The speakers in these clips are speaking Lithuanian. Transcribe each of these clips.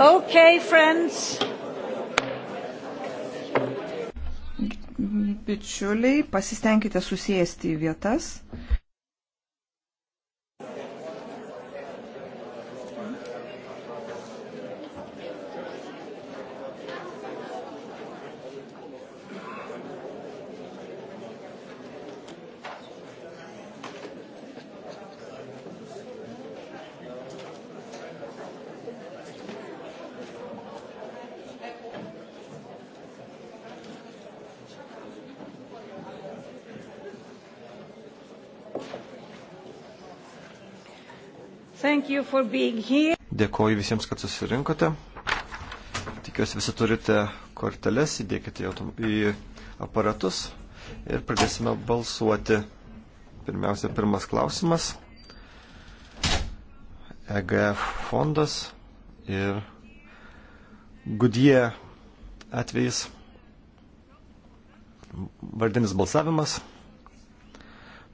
Okay, friends. Bičiuliai, pasistengkite susėsti į vietas. Dėkoju visiems, kad susirinkote. Tikiuosi visi turite korteles, įdėkite į aparatus ir pradėsime balsuoti. Pirmiausia, pirmas klausimas. EGF fondas ir Gudie atvejais. Vardinis balsavimas.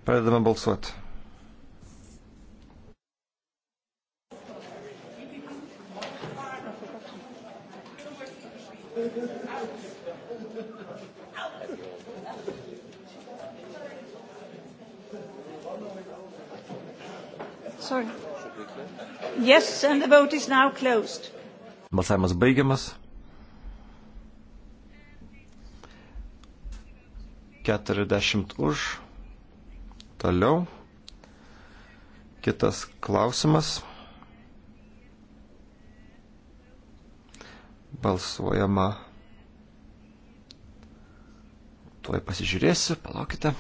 Pradedame balsuoti. Balsavimas baigiamas. 40 už. Toliau. Kitas klausimas. Balsuojama. Tuoj pasižiūrėsiu, palaukite.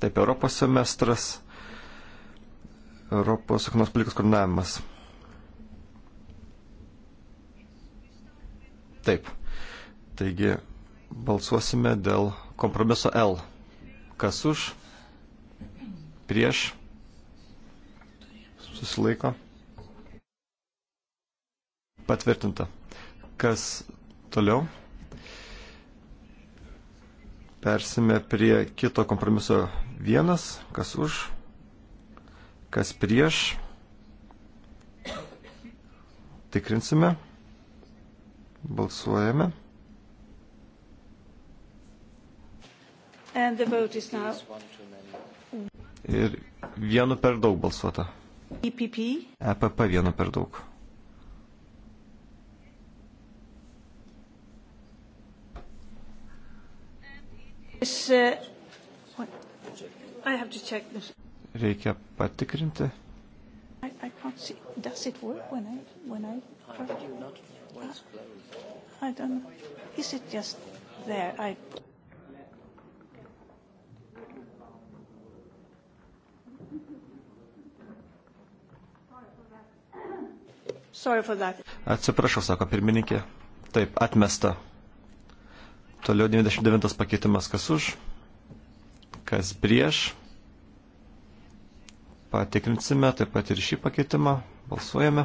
Taip, Europos semestras. Europos ekonomikos politikos koordinavimas. Taip. Taigi balsuosime dėl kompromiso L. Kas už? Prieš? Susilaiko? Patvirtinta. Kas toliau? Persime prie kito kompromiso vienas, kas už, kas prieš. Tikrinsime. Balsuojame. Ir vienu per daug balsuota. EPP. EPP vienu per daug. Uh, Reikia patikrinti. I, I can't see. Does it work when I when I? How did you not that one's closed. I don't know. Is it just there? I. Atsiprašau, sako pirmininkė. Taip, atmesta. Toliau 99 pakeitimas, kas už, kas prieš. Patikrinsime taip pat ir šį pakeitimą. Balsuojame.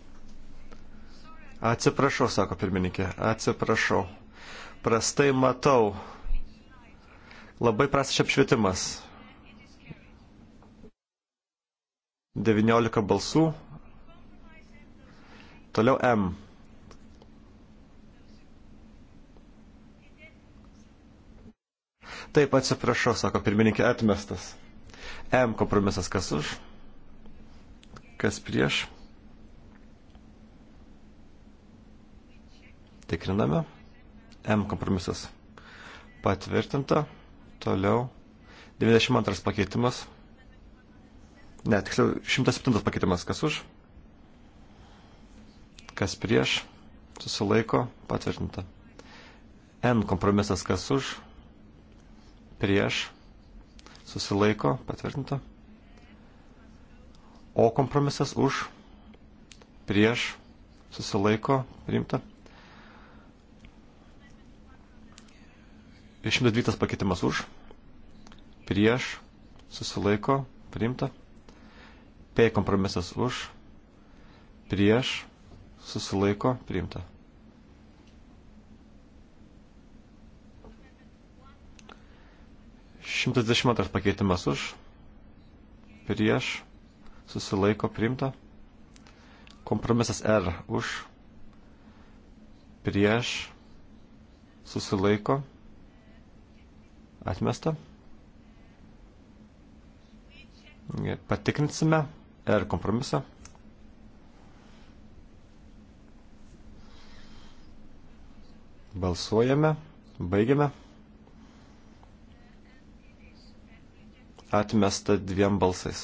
Atsiprašau, sako pirmininkė, atsiprašau. Prastai matau. Labai prastas apšvietimas. 19 balsų. Toliau M. Taip, atsiprašau, sako pirmininkė, atmestas. M kompromisas kas už, kas prieš. Tikriname. M kompromisas. Patvirtinta. Toliau. 92 pakeitimas. Ne, tiksliau 107 pakeitimas. Kas už? Kas prieš? Susilaiko. Patvirtinta. N kompromisas. Kas už? Prieš. Susilaiko. Patvirtinta. O kompromisas už. Prieš. Susilaiko. Priimta. 112 pakeitimas už, prieš, susilaiko, priimta. P kompromisas už, prieš, susilaiko, priimta. Šimtas dešimtas pakeitimas už, prieš, susilaiko, priimta. Kompromisas R už, prieš, susilaiko, priimta Atmesta. Patikrinsime R kompromisą. Balsuojame. Baigiame. Atmesta dviem balsais.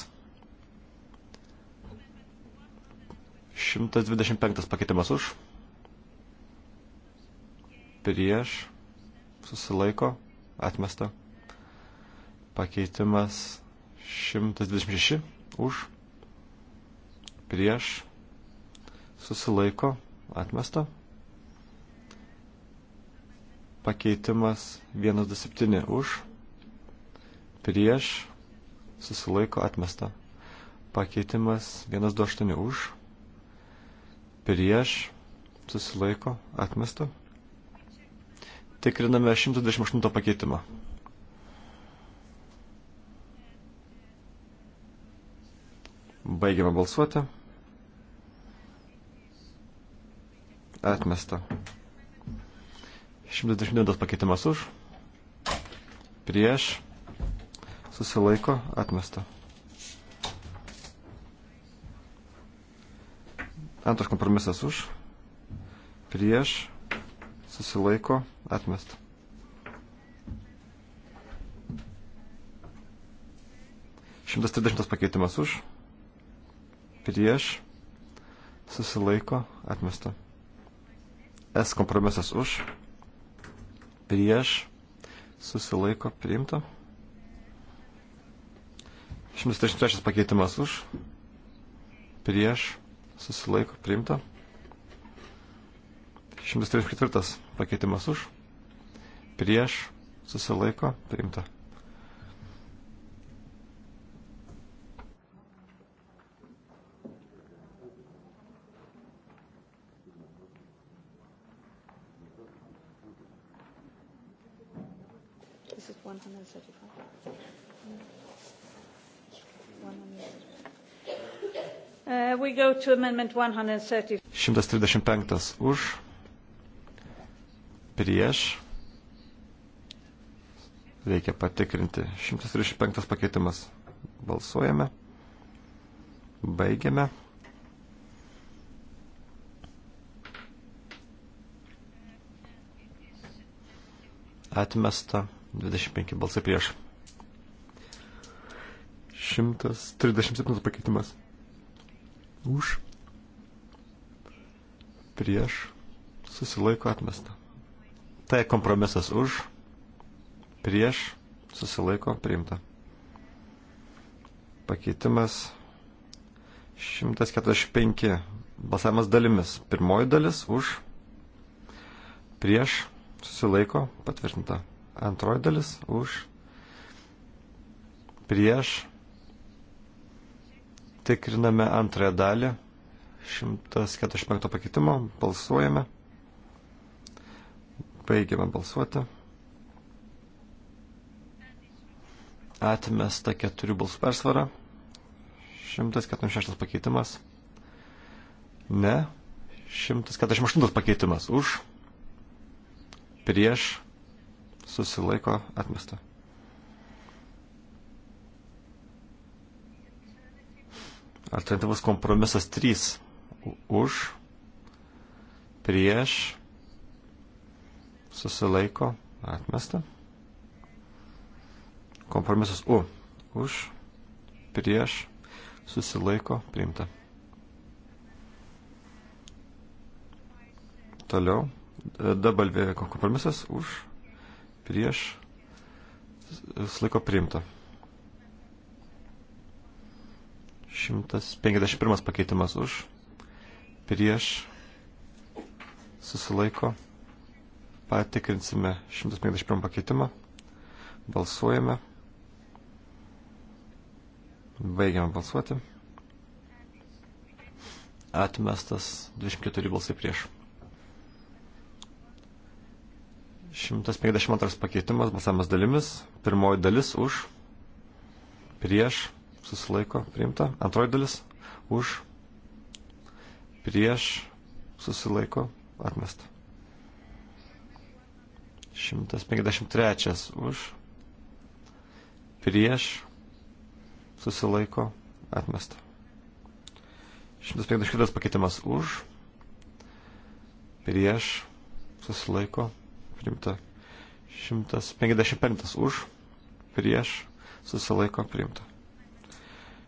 125 pakeitimas už. Prieš. Susilaiko atmesta. Pakeitimas 126 už, prieš, susilaiko, atmesta. Pakeitimas 127 už, prieš, susilaiko, atmesta. Pakeitimas 128 už, prieš, susilaiko, atmesta Tikriname 128 pakeitimą. Baigiame balsuoti. Atmesta. 129 pakeitimas už. Prieš. Susilaiko. Atmesta. Antras kompromisas už. Prieš. Susilaiko. Atmesta Atmesta. Šimtas trisdešimtas pakeitimas už. Prieš. Susilaiko. Atmesta. S kompromisas už. Prieš. Susilaiko. Priimta. 133 pakeitimas už, prieš, susilaiko, priimta. 134 pakeitimas už, prieš, susilaiko, priimta. Uh, we go to amendment 135 už, prieš, reikia patikrinti. 135 pakeitimas. Balsuojame. Baigiame. Atmesta 25 balsai prieš. 137 pakeitimas. Už. Prieš. Susilaiko atmesta. Tai kompromisas už prieš, susilaiko, priimta. Pakeitimas 145. Balsavimas dalimis. Pirmoji dalis už, prieš, susilaiko, patvirtinta. Antroji dalis už, prieš, tikriname antrąją dalį 145 pakeitimo, balsuojame, baigiame balsuoti. atmesta keturių balsų persvara. 146 pakeitimas. Ne. 148 pakeitimas. Už. Prieš. Susilaiko atmesta. Alternatyvus kompromisas 3. Už. Prieš. Susilaiko atmesta. Kompromisas U. Už, prieš, susilaiko, priimta. Toliau. Dabalvė kompromisas už, prieš, susilaiko, priimta. 151 pakeitimas už, prieš, susilaiko, patikrinsime 151 pakeitimą, balsuojame. Baigiame balsuoti. Atmestas 24 balsai prieš. 152 pakeitimas, balsavimas dalimis. Pirmoji dalis už, prieš, susilaiko, priimta. Antroji dalis už, prieš, susilaiko, atmesta. 153 už, prieš, susilaiko atmesta. 154 pakeitimas už, prieš, susilaiko, priimta. 155 už, prieš, susilaiko, priimta.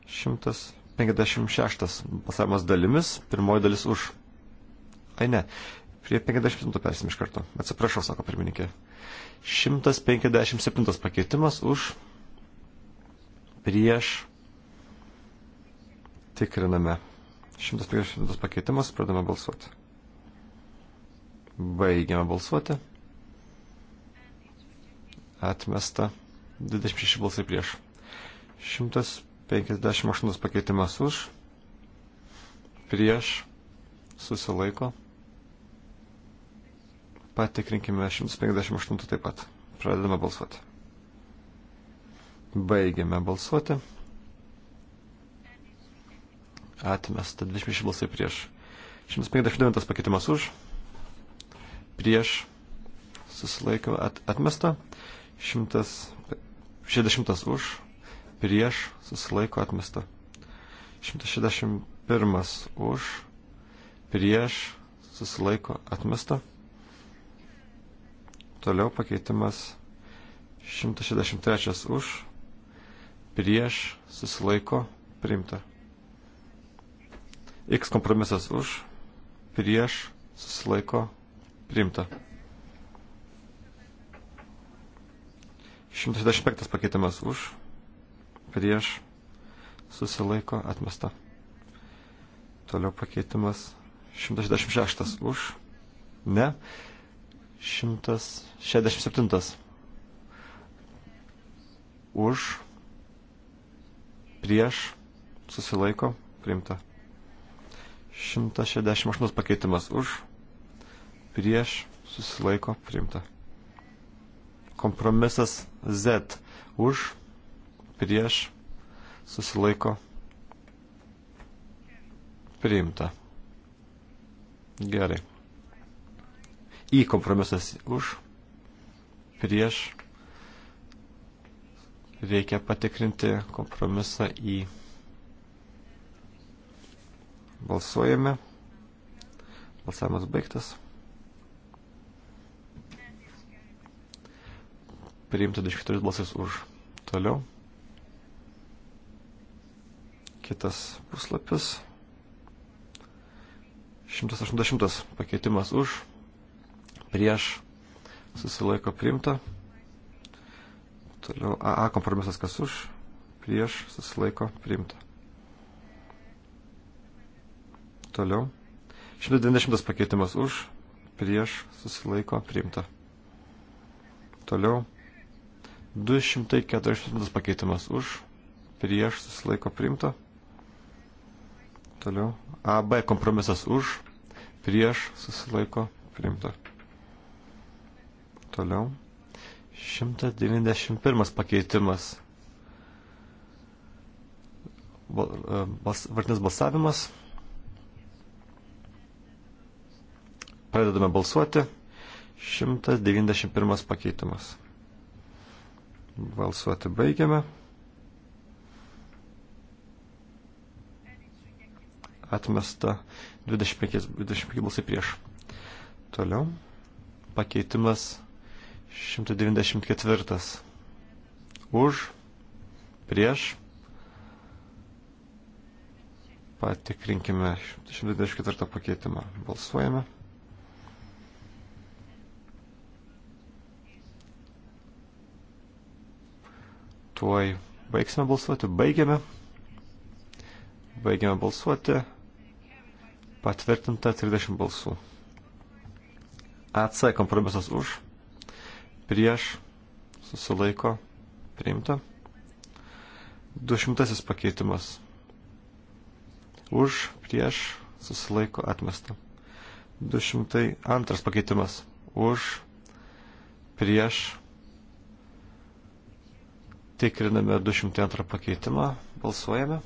156 pasavimas dalimis, pirmoji dalis už. Ai ne, prie 57 persim iš karto. Atsiprašau, sako pirmininkė. 157 pakeitimas už, prieš prieš tikriname. 150 pakeitimas, pradame balsuoti. Baigiame balsuoti. Atmesta. 26 balsai prieš. 158 pakeitimas už. Prieš. Susilaiko. Patikrinkime 158 taip pat. Pradedame balsuoti. Baigiame balsuoti. Atmesta. 26 balsai prieš. 159 pakeitimas už. Prieš. Susilaiko. At, atmesta. 160 už. Prieš. Susilaiko. Atmesta. 161 už. Prieš. Susilaiko. Atmesta. Toliau pakeitimas 163 už prieš susilaiko priimta. X kompromisas už, prieš susilaiko priimta. 125 pakeitimas už, prieš susilaiko atmesta. Toliau pakeitimas 166 už, ne, 167 už prieš, susilaiko, priimta. 168 pakeitimas už, prieš, susilaiko, priimta. Kompromisas Z už, prieš, susilaiko, priimta. Gerai. Į kompromisas už, prieš, reikia patikrinti kompromisą į. Balsuojame. Balsavimas baigtas. Priimta 24 balsais už. Toliau. Kitas puslapis. 180 pakeitimas už. Prieš. Susilaiko priimta. Toliau AA kompromisas kas už, prieš, susilaiko, priimta. Toliau. 120 pakeitimas už, prieš, susilaiko, priimta. Toliau. 240 pakeitimas už, prieš, susilaiko, priimta. Toliau. AB kompromisas už, prieš, susilaiko, priimta. Toliau. 191 pakeitimas. Bals, e, vartinis balsavimas. Pradedame balsuoti. 191 pakeitimas. Balsuoti baigiame. Atmesta 25, 25 balsai prieš. Toliau. Pakeitimas 194. Už, prieš. Patikrinkime 124 pakeitimą. Balsuojame. Tuoj baigsime balsuoti. Baigiame. Baigiame balsuoti. Patvirtinta 30 balsų. AC kompromisas už prieš, susilaiko, priimta. 200 pakeitimas. Už, prieš, susilaiko, atmesta. 202 pakeitimas. Už, prieš, tikriname 202 pakeitimą, balsuojame.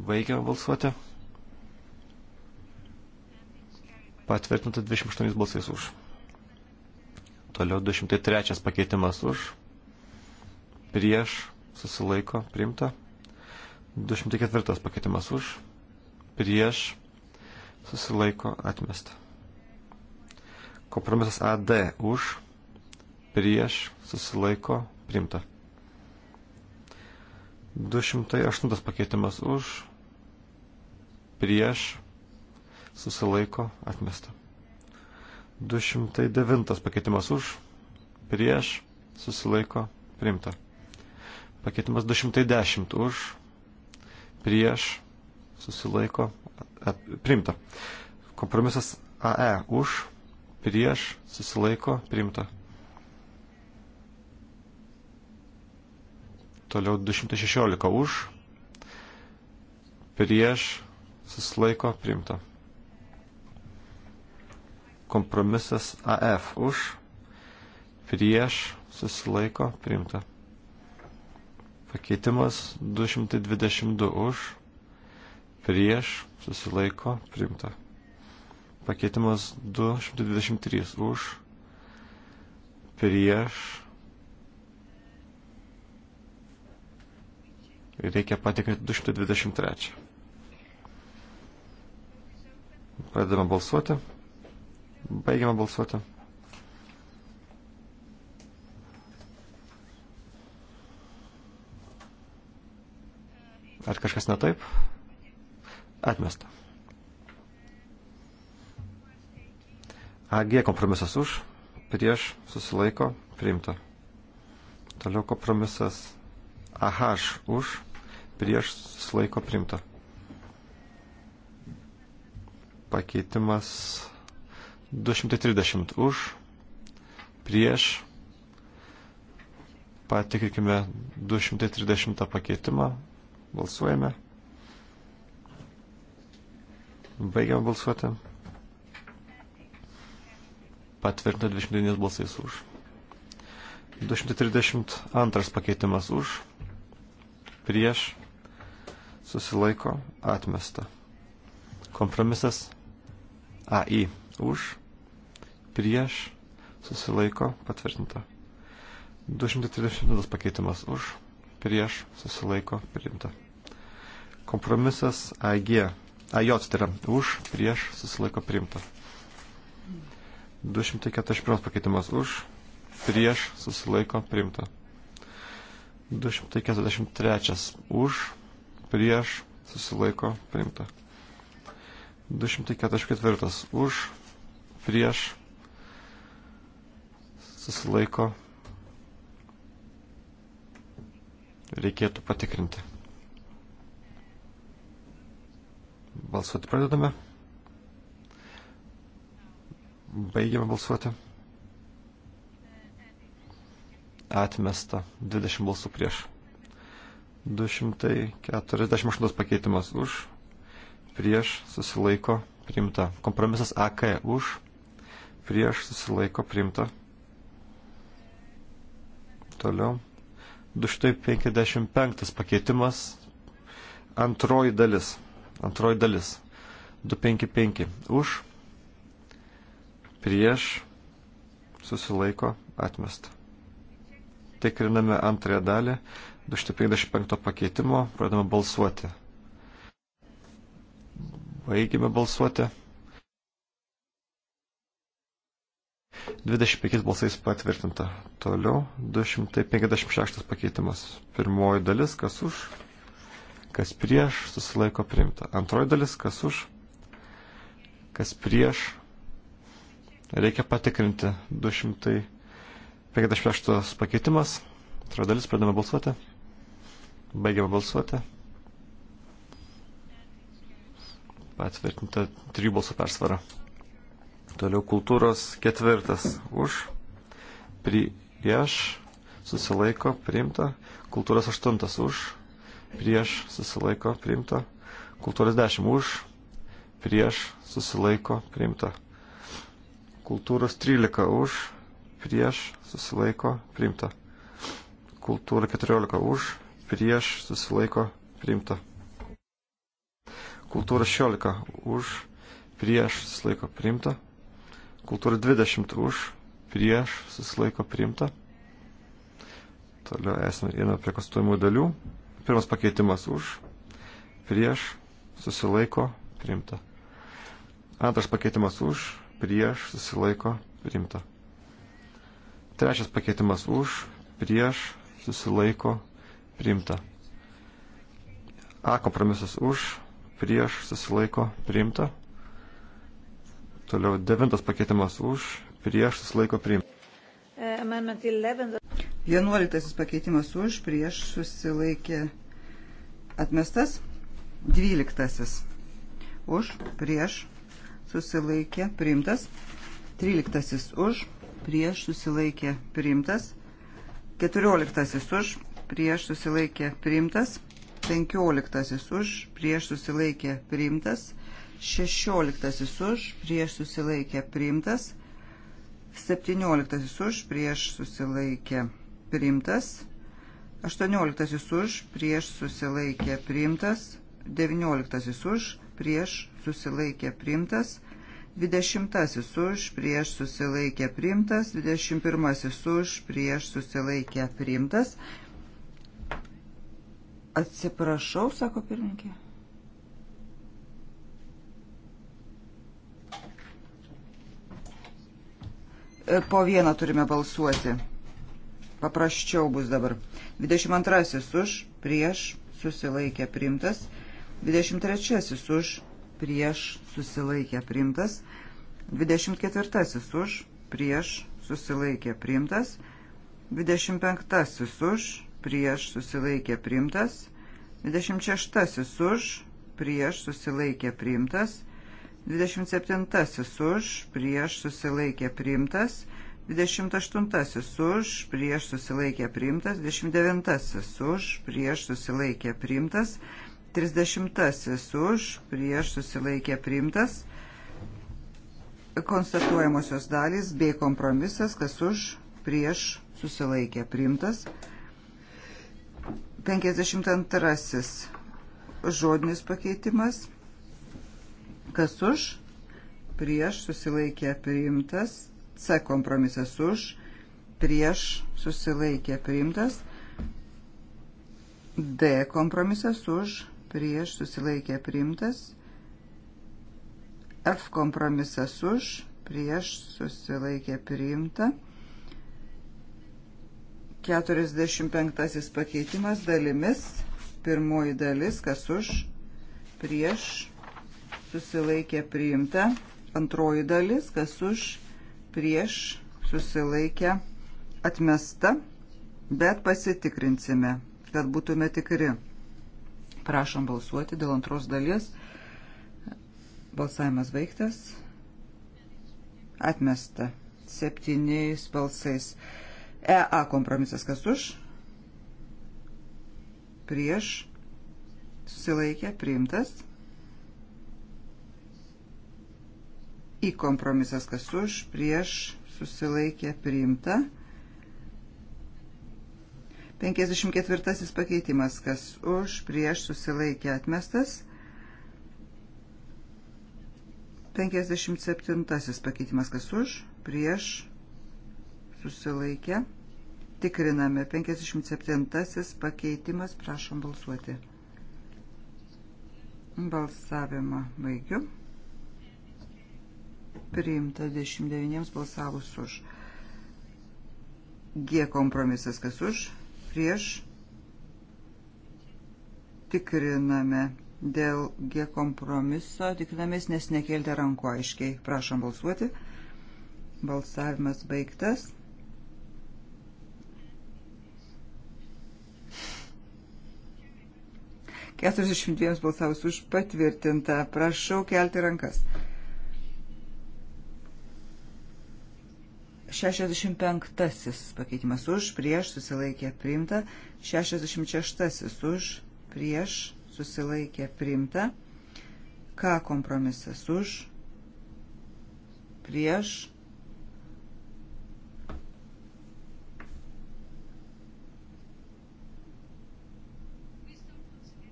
Baigiame balsuoti. Patvirtinta 28 balsais už. Toliau 203 pakeitimas už, prieš, susilaiko, priimta. 204 pakeitimas už, prieš, susilaiko, atmesta. Kompromisas AD už, prieš, susilaiko, priimta. 208 pakeitimas už, prieš, susilaiko, atmesta. 209 pakeitimas už, prieš, susilaiko, priimta. Pakeitimas 210 už, prieš, susilaiko, at, priimta. Kompromisas AE už, prieš, susilaiko, priimta. Toliau 216 už, prieš, susilaiko, priimta. Kompromisas AF už, prieš, susilaiko, priimta. Pakeitimas 222 už, prieš, susilaiko, priimta. Pakeitimas 223 už, prieš. Reikia patikrinti 223. Pradedame balsuoti. Baigiame balsuoti. Ar kažkas netaip? Atmesta. AG kompromisas už, prieš, susilaiko, priimta. Toliau kompromisas AH už, prieš, susilaiko, priimta. Pakeitimas 230 už, prieš, patikrinkime 230 pakeitimą, balsuojame, baigiam balsuoti, patvirtina 29 balsais už, 232 pakeitimas už, prieš, susilaiko, atmesta. Kompromisas AI už, prieš, susilaiko, patvirtinta. 232 pakeitimas už, prieš, susilaiko, priimta. Kompromisas AG, AJ tai yra už, prieš, susilaiko, priimta. 241 pakeitimas už, prieš, susilaiko, priimta. 243 už, prieš, susilaiko, priimta. 244 už, prieš, susilaiko, reikėtų patikrinti. Balsuoti pradedame. Baigiame balsuoti. Atmesta 20 balsų prieš. 248 pakeitimas už, prieš susilaiko priimta. Kompromisas AK už, prieš susilaiko primta. Toliau. 255 pakeitimas. Antroji dalis. Antroji dalis. 255. Už. Prieš. Susilaiko. Atmesta. Tikriname antrąją dalį. 255 pakeitimo. Pradame balsuoti. Baigime balsuoti. 25 balsais patvirtinta. Toliau 256 pakeitimas. Pirmoji dalis, kas už, kas prieš, susilaiko priimta. Antroji dalis, kas už, kas prieš. Reikia patikrinti 256 pakeitimas. Antroji dalis, pradame balsuoti. Baigiame balsuoti. Patvirtinta trijų balsų persvara. Toliau kultūros ketvirtas už, prieš, susilaiko, priimta. Kultūros aštuntas už, prieš, susilaiko, priimta. Kultūros dešimt už, prieš, susilaiko, priimta. Kultūros trylika už, prieš, susilaiko, priimta. Kultūra keturiolika už, prieš, susilaiko, priimta. Kultūra šiolika už, prieš, susilaiko, priimta Kultūra 20 už, prieš, susilaiko priimta. Toliau esame įėmę prie konstituojimų dalių. Pirmas pakeitimas už, prieš, susilaiko priimta. Antras pakeitimas už, prieš, susilaiko priimta. Trečias pakeitimas už, prieš, susilaiko priimta. A kompromisas už, prieš, susilaiko priimta. Toliau devintas pakeitimas už, prieš susilaiko priimta. 11 e, pakeitimas už, prieš susilaikė atmestas. 12 už, prieš susilaikė priimtas. 13 už, prieš susilaikė priimtas. 14 už, prieš susilaikė priimtas. 15 už, prieš susilaikė priimtas. 15 16 už, prieš susilaikė priimtas. 17 už, prieš susilaikė priimtas. 18 už, prieš susilaikė priimtas. 19 už, prieš susilaikė priimtas. 20 už, prieš susilaikė priimtas. 21 už, prieš susilaikė priimtas. Atsiprašau, sako pirmininkė. E, po vieną turime balsuoti. Paprasčiau bus dabar. 22 už, prieš, susilaikė primtas. 23 už, prieš, susilaikė primtas. 24 už, prieš, susilaikė primtas. 25 už, prieš, susilaikė primtas. 26 už, prieš, susilaikė primtas. 27 už, prieš susilaikė priimtas, 28 už, prieš susilaikė priimtas, 29 už, prieš susilaikė priimtas, 30 už, prieš susilaikė priimtas, konstatuojamosios dalys bei kompromisas, kas už, prieš susilaikė priimtas, 52 žodinis pakeitimas, Kas už? Prieš susilaikė priimtas. C kompromisas už. Prieš susilaikė priimtas. D kompromisas už. Prieš susilaikė priimtas. F kompromisas už. Prieš susilaikė priimta. 45 pakeitimas dalimis. Pirmoji dalis, kas už, prieš, susilaikė priimta. Antroji dalis, kas už, prieš, susilaikė atmesta, bet pasitikrinsime, kad būtume tikri. Prašom balsuoti dėl antros dalies. Balsavimas baigtas. Atmesta. Septyniais balsais. EA kompromisas kas už? Prieš. Susilaikė. Priimtas. I kompromisas kas už, prieš susilaikė priimta. 54 pakeitimas kas už, prieš susilaikė atmestas. 57 pakeitimas kas už, prieš susilaikė. Tikriname 57 pakeitimas, prašom balsuoti. Balsavimą baigiu priimta 29 balsavus už. G kompromisas kas už, prieš tikriname dėl G kompromiso, tikrinamės, nes nekeltė ranko aiškiai. Prašom balsuoti. Balsavimas baigtas. Keturiasdešimt dviems balsavus už patvirtinta. Prašau kelti rankas. 65 pakeitimas už, prieš susilaikė priimta. 66 už, prieš susilaikė priimta. K kompromisas už, prieš.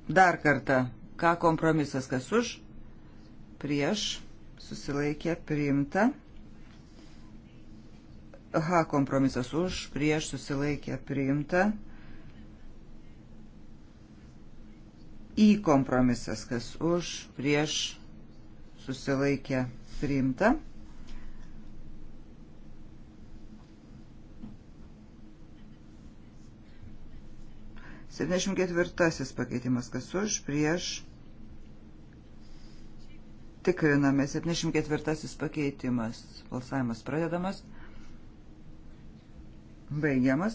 Dar kartą, ką kompromisas kas už, prieš, susilaikė, priimta. H kompromisas už, prieš susilaikė priimta. I kompromisas, kas už, prieš susilaikė priimta. Septyniasdešimt ketvirtasis pakeitimas, kas už, prieš tikriname. 74 pakeitimas. Balsavimas pradedamas. Baigiamas.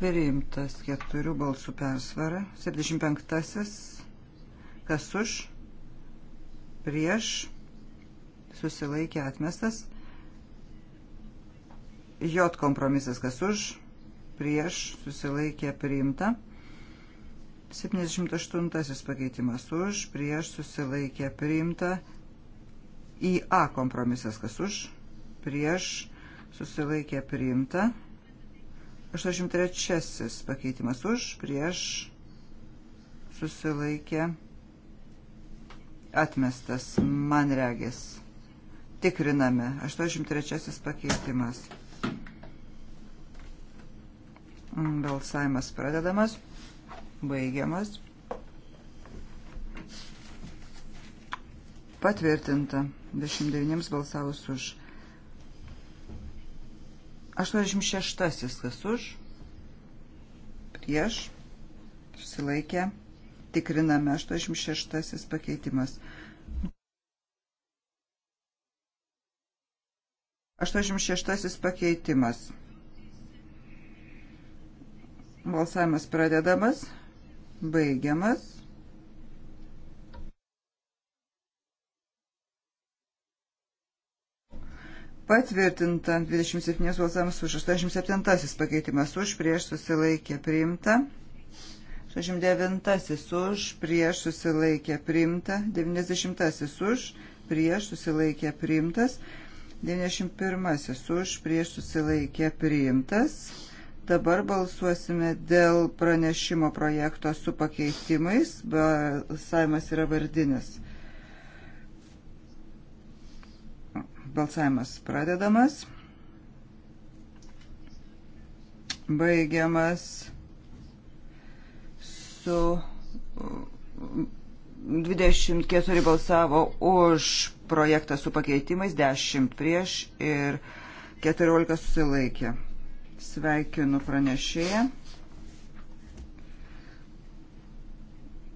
Priimtas keturių balsų persvara. 75. Kas už? Prieš. Susilaikė atmestas. J kompromisas kas už? Prieš. Susilaikė priimta. 78 pakeitimas už, prieš susilaikė priimta, į A kompromisas, kas už, prieš, susilaikė priimta. 83 pakeitimas už, prieš, susilaikė atmestas, man regis. Tikriname. 83 pakeitimas. Balsavimas pradedamas, baigiamas. Patvirtinta. 29 balsavus už. 86 kas už, prieš, susilaikė, tikriname 86 pakeitimas. 86 pakeitimas. Balsavimas pradedamas, baigiamas. patvirtinta 27 balsams už 87 pakeitimas už prieš susilaikė priimta. 69 už prieš susilaikė priimta. 90 už prieš susilaikė priimtas. 91 už prieš susilaikė priimtas. Dabar balsuosime dėl pranešimo projekto su pakeitimais. Balsavimas yra vardinis. Balsavimas pradedamas. Baigiamas su 24 balsavo už projektą su pakeitimais, 10 prieš ir 14 susilaikė. Sveikinu pranešėją.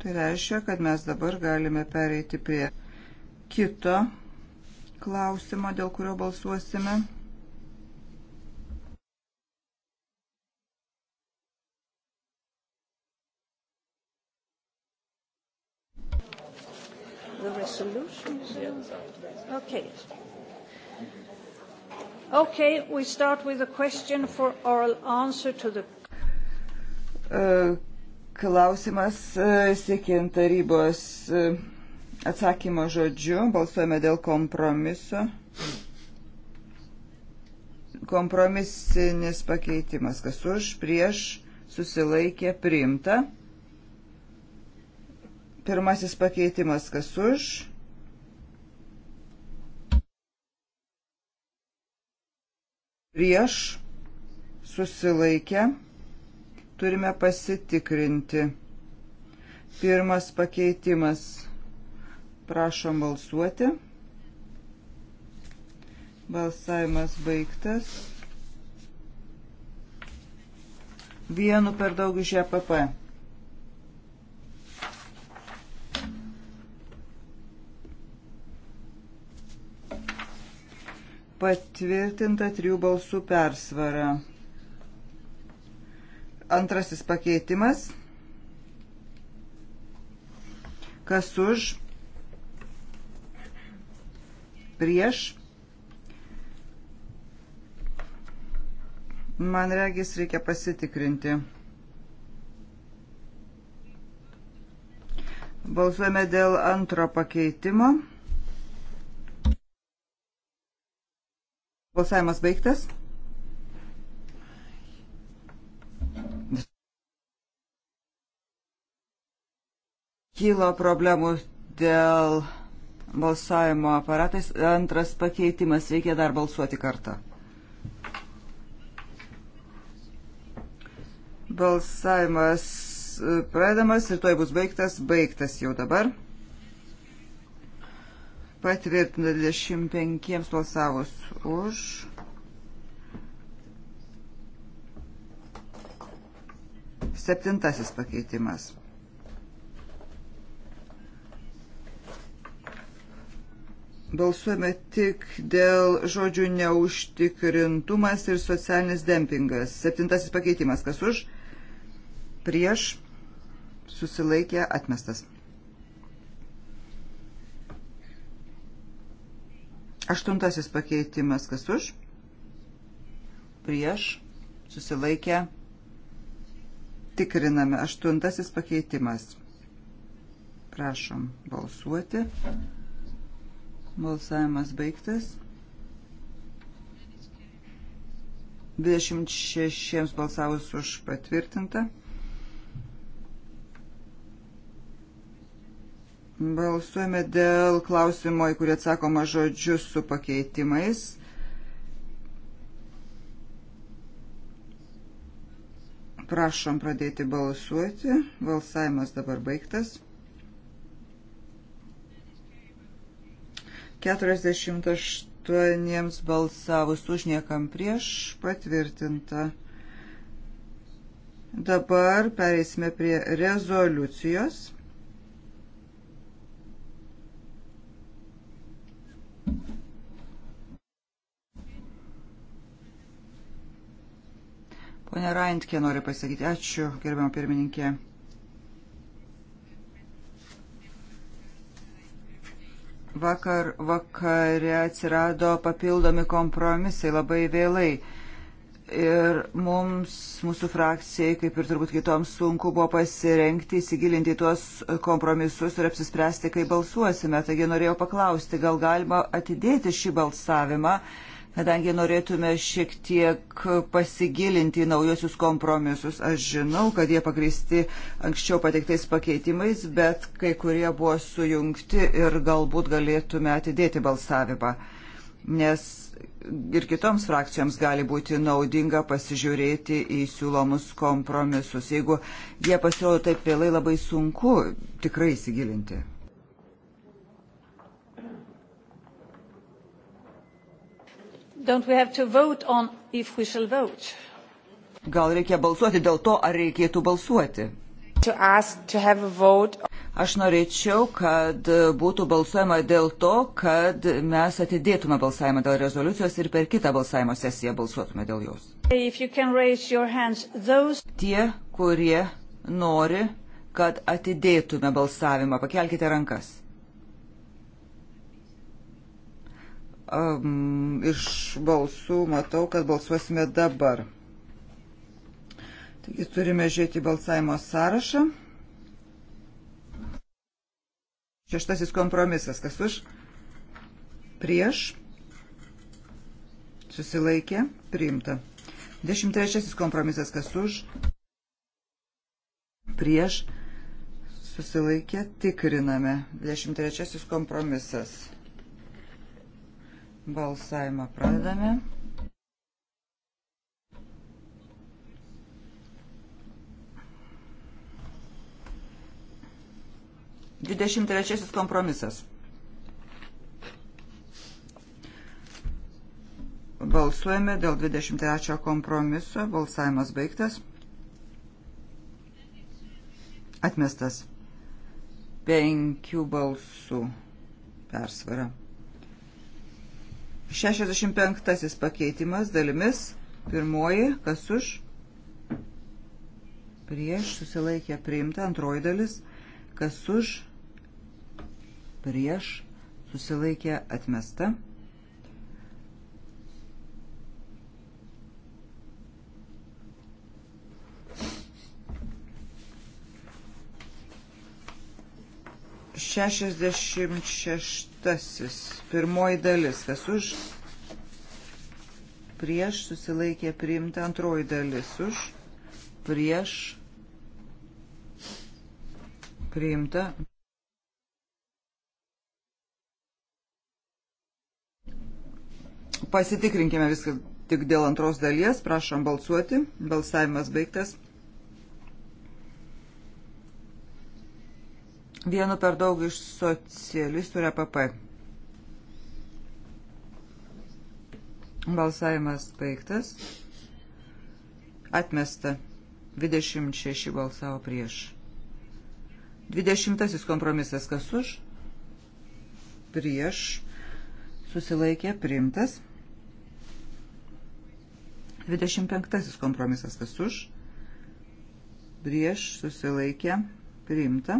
Tai reiškia, kad mes dabar galime pereiti prie kito klausimo, dėl kurio balsuosime. The resolution is okay. Okay, we start with a question for oral answer to the. Uh, klausimas uh, siekiant tarybos. Uh, atsakymo žodžiu, balsuojame dėl kompromiso. Kompromisinis pakeitimas, kas už, prieš, susilaikė, priimta. Pirmasis pakeitimas, kas už. Prieš, susilaikę, turime pasitikrinti. Pirmas pakeitimas. Prašom balsuoti. Balsavimas baigtas. Vienu per daug iš EPP. Patvirtinta trijų balsų persvara. Antrasis pakeitimas. Kas už? prieš. Man regis reikia pasitikrinti. Balsuojame dėl antro pakeitimo. Balsavimas baigtas. Kilo problemų dėl balsavimo aparatais. Antras pakeitimas, reikia dar balsuoti kartą. Balsavimas e, pradedamas ir toj bus baigtas, baigtas jau dabar. Patvirtina 25 balsavus už. Septintasis pakeitimas. balsuojame tik dėl žodžių neužtikrintumas ir socialinis dempingas. Septintasis pakeitimas. Kas už? Prieš susilaikė atmestas. Aštuntasis pakeitimas. Kas už? Prieš susilaikė. Tikriname. Aštuntasis pakeitimas. Prašom balsuoti. Prašom balsuoti. Balsavimas baigtas. 26 balsavus už patvirtintą. Balsuojame dėl klausimo, į kurį atsakoma žodžius su pakeitimais. Prašom pradėti balsuoti. Balsavimas dabar baigtas. 48 balsavus už niekam prieš patvirtinta. Dabar pereisime prie rezoliucijos. Pone Raintke nori pasakyti. Ačiū, gerbiam pirmininkė. Vakar vakare atsirado papildomi kompromisai labai vėlai. Ir mums, mūsų frakcijai, kaip ir turbūt kitoms, sunku buvo pasirenkti, įsigilinti į tuos kompromisus ir apsispręsti, kai balsuosime. Taigi norėjau paklausti, gal galima atidėti šį balsavimą kadangi norėtume šiek tiek pasigilinti į naujosius kompromisus. Aš žinau, kad jie pagristi anksčiau pateiktais pakeitimais, bet kai kurie buvo sujungti ir galbūt galėtume atidėti balsavimą, nes ir kitoms frakcijoms gali būti naudinga pasižiūrėti į siūlomus kompromisus. Jeigu jie pasirodo taip vėlai, labai sunku tikrai įsigilinti. Don't we have to vote on if we shall vote? Gal reikia balsuoti dėl to, ar reikėtų balsuoti? To ask, to have a vote. Aš norėčiau, kad būtų balsuojama dėl to, kad mes atidėtume balsavimą dėl rezoliucijos ir per kitą balsavimo sesiją balsuotume dėl jos. Hands, those... Tie, kurie nori, kad atidėtume balsavimą, pakelkite rankas. um, iš balsų matau, kad balsuosime dabar. Taigi turime žiūrėti balsavimo sąrašą. Šeštasis kompromisas. Kas už? Prieš. Susilaikė. Priimta. Dešimt trečiasis kompromisas. Kas už? Prieš. Susilaikė. Tikriname. Dešimt trečiasis kompromisas. Balsavimą pradedame. Dvidešimt trečiasis kompromisas. Balsuojame dėl 23 kompromiso. Balsavimas baigtas. Atmestas. Penkių balsų persvara. 65 pakeitimas dalimis. Pirmoji, kas už, prieš, susilaikė priimta. Antroji dalis, kas už, prieš, susilaikė atmesta. Šešiasdešimt šešta. Pirmoji dalis. Kas už? Prieš susilaikė priimta. Antroji dalis. Už? Prieš priimta. Pasitikrinkime viską tik dėl antros dalies. Prašom balsuoti. Balsavimas baigtas. Vienu per daug iš socialistų ir APP. E Balsavimas baigtas. Atmesta. 26 balsavo prieš. 20 kompromisas kas už? Prieš. Susilaikė priimtas. 25 kompromisas kas už? Prieš susilaikė priimta.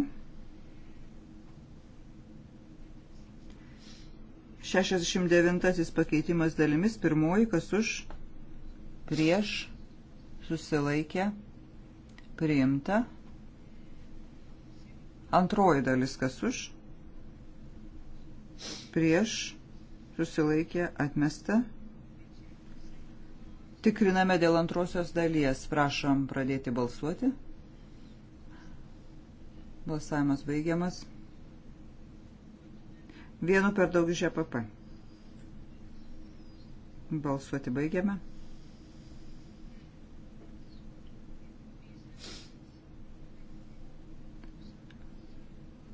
69 pakeitimas dalimis, pirmoji, kas už, prieš, susilaikė, priimta. Antroji dalis, kas už, prieš, susilaikė, atmesta. Tikriname dėl antrosios dalies. Prašom pradėti balsuoti. Balsavimas baigiamas. Vienu per daug iš EPP. Balsuoti baigiame.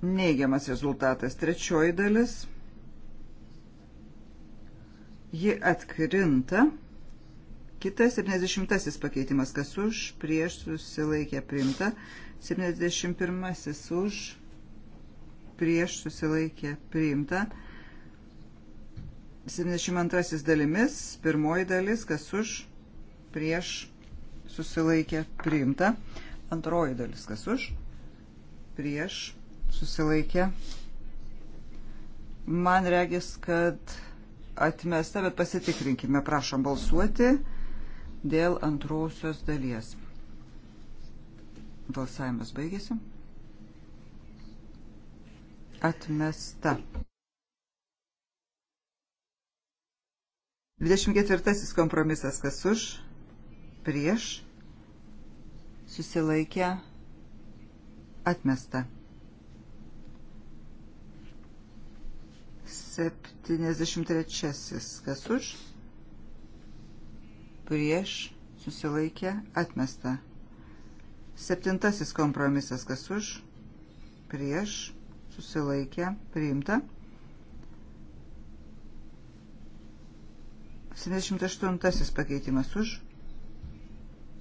Neigiamas rezultatas. Trečioji dalis. Ji atkrinta. Kitas 70 pakeitimas, kas už, prieš susilaikė primta. 71 už prieš susilaikė priimta. 72 dalimis, pirmoji dalis, kas už, prieš susilaikė priimta. Antroji dalis, kas už, prieš susilaikė. Man regis, kad atmesta, bet pasitikrinkime. Prašom balsuoti dėl antrosios dalies. Balsavimas baigėsi atmesta. 24 kompromisas kas už, prieš, susilaikę, atmesta. 73 kas už, prieš, susilaikę, atmesta. Septintasis kompromisas kas už, prieš, susilaikė, priimta. 78 pakeitimas už,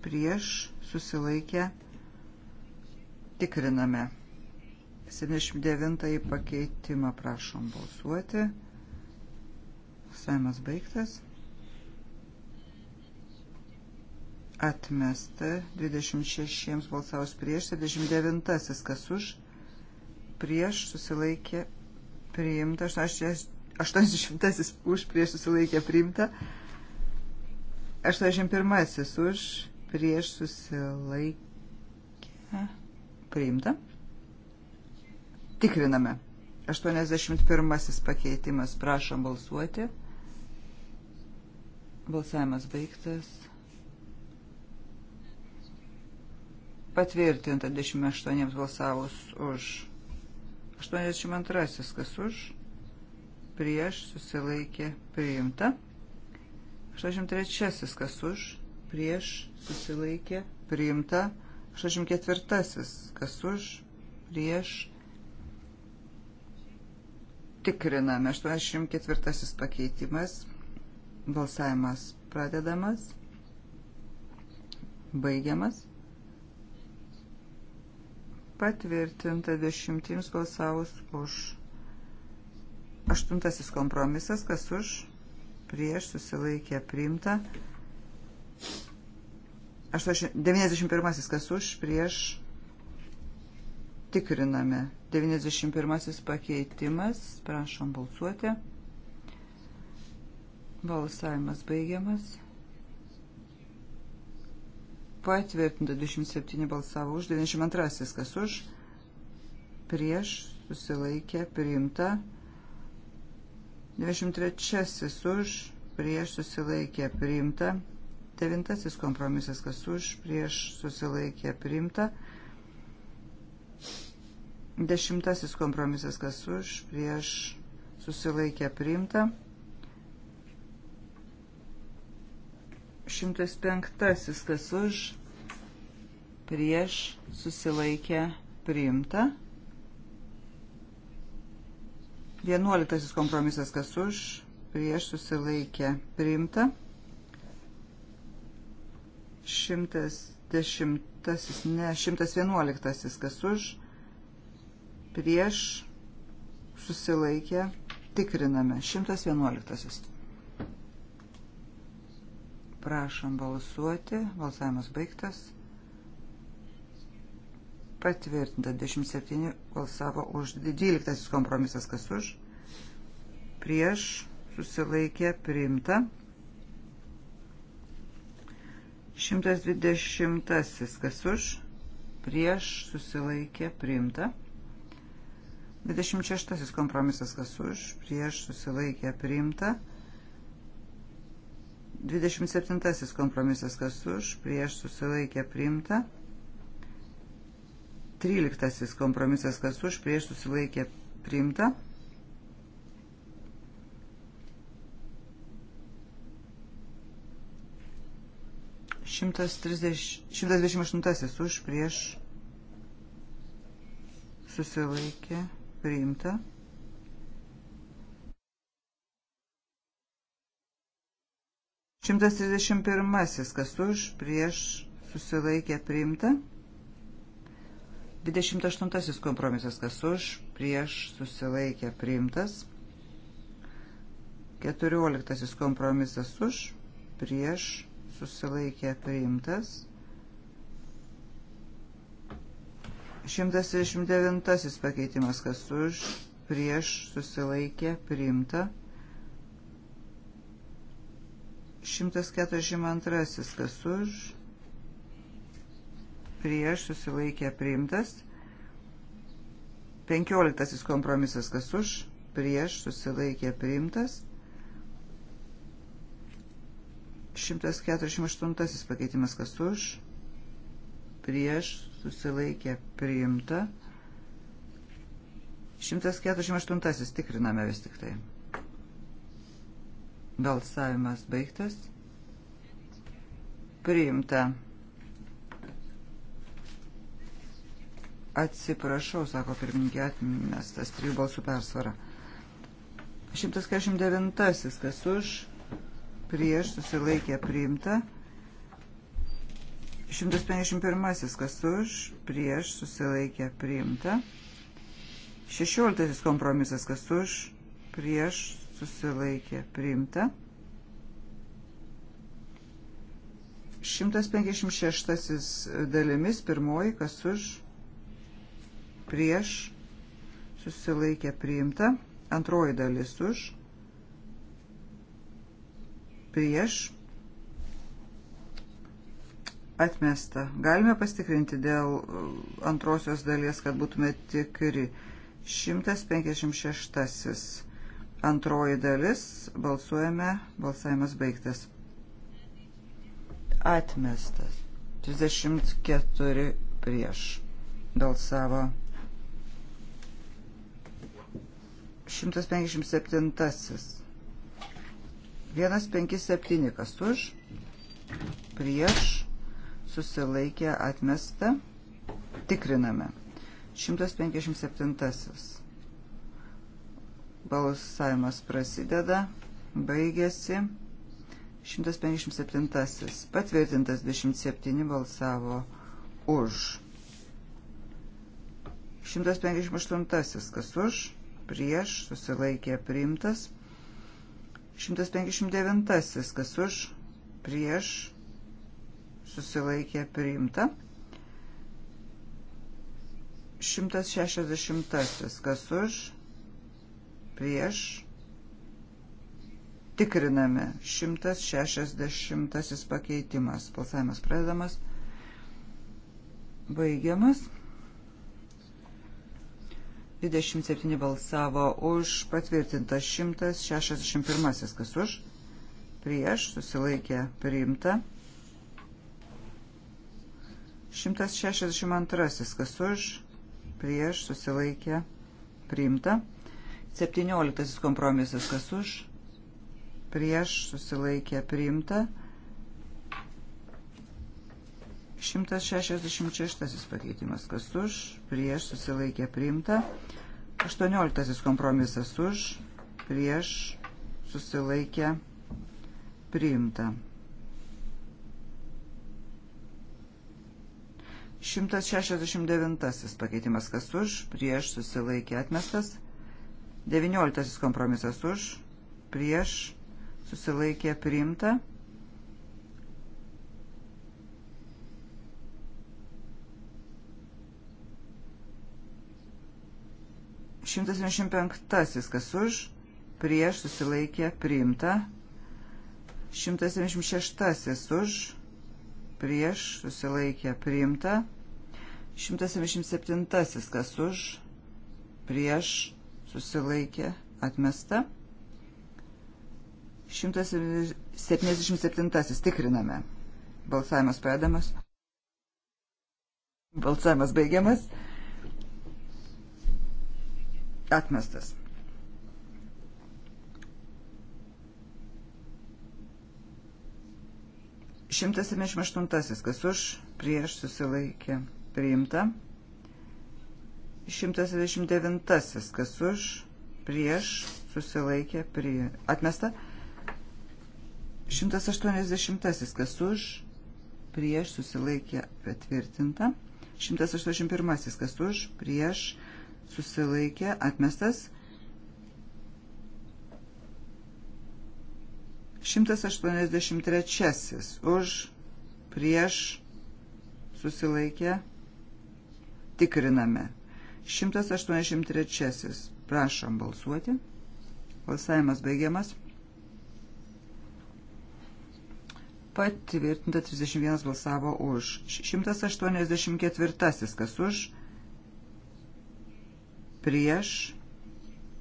prieš, susilaikė, tikriname. 79 pakeitimą prašom balsuoti. Saimas baigtas. Atmesta 26 balsaus prieš, 79 kas už, prieš susilaikė priimta, 80 už prieš susilaikė priimta, 81 už prieš susilaikė priimta. Tikriname. 81 pakeitimas, prašom balsuoti. Balsavimas baigtas. Patvirtinta 28 balsavus už 82. Kas už? Prieš susilaikė priimta. 83. Kas už? Prieš susilaikė priimta. 84. Kas už? Prieš tikriname. 84 pakeitimas. Balsavimas pradedamas. Baigiamas patvirtinta dešimtims balsavus už. Aštuntasis kompromisas, kas už, prieš susilaikė priimta. 91 kas už, prieš tikriname. 91 pakeitimas, prašom balsuoti. Balsavimas baigiamas patvirtinta 207 balsavo už, 92 kas už, prieš susilaikė priimta, 23 už, prieš susilaikė priimta, 9 kompromisas kas už, prieš susilaikė priimta, 10 kompromisas kas už, prieš susilaikė priimta. 105. Kas už, prieš, susilaikė, priimta. 11. Kompromisas. Kas už, prieš, susilaikė, priimta. 110. Ne, 111. Kas už, prieš, susilaikė, priimta tikriname. 111. Prašom balsuoti. Balsavimas baigtas. Patvirtinta. 27 balsavo už 12 kompromisas. Kas už? Prieš susilaikė priimta. 120 kas už? Prieš susilaikė priimta. 26 kompromisas kas už? Prieš susilaikė priimta. 27 kompromisas kas už, prieš susilaikė priimta. 13 kompromisas kas už, prieš susilaikė priimta. Šimtas dvidešimt aštuntasis už prieš susilaikė priimta. 131. Kas už, prieš, susilaikė priimta. 28. Kompromisas. Kas už, prieš, susilaikė priimtas. 14. Kompromisas už, prieš, susilaikė priimtas. 129 pakeitimas, kas už, prieš, susilaikė, priimta. 142 kas už, prieš susilaikė priimtas. 15 kompromisas kas už, prieš susilaikė priimtas. 148 pakeitimas kas už, prieš susilaikė priimta. 148 tikriname vis tik tai. Balsavimas baigtas. Priimta. Atsiprašau, sako pirmininkė, atmestas trijų balsų persvara. 149. Kas už, prieš, susilaikė, priimta. 151. Kas už, prieš, susilaikė, priimta. 16. Kompromisas. Kas už, prieš, susilaikė priimta. 156 dalimis pirmoji, kas už, prieš, susilaikė priimta, antroji dalis už, prieš, atmesta. Galime pastikrinti dėl antrosios dalies, kad būtume tikri. 156. Antroji dalis. Balsuojame. Balsavimas baigtas. Atmestas. 34 prieš. Balsavo. 157. 157 kas už. Prieš. Susilaikė atmestą. Tikriname. 157. Balsavimas prasideda, baigėsi. 157. Patvirtintas 27 balsavo už. 158. Kas už? Prieš. Susilaikė priimtas. 159. Kas už? Prieš. Susilaikė priimta. 160. Kas už? prieš. Tikriname 160 pakeitimas. Balsavimas pradedamas. Baigiamas. 27 balsavo už patvirtintas 161, kas už. Prieš susilaikė priimta. 162, kas už. Prieš susilaikė priimta. 17 kompromisas kas už, prieš susilaikė priimta. 166 pakeitimas kas už, prieš susilaikė priimta. 18 kompromisas už, prieš susilaikė priimta. 169 pakeitimas kas už, prieš susilaikė atmestas. 19 kompromisas už, prieš, susilaikė priimta. Šimtas dvidešimt penktasis, kas už, prieš, susilaikė priimta. Šimtas dvidešimt šeštasis už, prieš, susilaikė priimta. Šimtas dvidešimt septintasis, kas už, prieš, susilaikė atmesta. 177 tikriname. Balsavimas pradedamas. Balsavimas baigiamas. Atmestas. Šimtas septyniasdešimt aštuntasis, kas už prieš susilaikė priimta. 129. Kas už, prieš, susilaikė, prie. Atmesta. 180. Kas už, prieš, susilaikė, patvirtinta. 181. Kas už, prieš, susilaikė, atmestas. 183. Už, prieš, susilaikė, tikriname. 183. Prašom balsuoti. Balsavimas baigiamas. Patvirtinta 31 balsavo už. 184. Kas už? Prieš.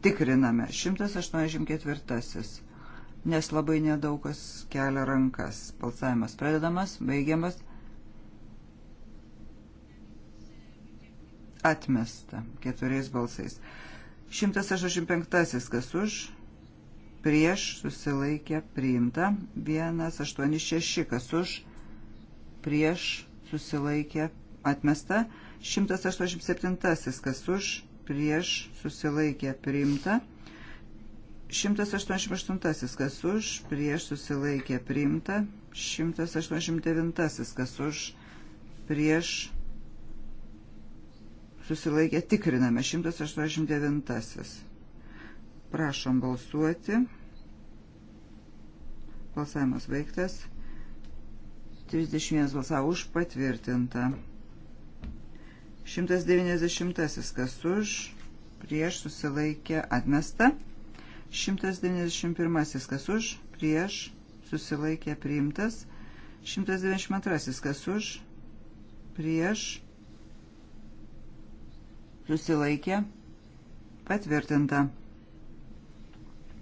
Tikriname. 184 nes labai nedaugas kelia rankas. Balsavimas pradedamas, baigiamas. atmesta keturiais balsais. 185 kas už, prieš susilaikė priimta, 186 kas už, prieš susilaikė atmesta, 187 kas už, prieš susilaikė priimta, 188 kas už, prieš susilaikė priimta, 189 kas už, prieš susilaikė tikriname 189. Prašom balsuoti. Balsavimas baigtas. 31 balsavo už patvirtinta. 190 kas už, prieš susilaikė atmesta. 191 kas už, prieš susilaikė priimtas. 192 kas už, prieš susilaikė, patvirtinta.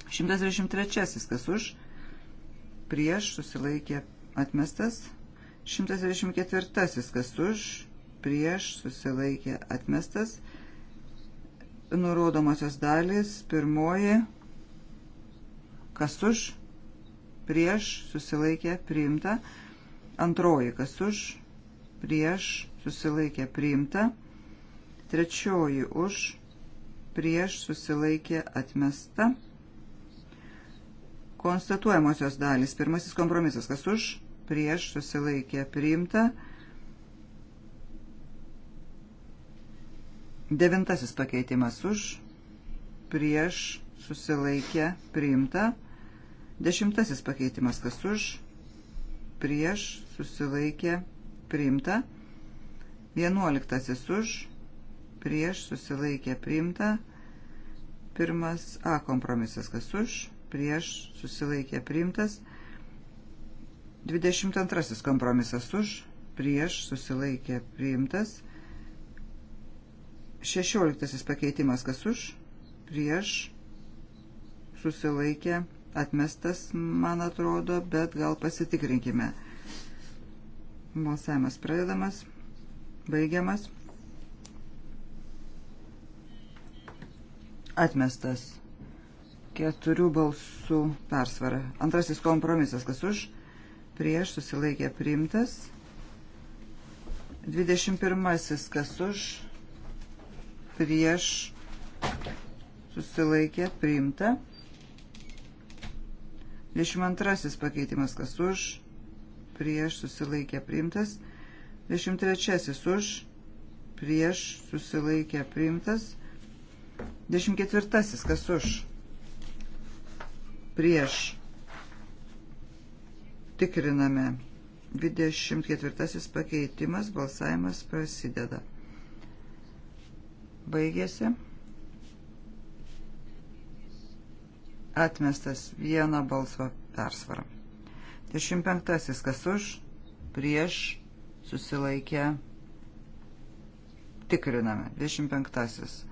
123 kas už, prieš susilaikė, atmestas. 124 kas už, prieš susilaikė, atmestas. Nurodomosios dalys, pirmoji, kas už, prieš susilaikė, priimta. Antroji, kas už, prieš susilaikė, priimta. Trečioji už, prieš susilaikė atmesta. Konstatuojamosios dalys. Pirmasis kompromisas. Kas už, prieš susilaikė priimta. Devintasis pakeitimas už, prieš susilaikė priimta. Dešimtasis pakeitimas. Kas už, prieš susilaikė priimta. Vienuoliktasis už, prieš susilaikė priimta. Pirmas A kompromisas, kas už, prieš susilaikė priimtas. 22 kompromisas už, prieš susilaikė priimtas. 16 pakeitimas, kas už, prieš susilaikė atmestas, man atrodo, bet gal pasitikrinkime. Balsavimas pradedamas, baigiamas. atmestas keturių balsų persvara. Antrasis kompromisas, kas už, prieš, susilaikė priimtas. 21. kas už, prieš, susilaikė priimta. 22. pakeitimas, kas už, prieš, susilaikė priimtas. 23. už, prieš, susilaikė priimtas. 24. Kas už? Prieš. Tikriname. 24. pakeitimas. Balsavimas prasideda. Baigėsi. Atmestas vieno balso persvarą. 25. Kas už? Prieš. Susilaikę tikriname. 25.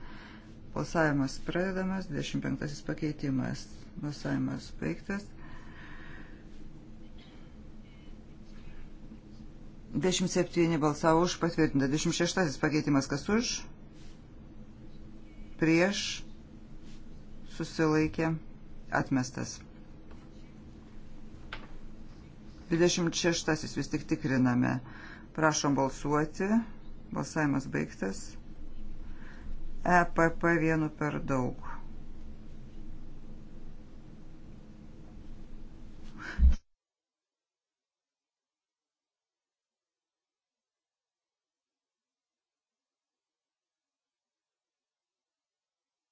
Balsavimas pradedamas, 25 pakeitimas. Balsavimas baigtas. 27 balsavo už patvirtinta. 26 pakeitimas kas už? Prieš susilaikė atmestas. 26 vis tik tikriname. Prašom balsuoti. Balsavimas baigtas. EPP vienu per daug.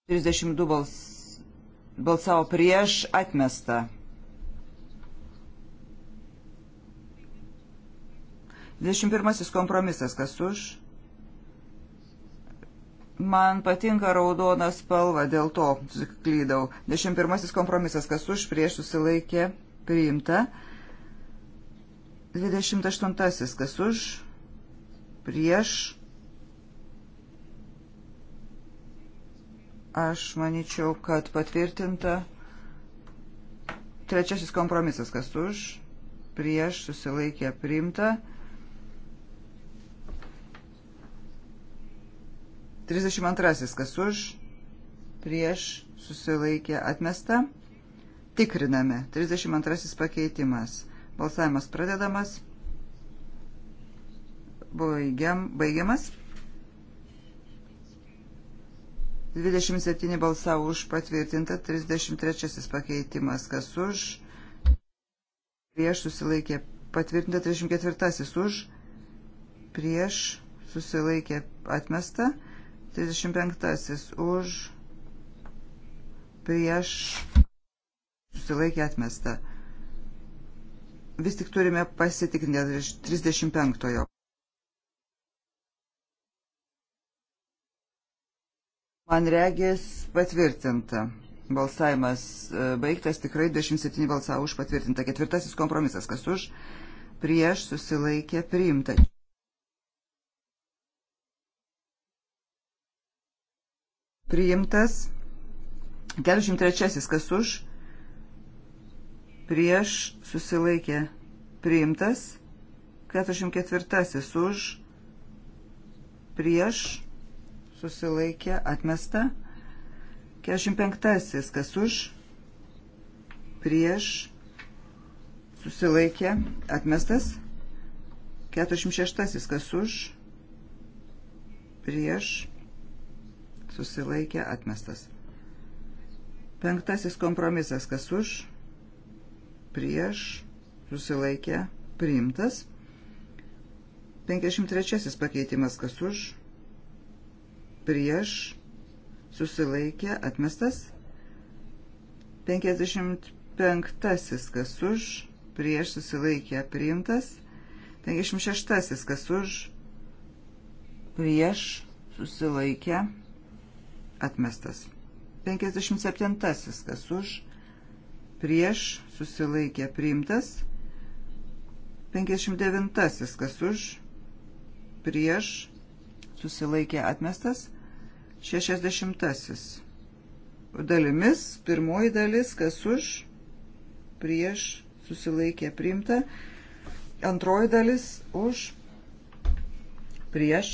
Trisdešimt du bals, balsavo prieš atmestą. 21 kompromisas, kas už, Man patinka raudona spalva, dėl to klydau. 21 kompromisas, kas už prieš susilaikė, priimta. 28 kas už prieš. Aš manyčiau, kad patvirtinta. Trečiasis kompromisas, kas už prieš susilaikė, priimta. 32. Kas už, prieš, susilaikė, atmesta. Tikriname. 32. pakeitimas. Balsavimas pradedamas. Baigiam, baigiamas. 27 balsavo už patvirtinta, 33 pakeitimas, kas už, prieš susilaikė patvirtinta, 34 už, prieš susilaikė atmesta, 35 už prieš susilaikė atmesta. Vis tik turime pasitikrinti 35-ojo. Man regės patvirtinta. Balsavimas e, baigtas, tikrai 27 balsavo už patvirtinta. Ketvirtasis kompromisas, kas už, prieš susilaikė priimta. priimtas. 43. Kas už? Prieš susilaikė priimtas. 44. Už? Prieš susilaikė atmesta. 45. Kas už? Prieš susilaikė atmestas. 46. Kas už? Prieš susilaikė atmestas. Penktasis kompromisas, kas už, prieš, susilaikė priimtas. 53 pakeitimas, kas už, prieš, susilaikė atmestas. 55 kas už, prieš susilaikė priimtas. 56 kas už, prieš susilaikė priimtas atmestas. 57. Kas už, prieš, susilaikė, priimtas. 59. Kas už, prieš, susilaikė, atmestas. 60. Dalimis, pirmoji dalis, kas už, prieš, susilaikė, priimta. Antroji dalis, už, prieš,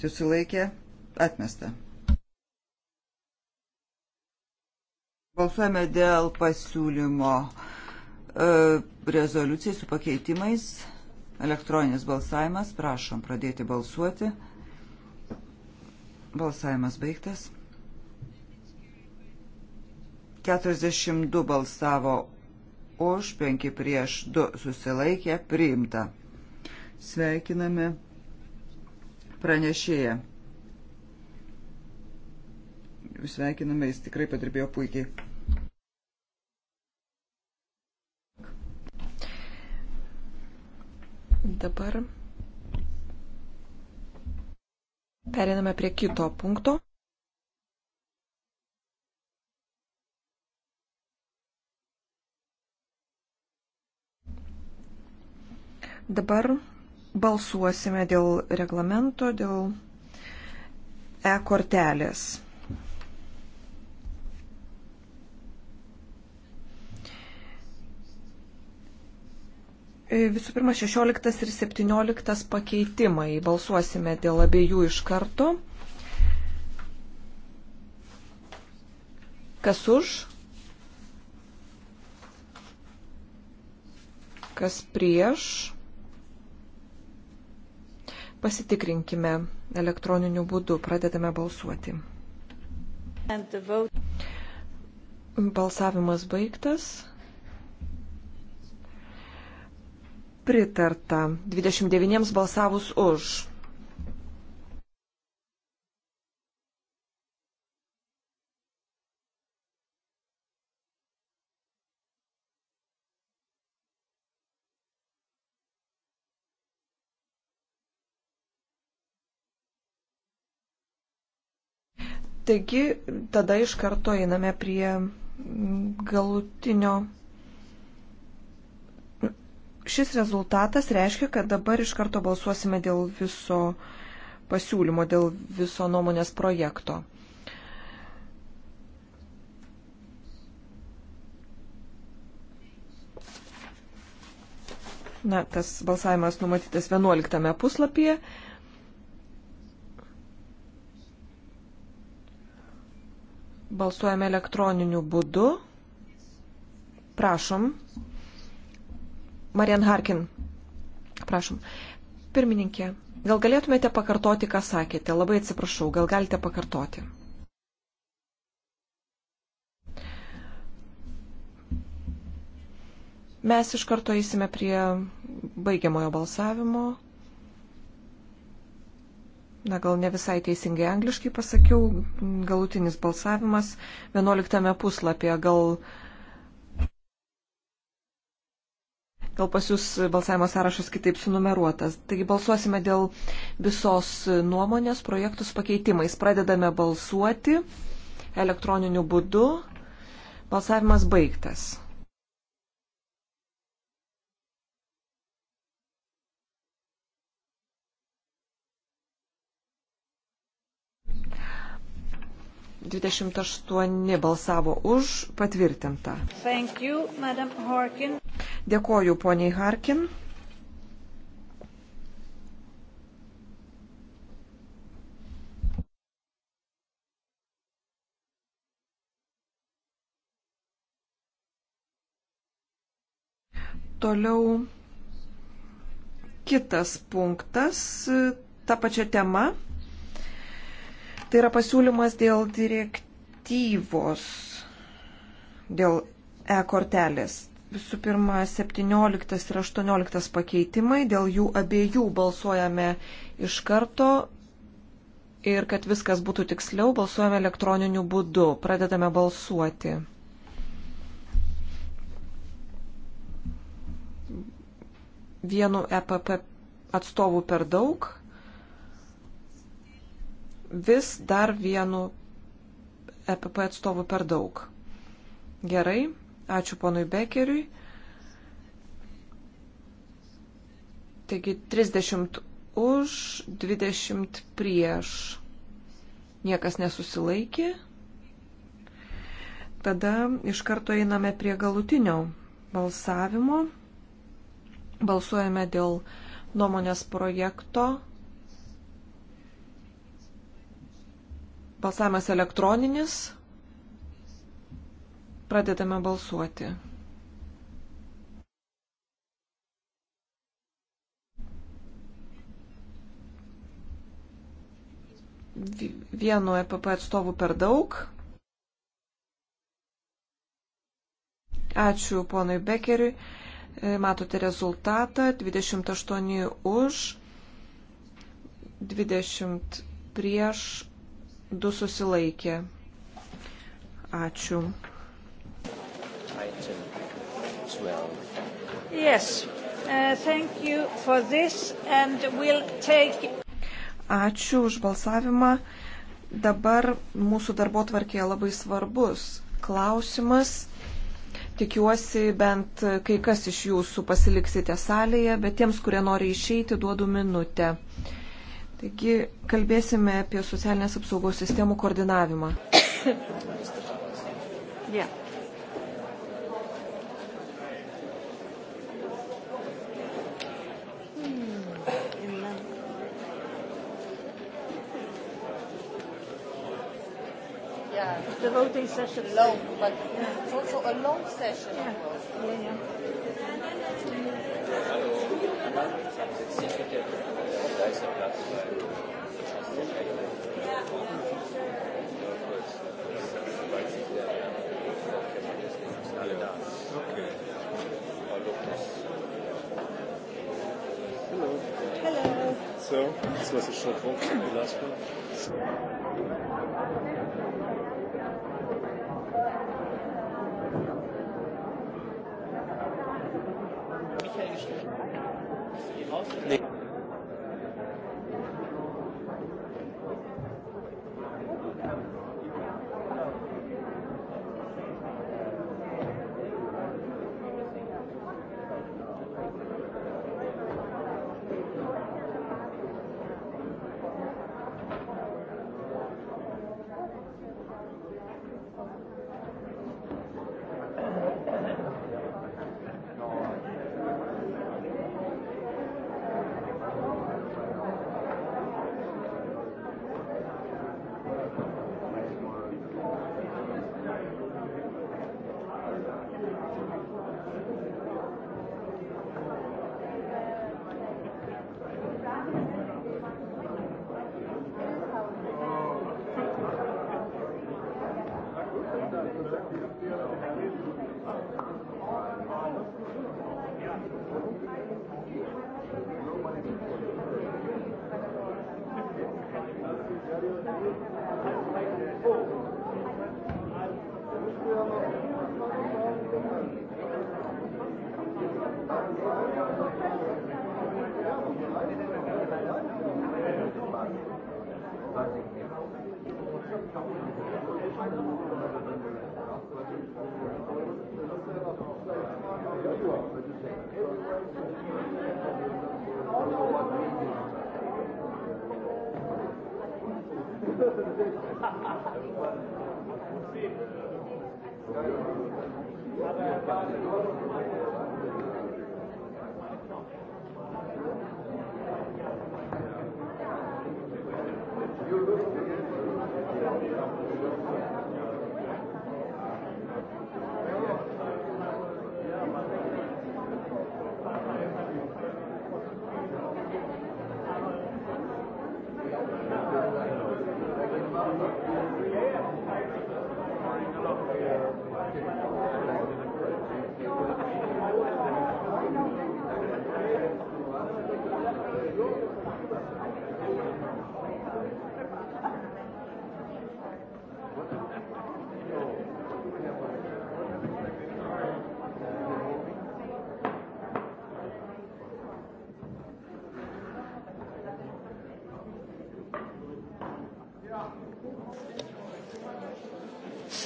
susilaikė, atmesta. Balsuojame dėl pasiūlymo e, rezoliucijai su pakeitimais. Elektroninis balsavimas. Prašom pradėti balsuoti. Balsavimas baigtas. 42 balsavo už, 5 prieš 2 susilaikė, priimta. Sveikiname pranešėją. Sveikiname, jis tikrai padirbėjo puikiai. Dabar periname prie kito punkto. Dabar balsuosime dėl reglamento, dėl e-kortelės. E, visų pirma, 16 ir 17 pakeitimai. Balsuosime dėl abiejų iš karto. Kas už? Kas prieš? Pasitikrinkime elektroniniu būdu. Pradedame balsuoti. Balsavimas baigtas. pritarta 29 balsavus už. Taigi tada iš karto einame prie mm, galutinio Šis rezultatas reiškia, kad dabar iš karto balsuosime dėl viso pasiūlymo, dėl viso nuomonės projekto. Na, tas balsavimas numatytas 11 puslapyje. Balsuojame elektroniniu būdu. Prašom. Marian Harkin. Prašom. Pirmininkė, gal galėtumėte pakartoti, ką sakėte? Labai atsiprašau, gal galite pakartoti? Mes iš karto eisime prie baigiamojo balsavimo. Na gal ne visai teisingai angliškai pasakiau, galutinis balsavimas 11 puslapyje gal Gal pas jūs balsavimo sąrašas kitaip sunumeruotas. Taigi balsuosime dėl visos nuomonės projektus pakeitimais. Pradedame balsuoti elektroniniu būdu. Balsavimas baigtas. 28 balsavo už patvirtintą. You, Dėkoju poniai Harkin. Toliau kitas punktas, ta pačia tema. Tai yra pasiūlymas dėl direktyvos, dėl e-kortelės. Visų pirma, 17 ir 18 pakeitimai, dėl jų abiejų balsuojame iš karto ir kad viskas būtų tiksliau, balsuojame elektroniniu būdu, pradedame balsuoti. Vienu EPP atstovu per daug vis dar vienu EPP atstovu per daug. Gerai, ačiū ponui Bekeriui. Taigi 30 už, 20 prieš. Niekas nesusilaikė. Tada iš karto einame prie galutinio balsavimo. Balsuojame dėl nuomonės projekto Balsavimas elektroninis. Pradedame balsuoti. Vienu EPP atstovu per daug. Ačiū ponui Bekeriui. E, matote rezultatą. 28 už, 20 prieš du susilaikė. Ačiū. Yes. Uh, thank you for this and we'll take... Ačiū už balsavimą. Dabar mūsų darbo tvarkėje labai svarbus klausimas. Tikiuosi, bent kai kas iš jūsų pasiliksite salėje, bet tiems, kurie nori išeiti, duodu minutę. Taigi kalbėsime apie socialinės apsaugos sistemų koordinavimą. yeah. Yeah, the voting session long, but yeah. it's also a long session. Yeah, yeah, yeah. so. This was a short walk from the last one. Nee.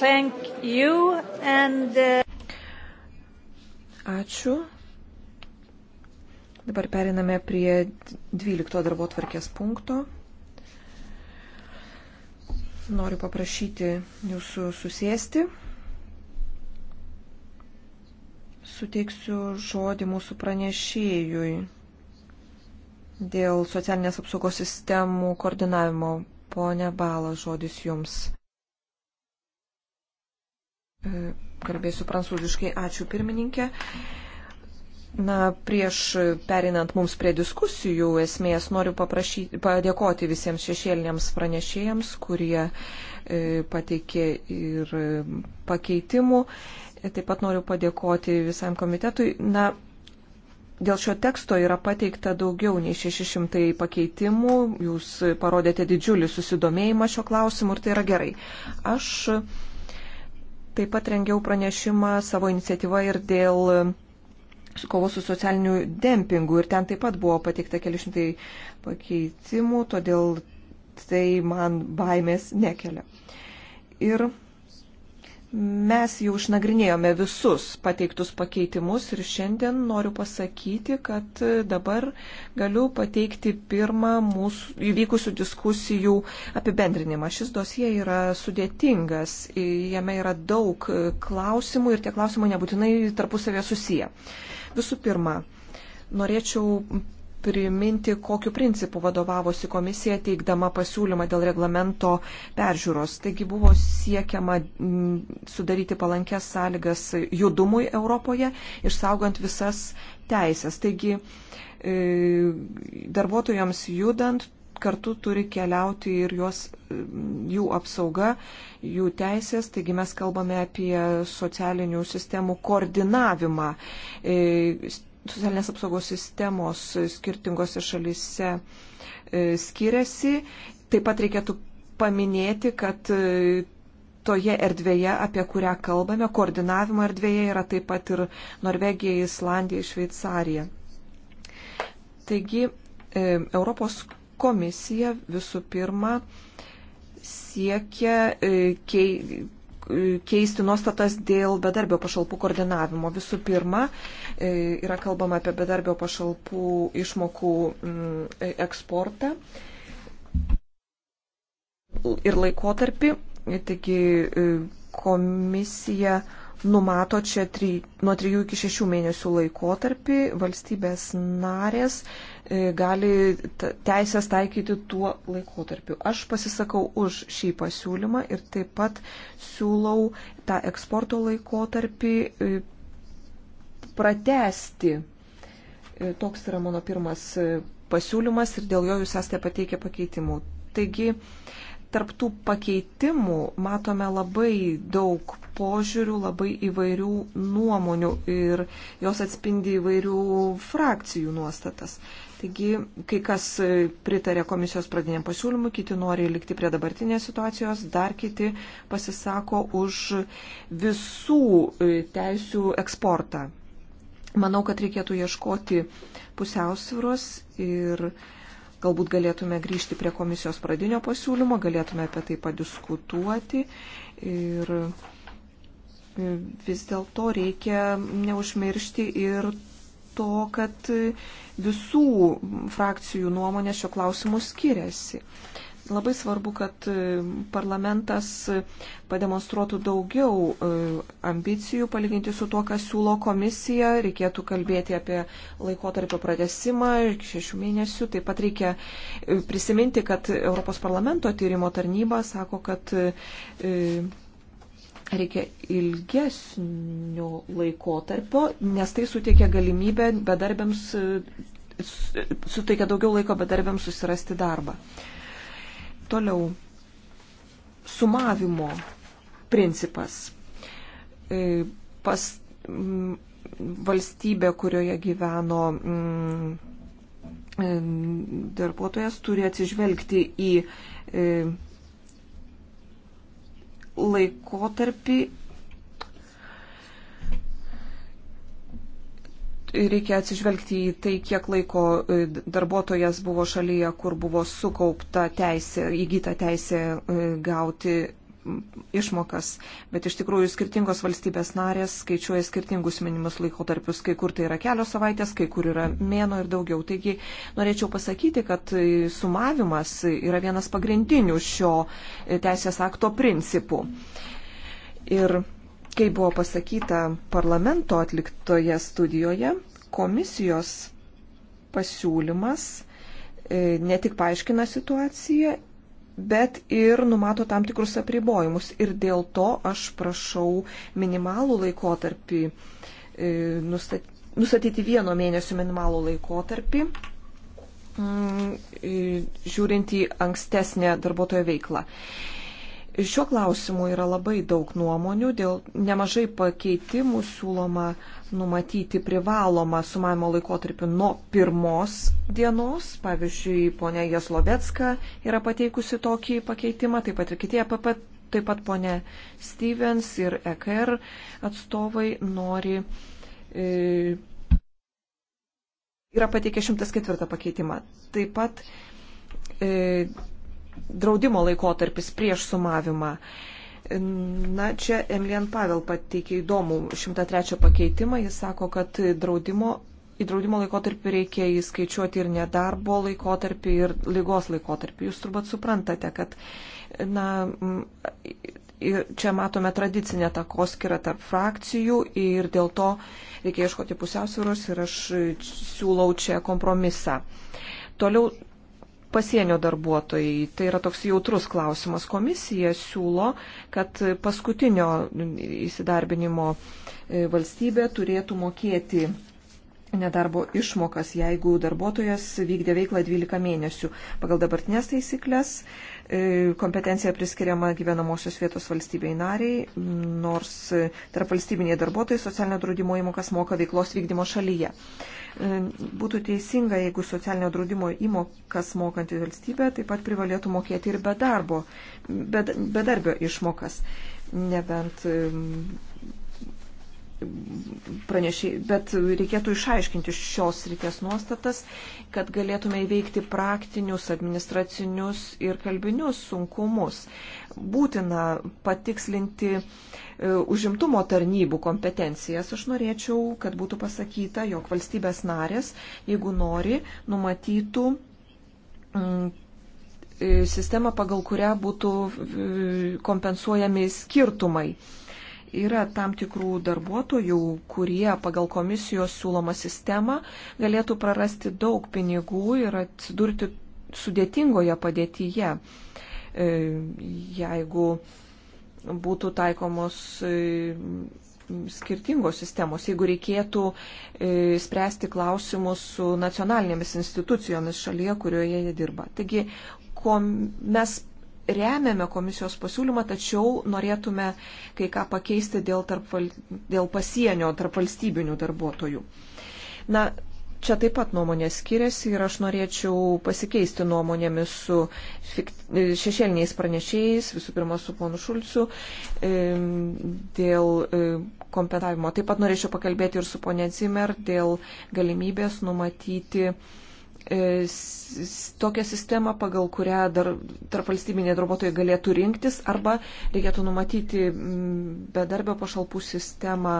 thank you and. Uh, Ačiū. Dabar periname prie 12 darbo tvarkės punkto. Noriu paprašyti jūsų susėsti. Suteiksiu žodį mūsų pranešėjui dėl socialinės apsaugos sistemų koordinavimo. Pone Balas, žodis jums. E, kalbėsiu prancūziškai. Ačiū pirmininkė. Na, prieš perinant mums prie diskusijų esmės, noriu paprašyti, padėkoti visiems šešėliniams pranešėjams, kurie e, pateikė ir e, pakeitimų. E, taip pat noriu padėkoti visam komitetui. Na, Dėl šio teksto yra pateikta daugiau nei 600 pakeitimų, jūs parodėte didžiulį susidomėjimą šio klausimu ir tai yra gerai. Aš Taip pat rengiau pranešimą savo iniciatyvą ir dėl kovos su socialiniu dempingu ir ten taip pat buvo pateikta keli šimtai pakeitimų, todėl tai man baimės nekelia. Ir Mes jau išnagrinėjome visus pateiktus pakeitimus ir šiandien noriu pasakyti, kad dabar galiu pateikti pirmą mūsų įvykusių diskusijų apibendrinimą. Šis dosie yra sudėtingas, jame yra daug klausimų ir tie klausimai nebūtinai tarpusavė susiję. Visų pirma, norėčiau priminti, kokiu principu vadovavosi komisija teikdama pasiūlymą dėl reglamento peržiūros. Taigi buvo siekiama sudaryti palankės sąlygas judumui Europoje, išsaugant visas teisės. Taigi e, darbuotojams judant kartu turi keliauti ir jos, jų apsauga, jų teisės. Taigi mes kalbame apie socialinių sistemų koordinavimą. E, socialinės apsaugos sistemos skirtingose šalise e, skiriasi. Taip pat reikėtų paminėti, kad e, toje erdvėje, apie kurią kalbame, koordinavimo erdvėje yra taip pat ir Norvegija, Islandija, Šveicarija. Taigi, e, Europos komisija visų pirma siekia kei, keisti nuostatas dėl bedarbio pašalpų koordinavimo. Visų pirma, e, yra kalbama apie bedarbio pašalpų išmokų mm, e, eksportą ir laikotarpį. Taigi e, komisija numato čia tri, nuo 3 iki 6 mėnesių laikotarpį valstybės narės e, gali teisės taikyti tuo laikotarpiu. Aš pasisakau už šį pasiūlymą ir taip pat siūlau tą eksporto laikotarpį e, pratesti. E, toks yra mano pirmas pasiūlymas ir dėl jo jūs esate pateikę pakeitimų. Taigi, tarptų pakeitimų matome labai daug požiūrių, labai įvairių nuomonių ir jos atspindi įvairių frakcijų nuostatas. Taigi, kai kas pritarė komisijos pradiniam pasiūlymui, kiti nori likti prie dabartinės situacijos, dar kiti pasisako už visų e, teisių eksportą. Manau, kad reikėtų ieškoti pusiausvyros ir galbūt galėtume grįžti prie komisijos pradinio pasiūlymo, galėtume apie tai padiskutuoti. Ir vis dėlto reikia neužmiršti ir to, kad visų frakcijų nuomonė šio klausimu skiriasi. Labai svarbu, kad parlamentas pademonstruotų daugiau e, ambicijų palyginti su tuo, ką siūlo komisija. Reikėtų kalbėti apie laikotarpio pratesimą iki šešių mėnesių. Taip pat reikia e, prisiminti, kad Europos parlamento tyrimo tarnyba sako, kad e, reikia ilgesnio laikotarpio, nes tai suteikia galimybę bedarbiams, suteikia daugiau laiko bedarbiams susirasti darbą. Toliau, sumavimo principas. E, pas valstybė, kurioje gyveno e, darbuotojas, turi atsižvelgti į e, laikotarpį reikia atsižvelgti į tai, kiek laiko e, darbuotojas buvo šalyje, kur buvo sukaupta teisė, įgyta teisė e, gauti išmokas, bet iš tikrųjų skirtingos valstybės narės skaičiuoja skirtingus minimus laikotarpius, kai kur tai yra kelios savaitės, kai kur yra mėno ir daugiau. Taigi norėčiau pasakyti, kad e, sumavimas yra vienas pagrindinių šio e, teisės akto principų. Ir kaip buvo pasakyta parlamento atliktoje studijoje, komisijos pasiūlymas e, ne tik paaiškina situaciją bet ir numato tam tikrus apribojimus. Ir dėl to aš prašau minimalų laikotarpį, e, nustatyti vieno mėnesio minimalų laikotarpį, mm, e, žiūrint į ankstesnę darbuotojo veiklą. Šiuo klausimu yra labai daug nuomonių, dėl nemažai pakeitimų siūloma numatyti privalomą sumavimo laikotarpį nuo pirmos dienos. Pavyzdžiui, ponia Jaslovetska yra pateikusi tokį pakeitimą, taip pat ir kiti APP, e taip pat ponia Stevens ir EKR atstovai nori. E, yra pateikę 104 pakeitimą. Taip pat. E, draudimo laikotarpis prieš sumavimą. Na, čia Emilian Pavel pateikė įdomų 103 pakeitimą. Jis sako, kad draudimo, į draudimo laikotarpį reikia įskaičiuoti ir nedarbo laikotarpį, ir lygos laikotarpį. Jūs turbūt suprantate, kad na, čia matome tradicinę takoskirą tarp frakcijų ir dėl to reikia ieškoti pusiausvėros ir aš siūlau čia kompromisą. Toliau pasienio darbuotojai. Tai yra toks jautrus klausimas. Komisija siūlo, kad paskutinio įsidarbinimo e, valstybė turėtų mokėti nedarbo išmokas, jeigu darbuotojas vykdė veiklą 12 mėnesių. Pagal dabartinės taisyklės E, kompetencija priskiriama gyvenamosios vietos valstybei nariai, nors tarp valstybiniai darbuotojai socialinio draudimo įmokas moka veiklos vykdymo šalyje. E, būtų teisinga, jeigu socialinio draudimo įmokas mokanti valstybė taip pat privalėtų mokėti ir bedarbo, bed, bedarbio išmokas, nebent pranešiai, bet reikėtų išaiškinti šios ryties nuostatas, kad galėtume įveikti praktinius, administracinius ir kalbinius sunkumus. Būtina patikslinti e, užimtumo tarnybų kompetencijas. Aš norėčiau, kad būtų pasakyta, jog valstybės narės, jeigu nori, numatytų mm, e, sistemą, pagal kurią būtų e, kompensuojami skirtumai yra tam tikrų darbuotojų, kurie pagal komisijos siūlomą sistemą galėtų prarasti daug pinigų ir atsidurti sudėtingoje padėtyje, e, jeigu būtų taikomos e, skirtingos sistemos, jeigu reikėtų e, spręsti klausimus su nacionalinėmis institucijomis šalyje, kurioje jie dirba. Taigi, ko mes remiame komisijos pasiūlymą, tačiau norėtume kai ką pakeisti dėl, tarp, dėl pasienio tarp valstybinių darbuotojų. Na, čia taip pat nuomonės skiriasi ir aš norėčiau pasikeisti nuomonėmis su šešėliniais pranešėjais, visų pirma su ponu Šulciu, dėl kompetavimo. Taip pat norėčiau pakalbėti ir su ponė Zimmer dėl galimybės numatyti E, tokią sistemą, pagal kurią dar, tarp valstybinė darbuotojai galėtų rinktis, arba reikėtų numatyti mm, bedarbio pašalpų sistemą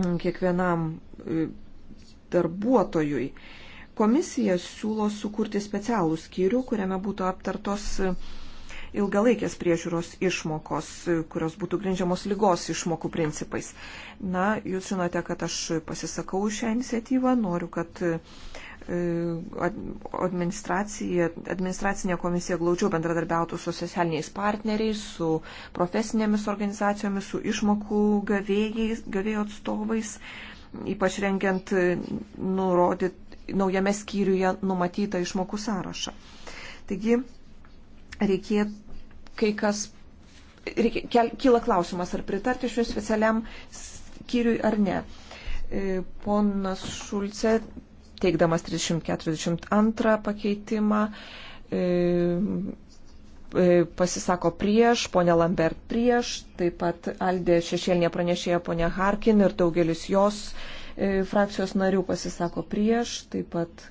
mm, kiekvienam e, darbuotojui. Komisija siūlo sukurti specialų skyrių, kuriame būtų aptartos e, ilgalaikės priežiūros išmokos, kurios būtų grindžiamos lygos išmokų principais. Na, jūs žinote, kad aš pasisakau šią iniciatyvą, noriu, kad uh, E, administracinė komisija glaudžiau bendradarbiautų su socialiniais partneriais, su profesinėmis organizacijomis, su išmokų gavėjais, gavėjų atstovais, ypač rengiant e, nurodyt, naujame skyriuje numatytą išmokų sąrašą. Taigi, reikėtų, kai kas, reikia, kel, kyla klausimas, ar pritarti šiuo specialiam skyriui ar ne. E, ponas Šulce teikdamas 342 pakeitimą e, e, pasisako prieš, ponia Lambert prieš, taip pat Aldė šešėlinė pranešėja ponia Harkin ir daugelis jos e, frakcijos narių pasisako prieš, taip pat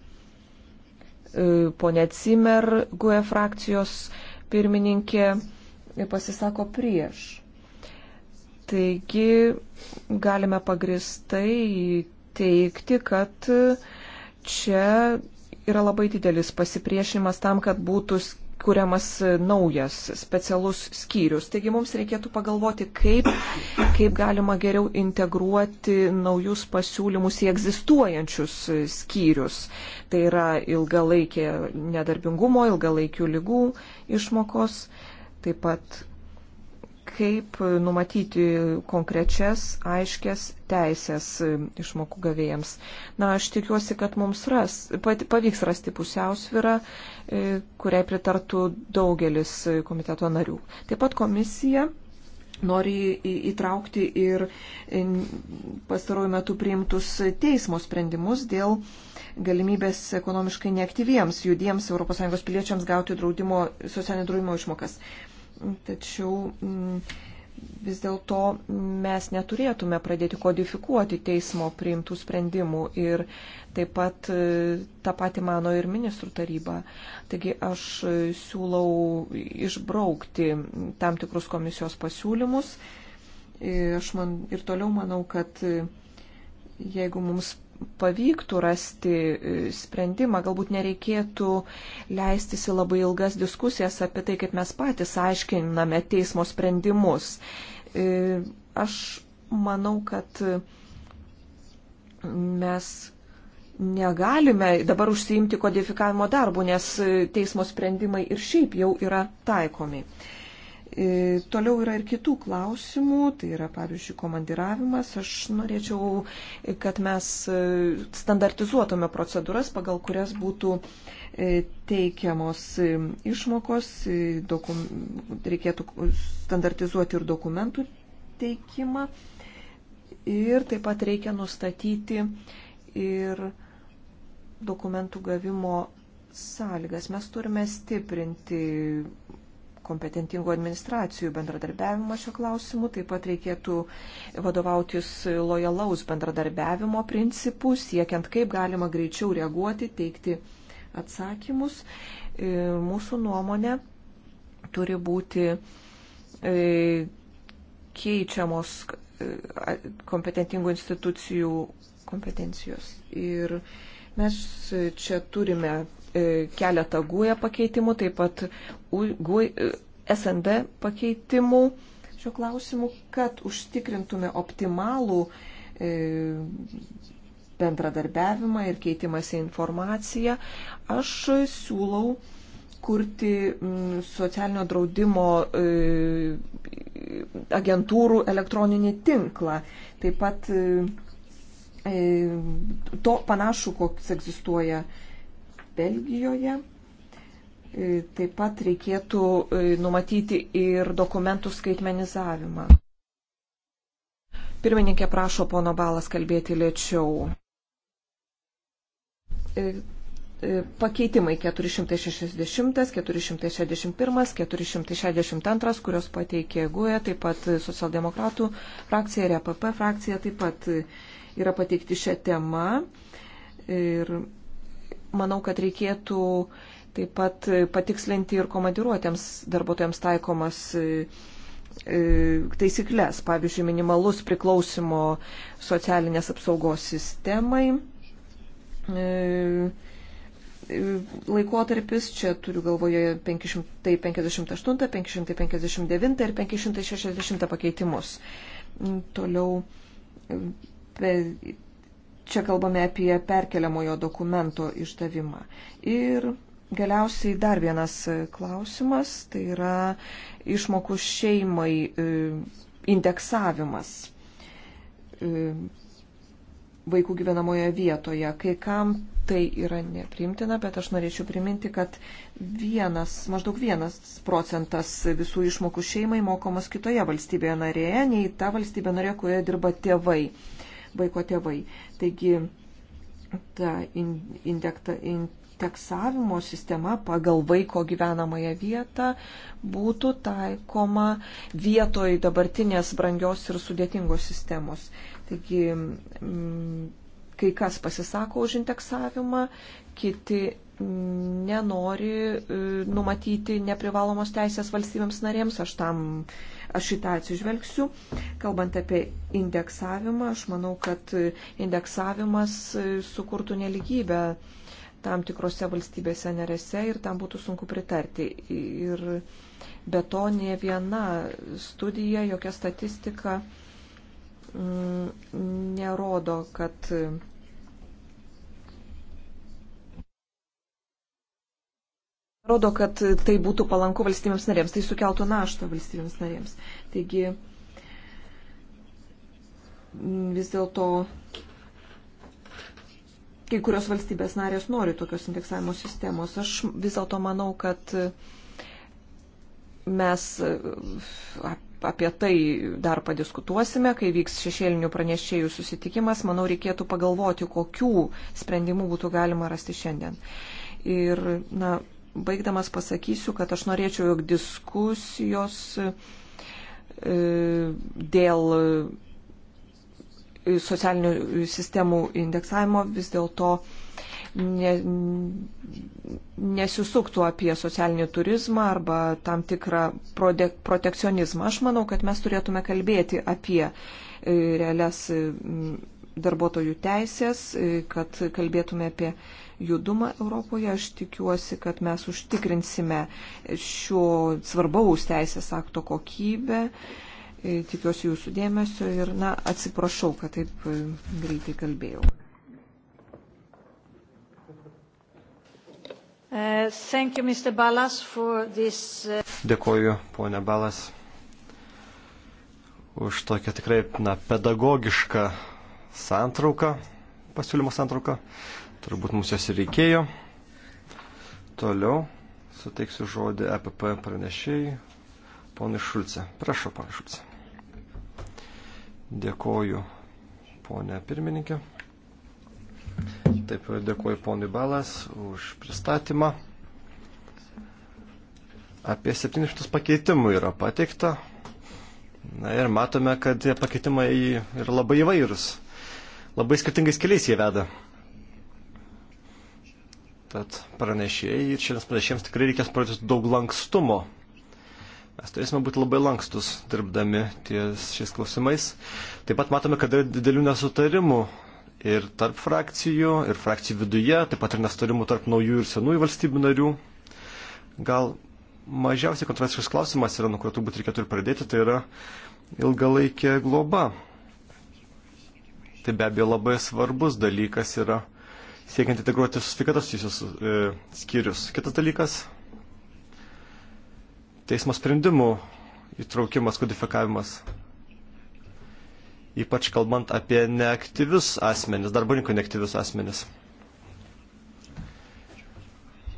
ponia Cimer, GUE frakcijos pirmininkė pasisako prieš. Taigi galime pagristai teikti, kad uh, čia yra labai didelis pasipriešinimas tam, kad būtų kuriamas naujas specialus skyrius. Taigi mums reikėtų pagalvoti, kaip, kaip galima geriau integruoti naujus pasiūlymus į egzistuojančius skyrius. Tai yra ilgalaikė nedarbingumo, ilgalaikių lygų išmokos, taip pat kaip numatyti konkrečias, aiškias teisės e, išmokų gavėjams. Na, aš tikiuosi, kad mums ras, pavyks rasti pusiausvyrą, e, kuriai pritartų daugelis komiteto narių. Taip pat komisija nori įtraukti ir e, pastaruoju metu priimtus teismo sprendimus dėl galimybės ekonomiškai neaktyviems judiems ES piliečiams gauti draudimo, socialinio draudimo išmokas tačiau mm, vis dėlto mes neturėtume pradėti kodifikuoti teismo priimtų sprendimų ir taip pat e, tą patį mano ir ministrų taryba. Taigi aš siūlau išbraukti tam tikrus komisijos pasiūlymus. E, aš man ir toliau manau, kad e, jeigu mums pavyktų rasti e, sprendimą, galbūt nereikėtų leistis į labai ilgas diskusijas apie tai, kaip mes patys aiškiname teismo sprendimus. E, aš manau, kad mes negalime dabar užsiimti kodifikavimo darbų, nes teismo sprendimai ir šiaip jau yra taikomi. Uh, E, toliau yra ir kitų klausimų, tai yra pavyzdžiui komandiravimas. Aš norėčiau, kad mes e, standartizuotume procedūras, pagal kurias būtų e, teikiamos išmokos, dokum, reikėtų standartizuoti ir dokumentų teikimą. Ir taip pat reikia nustatyti ir dokumentų gavimo sąlygas. Mes turime stiprinti kompetentingų administracijų bendradarbiavimą šio klausimu. Taip pat reikėtų vadovautis lojalaus bendradarbiavimo principų, siekiant kaip galima greičiau reaguoti, teikti atsakymus. E, mūsų nuomonė turi būti e, keičiamos e, kompetentingų institucijų kompetencijos. Ir mes čia turime E, keletą guoja pakeitimų, taip pat guoja, e, SND pakeitimų šiuo klausimu, kad užtikrintume optimalų e, bendradarbiavimą ir keitimąsi informaciją. Aš siūlau kurti socialinio draudimo agentūrų elektroninį tinklą. Taip pat to panašu, koks egzistuoja Belgijoje. E, taip pat reikėtų e, numatyti ir dokumentų skaitmenizavimą. Pirmininkė prašo pono Balas kalbėti lėčiau. E, pakeitimai 460, 461, 462, kurios pateikė GUE, taip pat socialdemokratų frakcija ir EPP frakcija taip pat yra pateikti šią temą. Ir manau, kad reikėtų taip pat patikslinti ir komandiruotėms darbuotojams taikomas e, e, taisyklės, pavyzdžiui, minimalus priklausimo socialinės apsaugos sistemai. E, laikotarpis, čia turiu galvoje 558, 559 ir 560 pakeitimus. Toliau Čia kalbame apie perkeliamojo dokumento išdavimą. Ir galiausiai dar vienas e, klausimas, tai yra išmokų šeimai e, indeksavimas e, vaikų gyvenamoje vietoje. Kai kam tai yra neprimtina, bet aš norėčiau priminti, kad vienas, maždaug vienas procentas visų išmokų šeimai mokomas kitoje valstybėje narėje, nei ta valstybė narė, kurioje dirba tėvai vaiko tėvai. Taigi ta indekta, indeksavimo sistema pagal vaiko gyvenamąją vietą būtų taikoma vietoj dabartinės brangios ir sudėtingos sistemos. Taigi, mm, kai kas pasisako už indeksavimą, kiti nenori e, numatyti neprivalomos teisės valstybėms narėms, aš tam Aš šitą atsižvelgsiu. Kalbant apie indeksavimą, aš manau, kad indeksavimas sukurtų neligybę tam tikrose valstybėse nerese ir tam būtų sunku pritarti. Ir be to ne viena studija, jokia statistika mm, nerodo, kad Rodo, kad tai būtų palanku valstybėms narėms, tai sukeltų naštą valstybėms narėms. Taigi vis dėlto kai kurios valstybės narės nori tokios indeksavimo sistemos. Aš vis dėlto manau, kad mes apie tai dar padiskutuosime, kai vyks šešėlinių pranešėjų susitikimas. Manau, reikėtų pagalvoti, kokių sprendimų būtų galima rasti šiandien. Ir, na, baigdamas pasakysiu, kad aš norėčiau, jog diskusijos e, dėl e, socialinių sistemų indeksavimo vis dėlto ne, nesisuktų apie socialinį turizmą arba tam tikrą prode, protekcionizmą. Aš manau, kad mes turėtume kalbėti apie e, realias darbuotojų teisės, kad kalbėtume apie judumą Europoje. Aš tikiuosi, kad mes užtikrinsime šio svarbaus teisės akto kokybę. E, tikiuosi jūsų dėmesio ir, na, atsiprašau, kad taip e, greitai kalbėjau. Uh, you, Balas, this, uh... Dėkoju, ponė Balas, už tokią tikrai na, pedagogišką santrauką, pasiūlymo santrauką. Turbūt mums jos ir reikėjo. Toliau suteiksiu žodį EPP pranešėjai, ponai Šulce. Prašau, ponai Šulce. Dėkoju, ponė pirmininkė. Taip, dėkoju ponui Balas už pristatymą. Apie 700 pakeitimų yra pateikta. Na ir matome, kad tie pakeitimai yra labai įvairūs. Labai skirtingais keliais jie veda. Tad pranešėjai ir šiems pranešėjams tikrai reikės pradėti daug lankstumo. Mes turėsime būti labai lankstus dirbdami ties šiais klausimais. Taip pat matome, kad yra didelių nesutarimų ir tarp frakcijų, ir frakcijų viduje, taip pat ir nesutarimų tarp naujų ir senųjų valstybių narių. Gal mažiausiai kontroversiškas klausimas yra, nuo kurio turbūt reikėtų ir pradėti, tai yra ilgalaikė globa. Tai be abejo labai svarbus dalykas yra siekiant integruoti su sveikatos susijusius e, skyrius. Kitas dalykas - teismo sprendimų įtraukimas, kodifikavimas. Ypač kalbant apie neaktyvius asmenis, darbo rinko neaktyvius asmenis.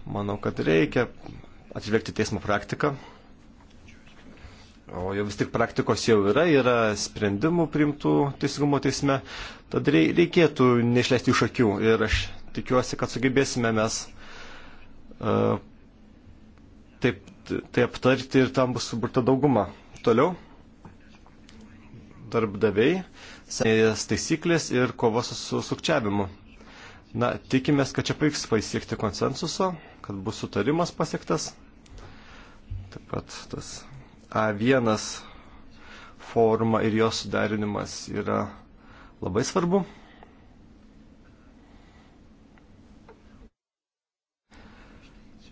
Manau, kad reikia atsižvelgti teismo praktiką. O jau vis tik praktikos jau yra, yra sprendimų priimtų teisingumo teisme, tad reikėtų neišleisti iš akių. Ir aš tikiuosi, kad sugebėsime mes uh, taip, tai aptarti ir tam bus suburta dauguma. Toliau darbdaviai, senės taisyklės ir kova su sukčiavimu. Na, tikimės, kad čia pavyks pasiekti konsensuso, kad bus sutarimas pasiektas. Taip pat tas A1 forma ir jos sudarinimas yra labai svarbu.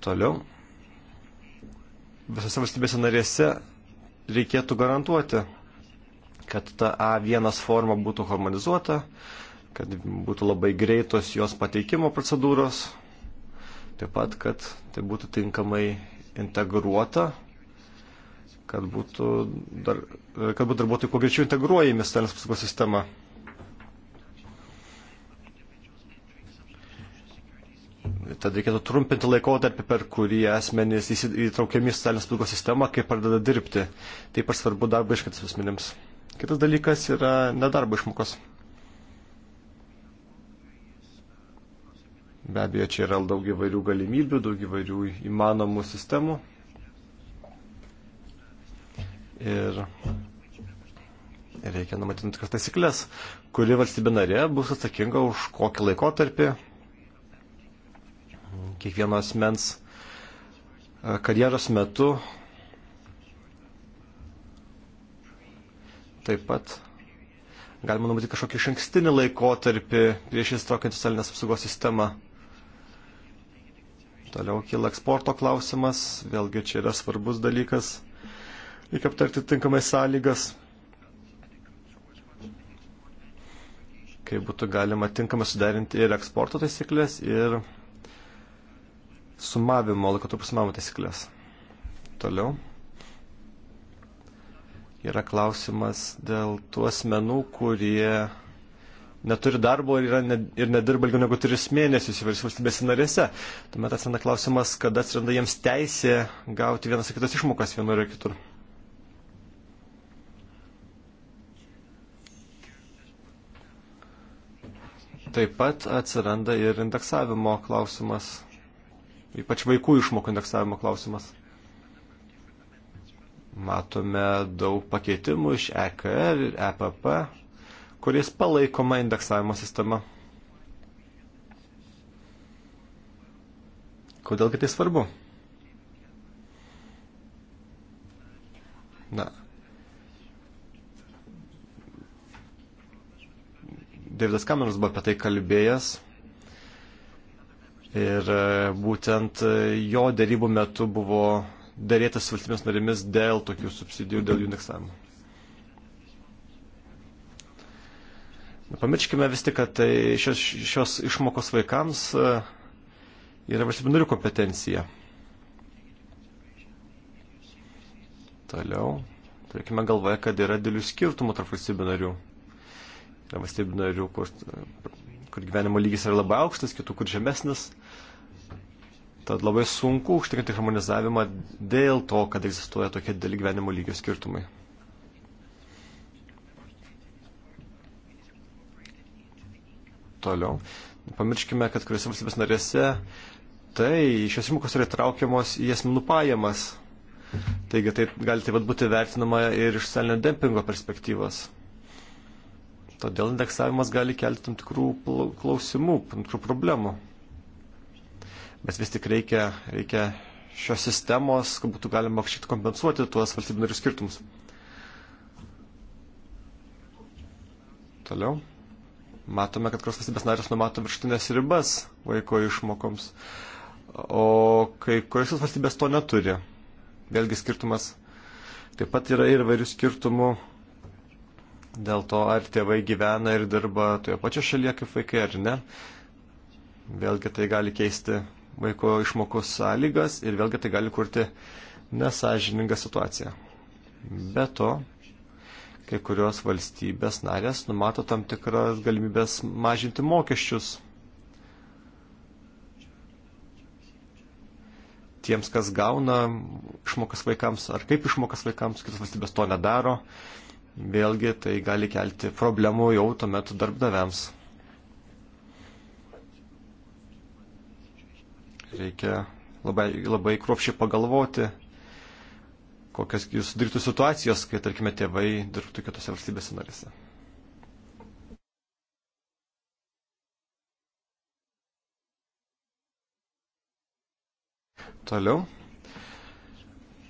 Toliau, visose valstybėse narėse reikėtų garantuoti, kad ta A1 forma būtų harmonizuota, kad būtų labai greitos jos pateikimo procedūros, taip pat, kad tai būtų tinkamai integruota, kad būtų, dar, kad būtų darbuotojai kuo greičiau integruojami socialinės apsaugos sistema. Tad reikėtų trumpinti laikotarpį, per kurį asmenys įtraukiami į socialinės apsaugos sistemą, kai pradeda dirbti. Taip pat svarbu darbo iškats asmenims. Kitas dalykas yra nedarbo išmokos. Be abejo, čia yra daug įvairių galimybių, daug įvairių įmanomų sistemų. Ir reikia numatinti tas taisyklės, kuri valstybė narė bus atsakinga už kokį laikotarpį kiekvienos mens e, karjeros metu. Taip pat galima numatyti kažkokį šankstinį laikotarpį prieš įstokiant socialinės apsaugos sistemą. Toliau kyla eksporto klausimas, vėlgi čia yra svarbus dalykas. Reikia aptarti tinkamai sąlygas, kaip būtų galima tinkamai suderinti ir eksporto taisyklės, ir sumavimo, laikotarpio sumavimo taisyklės. Toliau. Yra klausimas dėl tų asmenų, kurie neturi darbo ir, ne, ir nedirba ilgiau negu 3 mėnesius įvairiose valstybėse narėse. Tuomet atsiranda klausimas, kada atsiranda jiems teisė gauti vienas ar kitas išmokas vienur ar kitur. Taip pat atsiranda ir indeksavimo klausimas ypač vaikų išmokų indeksavimo klausimas. Matome daug pakeitimų iš EKR ir EPP, kuriais palaikoma indeksavimo sistema. Kodėl tai svarbu? Na. Davidas Kameras buvo apie tai kalbėjęs Ir e, būtent e, jo darybų metu buvo dėrėtas valstybės narėmis dėl tokių subsidijų, dėl jų indeksavimo. Pamirškime vis tik, kad tai šios, šios išmokos vaikams e, yra valstybių narių kompetencija. Toliau, turėkime galvoje, kad yra dėlių skirtumų tarp valstybių narių. Yra valstybių narių, kur kur gyvenimo lygis yra labai aukštas, kitų kur žemesnis. Tad labai sunku užtikrinti harmonizavimą dėl to, kad egzistuoja tokie dėl gyvenimo lygio skirtumai. Toliau. Pamirškime, kad kuriuose valstybės narėse tai šios įmokos yra traukiamos į asmenų pajamas. Taigi tai gali taip pat būti vertinama ir iš socialinio dempingo perspektyvos. Todėl indeksavimas gali kelti tam tikrų klausimų, tam tikrų problemų. Bet vis tik reikia, reikia šios sistemos, kad būtų galima šiek tiek kompensuoti tuos valstybių narių skirtumus. Toliau. Matome, kad kurios valstybės narės numato virštinės ribas vaiko išmokoms, o kai kurios valstybės to neturi. Vėlgi skirtumas. Taip pat yra ir vairių skirtumų dėl to, ar tėvai gyvena ir dirba toje pačioje šalyje kaip vaikai ar ne. Vėlgi tai gali keisti vaiko išmokų sąlygas ir vėlgi tai gali kurti nesažiningą situaciją. Be to, kai kurios valstybės narės numato tam tikras galimybės mažinti mokesčius tiems, kas gauna išmokas vaikams, ar kaip išmokas vaikams, kitos valstybės to nedaro. Uh, vėlgi tai gali kelti problemų jau tuomet darbdaviams. Reikia labai, labai kruopšiai pagalvoti, kokias jūs dirbtų situacijos, kai, tarkime, tėvai dirbtų kitose valstybėse narėse. Toliau.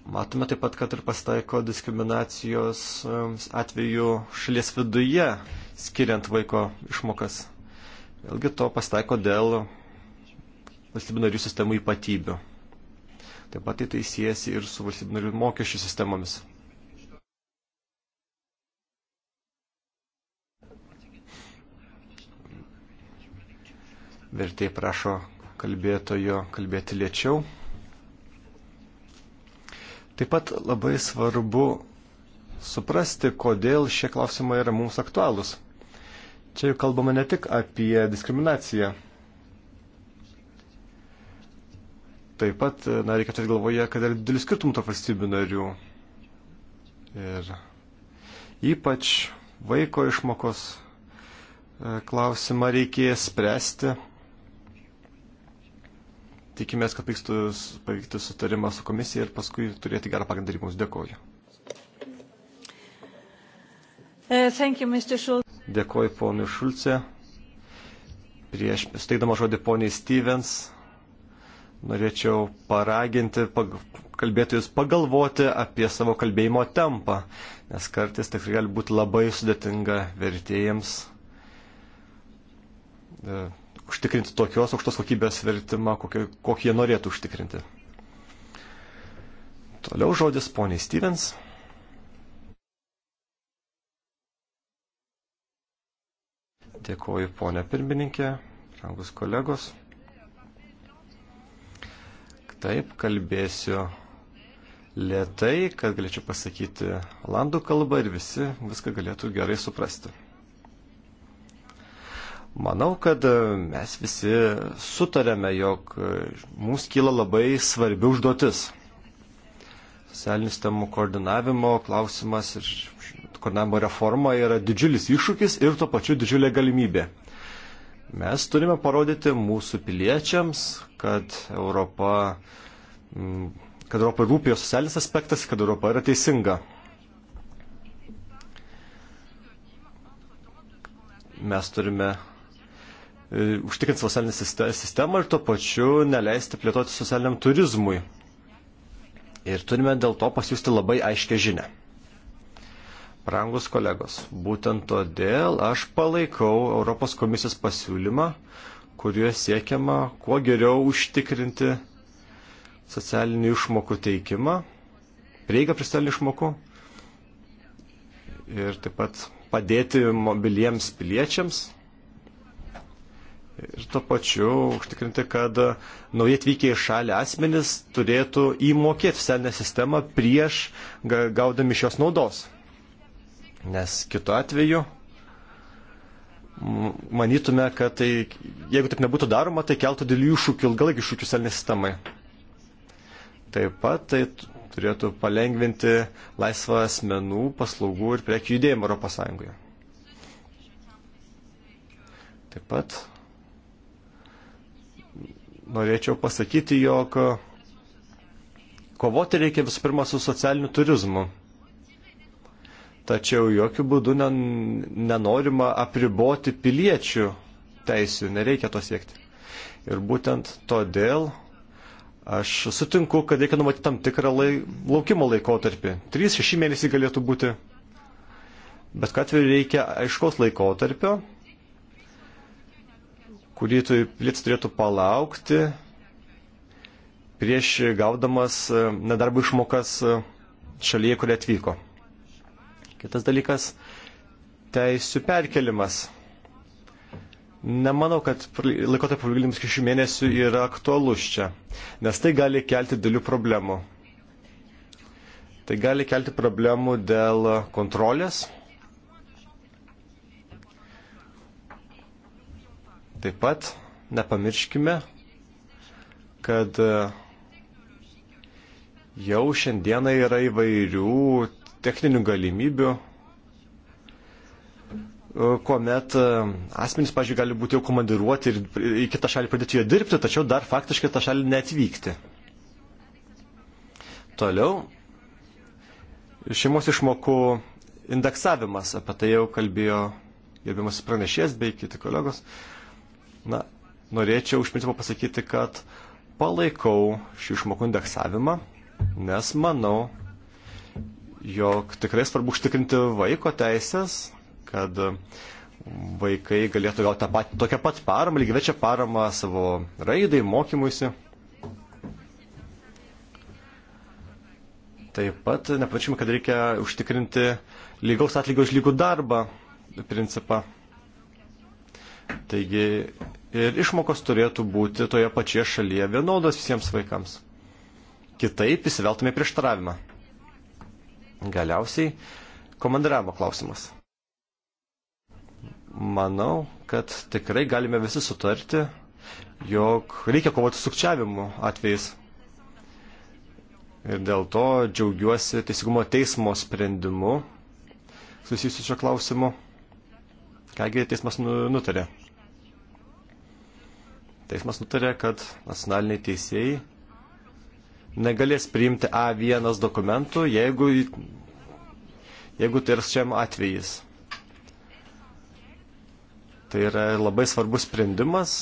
Matome taip pat, kad ir pasitaiko diskriminacijos um, atveju šalies viduje, skiriant vaiko išmokas. Vėlgi to pasitaiko dėl valstybių narių sistemų ypatybių. Taip pat tai siejasi ir su valstybių narių mokesčių sistemomis. Vertėjai prašo kalbėtojo kalbėti lėčiau. Taip pat labai svarbu suprasti, kodėl šie klausimai yra mums aktualūs. Čia jau kalbama ne tik apie diskriminaciją. Taip pat, na, reikia turėti galvoje, kad yra didelis skirtumų tarp valstybių narių. Ir ypač vaiko išmokos e, klausimą reikės spręsti tikimės, kad pavyktų sutarimą su komisija ir paskui turėti gerą pagrindą rinkimus. Dėkoju. Uh, you, Dėkoju ponui Šulce. Prieš steigdama žodį poniai Stevens, norėčiau paraginti pag, kalbėtojus pagalvoti apie savo kalbėjimo tempą, nes kartais tikrai gali būti labai sudėtinga vertėjams. E, užtikrinti tokios aukštos kokybės vertimą, kokį, kokį jie norėtų užtikrinti. Toliau žodis poniai Stevens. Dėkuoju ponia pirmininkė, rangus kolegos. Taip, kalbėsiu lietai, kad galėčiau pasakyti landų kalbą ir visi viską galėtų gerai suprasti. Manau, kad e, mes visi sutarėme, jog e, mums kyla labai svarbi užduotis. Socialinių sistemų koordinavimo klausimas ir koordinavimo reforma yra didžiulis iššūkis ir tuo pačiu didžiulė galimybė. Mes turime parodyti mūsų piliečiams, kad Europa, kad Europa rūpėjo socialinis aspektas, kad Europa yra teisinga. Mes turime E, užtikrinti socialinę sistemą ir tuo pačiu neleisti plėtoti socialiniam turizmui. Ir turime dėl to pasiūsti labai aiškę žinę. Prangus kolegos, būtent todėl aš palaikau Europos komisijos pasiūlymą, kuriuo siekiama kuo geriau užtikrinti socialinių išmokų teikimą, prieigą prie socialinių išmokų ir taip pat padėti mobiliems piliečiams Ir tuo pačiu užtikrinti, kad naujai atvykę į šalį asmenys turėtų įmokėti socialinę sistemą prieš gaudami šios naudos. Nes kitu atveju manytume, kad tai, jeigu taip nebūtų daroma, tai keltų dėl iššūkių, ilgalaikį iššūkių socialinė sistemai. Taip pat tai turėtų palengvinti laisvą asmenų, paslaugų ir prekių judėjimą ES. Taip pat norėčiau pasakyti, jog kovoti reikia visų pirma su socialiniu turizmu. Tačiau jokių būdų nenorima apriboti piliečių teisių, nereikia to siekti. Ir būtent todėl aš sutinku, kad reikia numatyti tam tikrą lai, laukimo laikotarpį. 3-6 mėnesiai galėtų būti. Bet kad atveju reikia aiškos laikotarpio, kurį pilietis turėtų palaukti prieš gaudamas e, nedarbo išmokas e, šalyje, kurie atvyko. Kitas dalykas - teisų perkelimas. Nemanau, kad laikotarpio pavadinimas iki šių mėnesių yra aktualus čia, nes tai gali kelti dėlių problemų. Tai gali kelti problemų dėl kontrolės, Taip pat nepamirškime, kad jau šiandieną yra įvairių techninių galimybių, kuomet asmenys, pažiūrėjau, gali būti jau komandiruoti ir į kitą šalį pradėti joje dirbti, tačiau dar faktiškai tą šalį neatvykti. Toliau, šeimos išmokų indeksavimas, apie tai jau kalbėjo gerbiamasis pranešėjas bei kiti kolegos. Uh, Na, norėčiau iš principo pasakyti, kad palaikau šių išmokų indeksavimą, nes manau, jog tikrai svarbu užtikrinti vaiko teisės, kad vaikai galėtų gauti pat, tokią pat paramą, lygivečią paramą savo raidai, mokymuisi. Taip pat nepamirškime, kad reikia užtikrinti lygaus atlygio už lygų darbą principą. Taigi ir išmokos turėtų būti toje pačioje šalyje vienodos visiems vaikams. Kitaip įsiveltume prieštaravimą. Galiausiai komandiravimo klausimas. Manau, kad tikrai galime visi sutarti, jog reikia kovoti sukčiavimu atvejais. Ir dėl to džiaugiuosi Teisingumo teismo sprendimu susijusiu šio klausimu. Kągi teismas nu- nutarė. Teismas nutarė, kad nacionaliniai teisėjai negalės priimti A1 dokumentų, jeigu, jeigu tai yra šiam atvejis. Tai yra labai svarbus sprendimas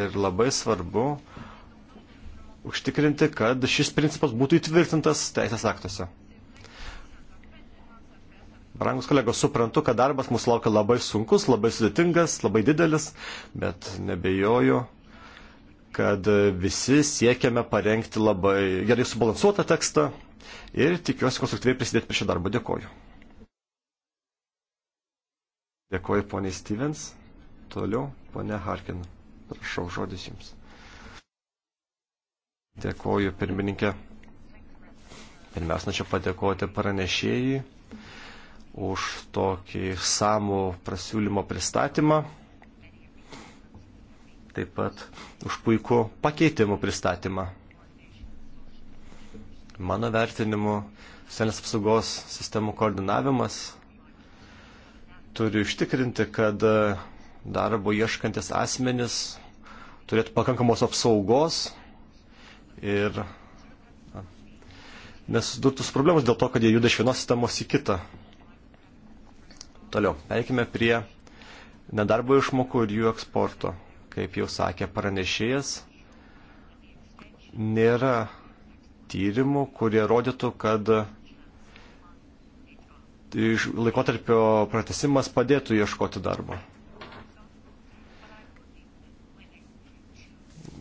ir labai svarbu užtikrinti, kad šis principas būtų įtvirtintas teisės aktuose. Brangus kolegos, suprantu, kad darbas mūsų laukia labai sunkus, labai sudėtingas, labai didelis, bet nebejoju, kad visi siekiame parengti labai gerai subalansuotą tekstą ir tikiuosi konstruktyviai prisidėti prie šio darbo. Dėkoju. Dėkoju poniai Stevens. Toliau ponia Harkin. Prašau, žodis jums. Dėkoju pirmininkė. Pirmiausia, norėčiau padėkoti pranešėjai už tokį samų prasiūlymo pristatymą, taip pat už puikų pakeitimų pristatymą. Mano vertinimu, senės apsaugos sistemų koordinavimas turi užtikrinti, kad darbo ieškantis asmenis turėtų pakankamos apsaugos ir nesusidurtų su problemus dėl to, kad jie juda iš vienos sistemos į kitą. Toliau, eikime prie nedarbo išmokų ir jų eksporto. Kaip jau sakė pranešėjas, nėra tyrimų, kurie rodytų, kad laikotarpio pratesimas padėtų ieškoti darbo.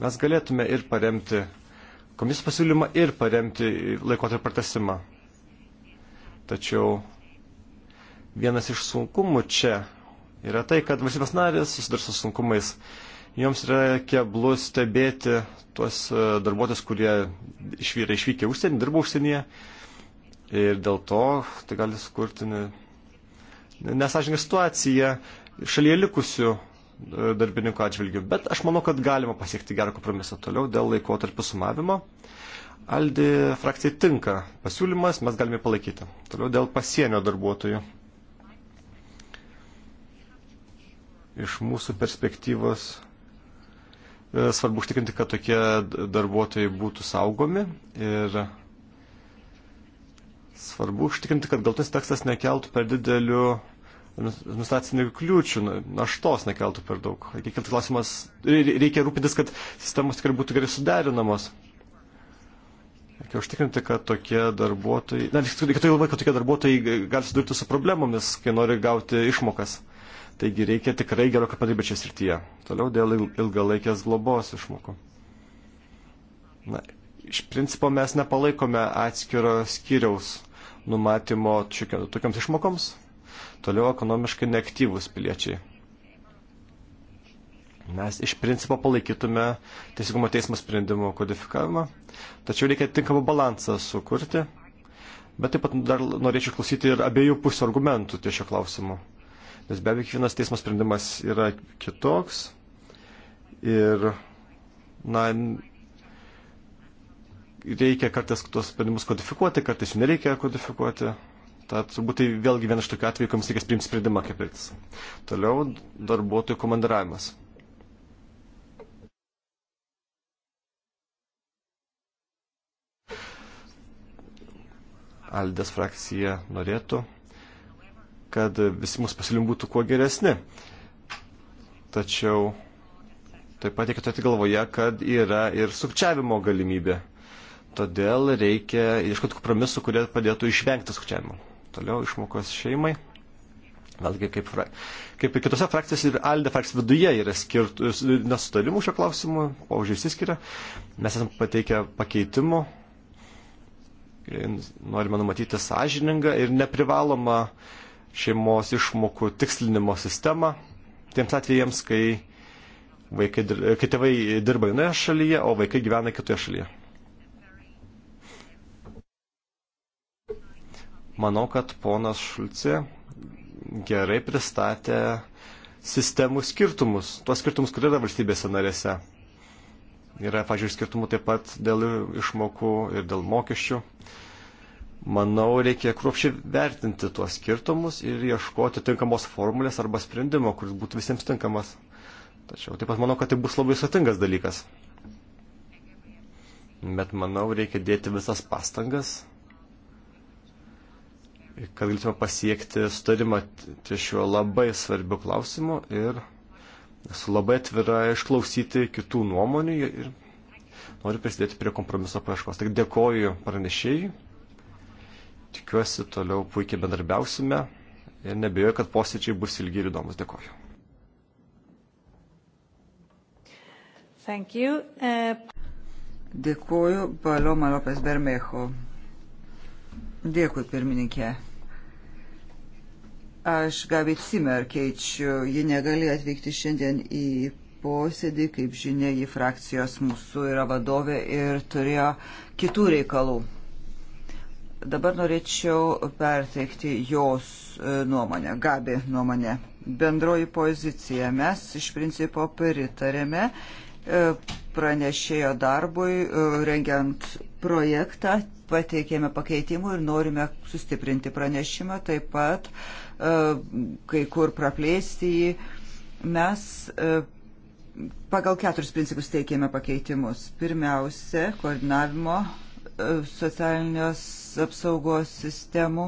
Mes galėtume ir paremti komisijos pasiūlymą, ir paremti laikotarpio pratesimą. Tačiau Vienas iš sunkumų čia yra tai, kad valstybės narės susidurs su sunkumais. Joms yra keblu stebėti tuos e, darbuotojus, kurie yra išvykę užsienį, dirba užsienyje. Ir dėl to tai gali sukurti nesažininką situaciją šalyje likusių e, darbininkų atžvilgių. Bet aš manau, kad galima pasiekti gerą kompromisą toliau dėl laikotarpio sumavimo. Aldi frakcijai tinka pasiūlymas, mes galime palaikyti. Toliau dėl pasienio darbuotojų. iš mūsų perspektyvos e, svarbu užtikrinti, kad tokie darbuotojai būtų saugomi ir svarbu užtikrinti, kad galtinis tekstas nekeltų per didelių administracinių kliūčių, naštos nekeltų per daug. Reikia kelti klausimas, reikia rūpintis, kad sistemos tikrai būtų gerai suderinamos. Reikia užtikrinti, kad tokie darbuotojai, na, reikia turėti galvoje, kad tokie darbuotojai gali sudurti su problemomis, kai nori gauti išmokas. Taigi reikia tikrai gerokai padirbėti šią srityje. Toliau dėl ilgalaikės globos išmokų. Na, iš principo mes nepalaikome atskiro skyriaus numatymo tokiams išmokoms. Toliau ekonomiškai neaktyvūs piliečiai. Mes iš principo palaikytume teisingumo teismo sprendimo kodifikavimą, tačiau reikia tinkamą balansą sukurti. Bet taip pat dar norėčiau klausyti ir abiejų pusių argumentų ties šio klausimu nes be abejo kiekvienas teismo sprendimas yra kitoks. Ir, na, reikia kartais tuos sprendimus kodifikuoti, kartais jų nereikia kodifikuoti. Tad turbūt tai vėlgi vienas iš tokių atvejų, kai mums reikės priimti sprendimą, kaip elgtis. Toliau darbuotojų komandiravimas. Aldės frakcija norėtų kad visi mūsų pasiūlymai būtų kuo geresni. Tačiau taip pat reikia turėti galvoje, kad yra ir sukčiavimo galimybė. Todėl reikia ieškoti kompromisų, kurie padėtų išvengti sukčiavimo. Toliau išmokos šeimai. Vėlgi, kaip, fra... kaip ir kitose frakcijose, ir Alde frakcijos viduje yra skirt... nesutarimų šio klausimu, paužiai išsiskiria. Mes esame pateikę pakeitimų. Norime numatyti sąžiningą ir neprivalomą uh, šeimos išmokų tikslinimo sistemą tiems atvejams, kai, vaikai, kai tėvai dirba vienoje šalyje, o vaikai gyvena kitoje šalyje. Manau, kad ponas Šulcė gerai pristatė sistemų skirtumus, tuos skirtumus, kurie yra valstybėse narėse. Yra, pažiūrėjau, skirtumų taip pat dėl išmokų ir dėl mokesčių. Uh, manau, reikia kruopšiai vertinti tuos skirtumus ir ieškoti tinkamos formulės arba sprendimo, kuris būtų visiems tinkamas. Tačiau taip pat manau, kad tai bus labai sutingas dalykas. Bet manau, reikia dėti visas pastangas, kad galėtume pasiekti sutarimą ties šiuo labai svarbiu klausimu ir esu labai atvira išklausyti kitų nuomonių ir noriu prisidėti prie kompromiso paieškos. Tik dėkoju pranešėjai. Tikiuosi, toliau puikiai bendarbiausime ir nebejoju, kad posėdžiai bus ilgi ir įdomus. Dėkoju. Uh... Dėkuoju, Paloma Lopes Bermejo. Dėkui, pirmininkė. Aš Gabi Cimer keičiu, ji negali atvykti šiandien į posėdį, kaip žinia, ji frakcijos mūsų yra vadovė ir turėjo kitų reikalų. Dabar norėčiau perteikti jos e, nuomonę, Gabi nuomonę. Bendroji pozicija. Mes iš principo pritarėme e, pranešėjo darbui, e, rengiant projektą, pateikėme pakeitimų ir norime sustiprinti pranešimą, taip pat kai kur praplėsti jį. Mes pagal keturis principus teikėme pakeitimus. Pirmiausia, koordinavimo socialinios apsaugos sistemų.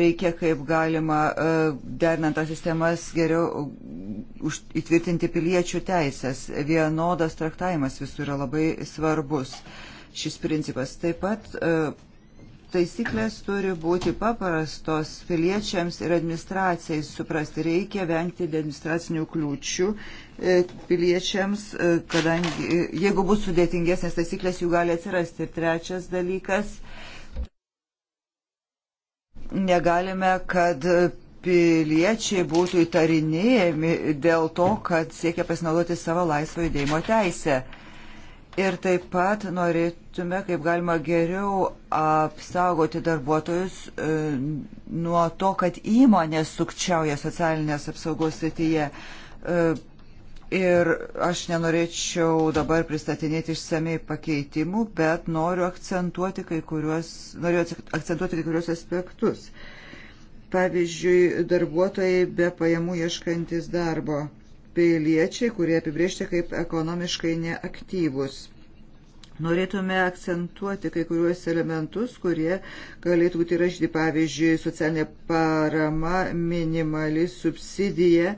Reikia kaip galima, e, derinant tas sistemas, geriau e, įtvirtinti piliečių teisės. Vienodas traktavimas visur yra labai svarbus šis principas. Taip pat e, taisyklės turi būti paprastos piliečiams ir administracijai suprasti. Reikia vengti administracinių kliūčių e, piliečiams, e, kadangi e, jeigu bus sudėtingesnės taisyklės, jų gali atsirasti. Ir trečias dalykas, negalime, kad piliečiai būtų įtarinėjami dėl to, kad siekia pasinaudoti savo laisvo judėjimo teisę. Ir taip pat norėtume, kaip galima geriau apsaugoti darbuotojus e, nuo to, kad įmonės sukčiauja socialinės apsaugos srityje. E, ir aš nenorėčiau dabar pristatinėti išsamei pakeitimų, bet noriu akcentuoti kai kuriuos, noriu akcentuoti kai kuriuos aspektus. Pavyzdžiui, darbuotojai be pajamų ieškantis darbo. E, piliečiai, kurie apibriežti kaip ekonomiškai neaktyvus. Norėtume akcentuoti kai kuriuos elementus, kurie galėtų būti rašyti, pavyzdžiui, socialinė parama, minimali subsidija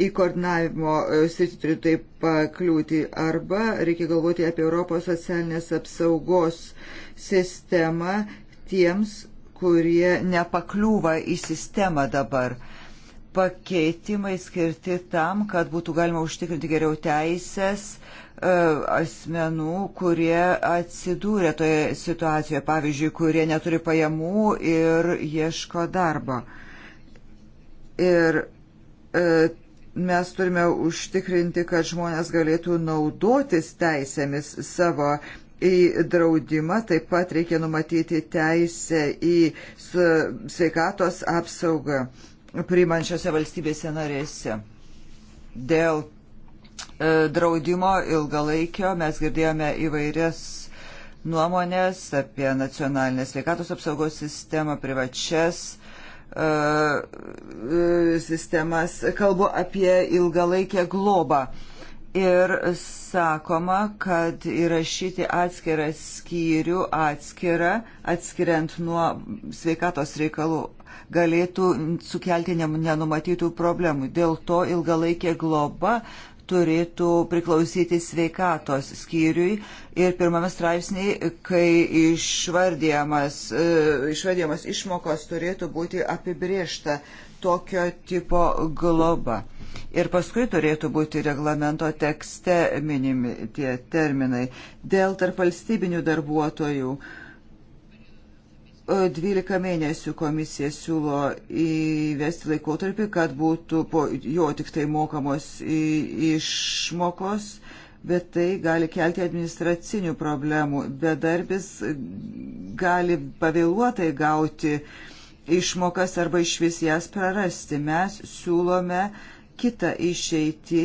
į koordinavimo e, sritį turi taip pakliūti. Arba reikia galvoti apie Europos socialinės apsaugos sistemą tiems, kurie nepakliūva į sistemą dabar pakeitimai skirti tam, kad būtų galima užtikrinti geriau teisės e, asmenų, kurie atsidūrė toje situacijoje, pavyzdžiui, kurie neturi pajamų ir ieško darbo. Ir e, mes turime užtikrinti, kad žmonės galėtų naudotis teisėmis savo į draudimą, taip pat reikia numatyti teisę į sveikatos apsaugą priimančiose valstybėse narėse. Dėl e, draudimo ilgalaikio mes girdėjome įvairias nuomonės apie nacionalinę sveikatos apsaugos sistemą, privačias e, e, sistemas. Kalbu apie ilgalaikę globą. Ir sakoma, kad įrašyti atskirą skyrių, atskirą, atskiriant nuo sveikatos reikalų galėtų sukelti nenumatytų problemų. Dėl to ilgalaikė globa turėtų priklausyti sveikatos skyriui ir pirmame straipsnėje, kai išvardyjamas, e, išvardyjamas išmokos turėtų būti apibriešta tokio tipo globa. Ir paskui turėtų būti reglamento tekste minimi tie terminai dėl tarp valstybinių darbuotojų. Uh, 12 mėnesių komisija siūlo įvesti laikotarpį, kad būtų po jo tik tai mokamos išmokos, bet tai gali kelti administracinių problemų. Bedarbis gali pavėluotai gauti išmokas arba iš vis jas prarasti. Mes siūlome kitą išeitį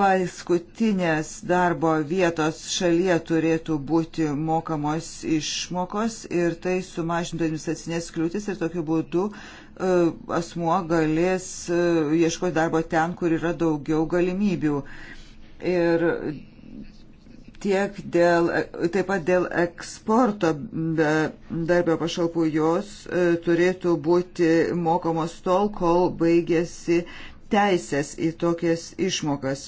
paskutinės darbo vietos šalyje turėtų būti mokamos išmokos ir tai sumažintų administracinės kliūtis ir tokiu būdu e, asmuo galės e, ieškoti darbo ten, kur yra daugiau galimybių. Ir tiek dėl, e, taip pat dėl eksporto darbio pašalpų jos turėtų būti mokamos tol, kol baigėsi teisės į tokias išmokas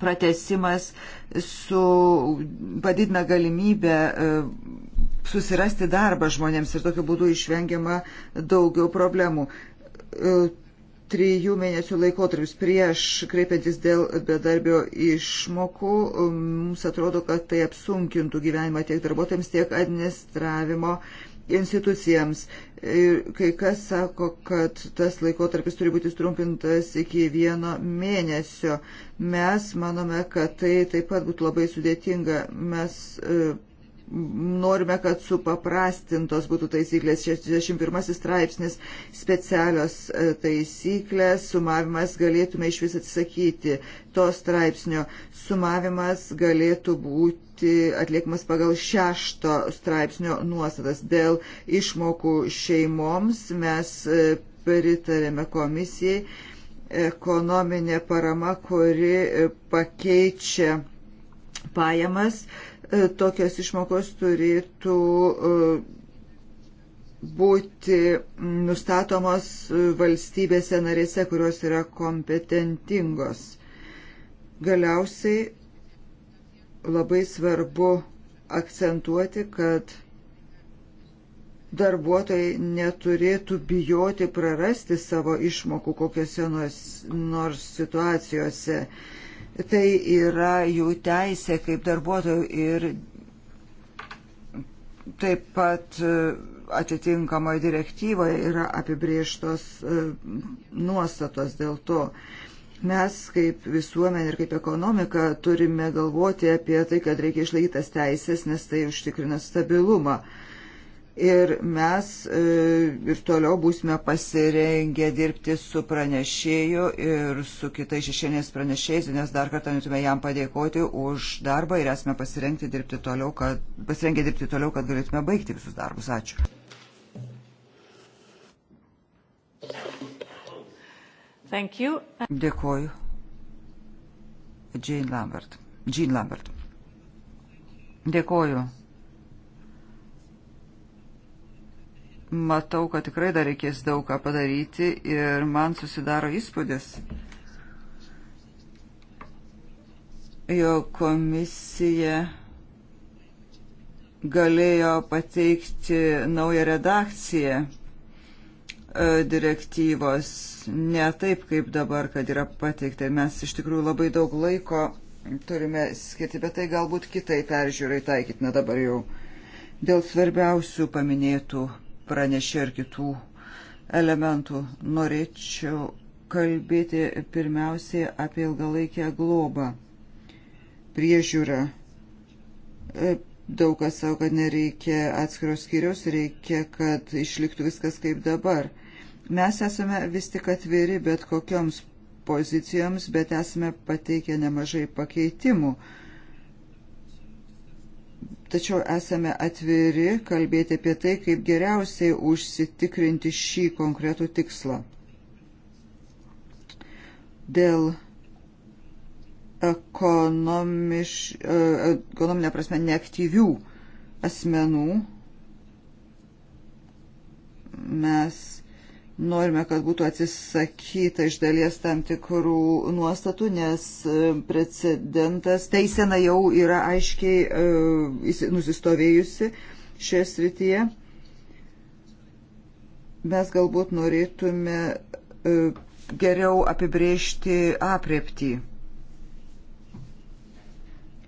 pratesimas su padidina galimybę e, susirasti darbą žmonėms ir tokiu būdu išvengiama daugiau problemų. E, trijų mėnesių laikotarpis prieš kreipiantis dėl bedarbio išmokų, e, mums atrodo, kad tai apsunkintų gyvenimą tiek darbuotojams, tiek administravimo institucijams. Ir kai kas sako, kad tas laikotarpis turi būti trumpintas iki vieno mėnesio. Mes manome, kad tai taip pat būtų labai sudėtinga. Mes e, norime, kad supaprastintos būtų taisyklės 61 straipsnis specialios e, taisyklės, sumavimas galėtume iš vis atsisakyti to straipsnio. Sumavimas galėtų būti atliekamas pagal šešto straipsnio nuostatas. Dėl išmokų šeimoms mes e, pritarėme komisijai ekonominė parama, kuri e, pakeičia pajamas, E, tokios išmokos turėtų e, būti nustatomos valstybėse narėse, kurios yra kompetentingos. Galiausiai labai svarbu akcentuoti, kad darbuotojai neturėtų bijoti prarasti savo išmokų kokiuose nors, nors situacijose. Uh, Tai yra jų teisė kaip darbuotojų ir taip pat e, atitinkamoje direktyvoje yra apibrieštos e, nuostatos dėl to. Mes kaip visuomenė ir kaip ekonomika turime galvoti apie tai, kad reikia išlaikytas teisės, nes tai užtikrina stabilumą ir mes e, ir toliau būsime pasirengę dirbti su pranešėju ir su kitais šešėnės pranešėjais, nes dar kartą norėtume jam padėkoti už darbą ir esame pasirengę dirbti toliau, kad, pasirengę dirbti toliau, kad galėtume baigti visus darbus. Ačiū. Thank you. Dėkoju. Jane Lambert. Jean Lambert. Dėkoju. matau, kad tikrai dar reikės daug ką padaryti ir man susidaro įspūdis, jo komisija galėjo pateikti naują redakciją e, direktyvos, ne taip kaip dabar, kad yra pateikta. Mes iš tikrųjų labai daug laiko turime skirti, bet tai galbūt kitai peržiūrai taikytina dabar jau dėl svarbiausių paminėtų pranešė ir kitų elementų. Norėčiau kalbėti pirmiausiai apie ilgalaikę globą, priežiūrą. E, daug kas savo, kad nereikia atskiros skyrius, reikia, kad išliktų viskas kaip dabar. Mes esame vis tik atviri bet kokioms pozicijoms, bet esame pateikę nemažai pakeitimų. Uh, tačiau esame atviri kalbėti apie tai, kaip geriausiai užsitikrinti šį konkretų tikslą. Dėl ekonomiš, e, ekonominė prasme neaktyvių asmenų mes norime, kad būtų atsisakyta iš dalies tam tikrų nuostatų, nes e, precedentas teisena jau yra aiškiai e, nusistovėjusi šioje srityje. Mes galbūt norėtume e, geriau apibrėžti apriepti.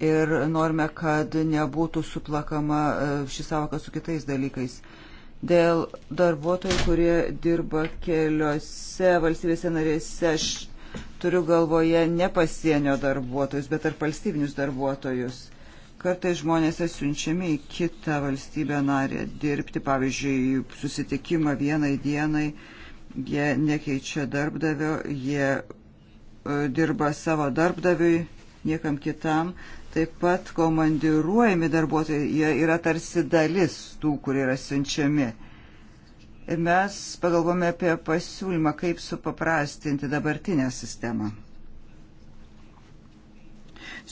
Ir norime, kad nebūtų suplakama ši savoka su kitais dalykais dėl darbuotojų, kurie dirba keliose valstybėse narėse. Aš turiu galvoje ne pasienio darbuotojus, bet ar valstybinius darbuotojus. Kartai žmonės atsiunčiami į kitą valstybę narę dirbti, pavyzdžiui, susitikimą vienai dienai, jie nekeičia darbdavio, jie e, dirba savo darbdaviui, niekam kitam Taip pat komandiruojami darbuotojai, jie yra tarsi dalis tų, kurie yra siunčiami. Ir mes pagalvome apie pasiūlymą, kaip supaprastinti dabartinę sistemą.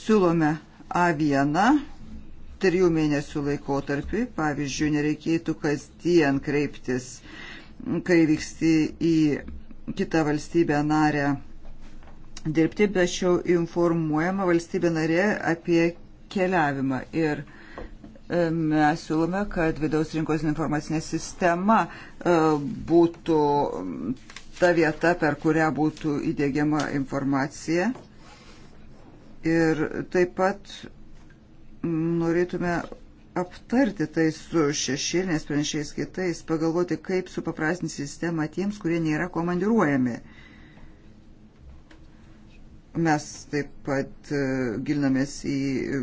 Siūlome A1 trijų mėnesių laikotarpį, pavyzdžiui, nereikėtų kasdien kreiptis, kai vyksti į kitą valstybę narę dirbti, tačiau informuojama valstybė narė apie keliavimą. Ir e, mes siūlome, kad vidaus rinkos informacinė sistema e, būtų ta vieta, per kurią būtų įdėgiama informacija. Ir taip pat norėtume aptarti tai su šešėlinės pranešėjais kitais, pagalvoti, kaip supaprastinti sistemą tiems, kurie nėra komandiruojami. Mes taip pat e, gilinamės į e,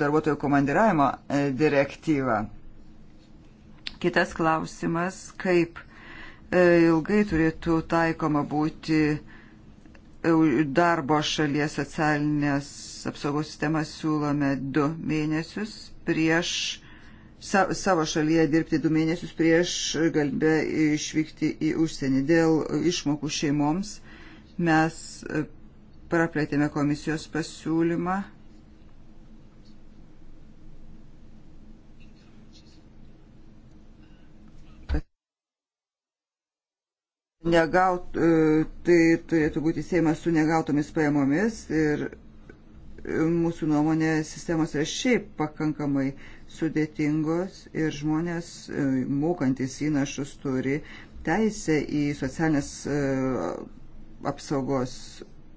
darbuotojų komandiravimo e, direktyvą. Kitas klausimas, kaip ilgai turėtų taikoma būti darbo šalies socialinės apsaugos sistemą siūlome du mėnesius prieš savo šalyje dirbti du mėnesius prieš galbę išvykti į užsienį. Dėl išmokų šeimoms mes praplėtėme komisijos pasiūlymą. Negaut, e, tai turėtų būti siejamas su negautomis pajamomis ir e, mūsų nuomonė sistemos yra šiaip pakankamai sudėtingos ir žmonės e, mokantis įnašus turi teisę į socialinės apsaugos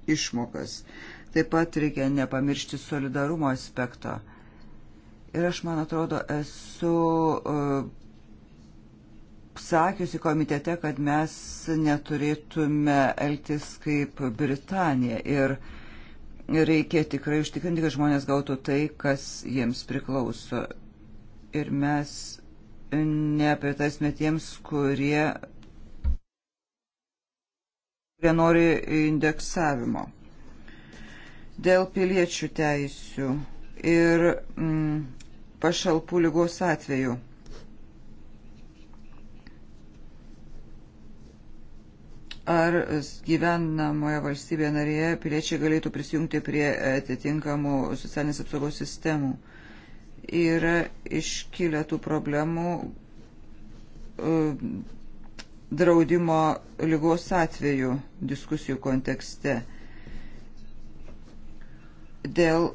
išmokas. Taip pat reikia nepamiršti solidarumo aspekto. Ir aš, man atrodo, esu uh, sakiusi komitete, kad mes neturėtume elgtis kaip Britanija. Ir reikia tikrai užtikrinti, kad žmonės gautų tai, kas jiems priklauso. Ir mes nepritarsime tiems, kurie kurie nori indeksavimo. Dėl piliečių teisių ir mm, pašalpų lygos atveju. ar gyvenamoje valstybėje narėje piliečiai galėtų prisijungti prie atitinkamų socialinės apsaugos sistemų. Yra iškilę tų problemų e, draudimo lygos atveju diskusijų kontekste. Dėl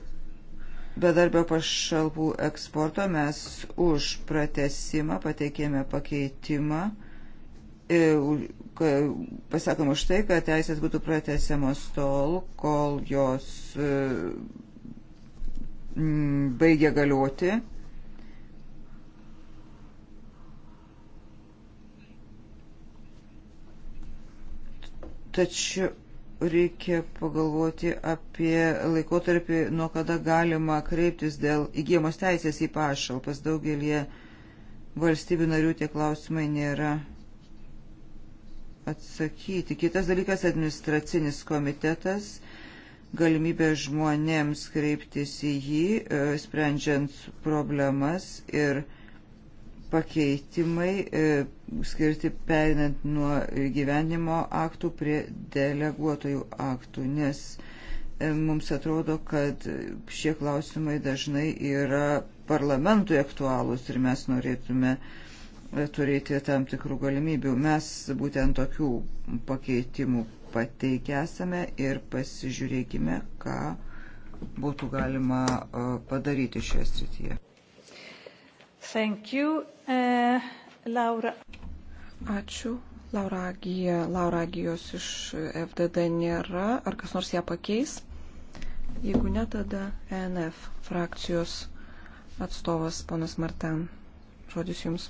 bedarbio pašalpų eksporto mes už pratesimą pateikėme pakeitimą. E, Pasakom už tai, kad teisės būtų pratesiamos tol, kol jos e, baigia galioti Tačiau reikia pagalvoti apie laikotarpį, nuo kada galima kreiptis dėl įgyjamos teisės į pašalpas. Daugelie valstybių narių tie klausimai nėra atsakyti. Kitas dalykas - administracinis komitetas, galimybė žmonėms kreiptis į jį, e, sprendžiant problemas ir pakeitimai e, skirti perinant nuo gyvenimo aktų prie deleguotojų aktų, nes e, mums atrodo, kad šie klausimai dažnai yra parlamentui aktualūs ir mes norėtume e, turėti tam tikrų galimybių. Mes būtent tokių pakeitimų pateikę esame ir pasižiūrėkime, ką būtų galima e, padaryti šioje srityje. Thank you. Uh... Laura. Ačiū. Laura Agija, Laura Agijos iš FDD nėra. Ar kas nors ją pakeis? Jeigu ne, tada ENF frakcijos atstovas ponas Martin. Žodis jums.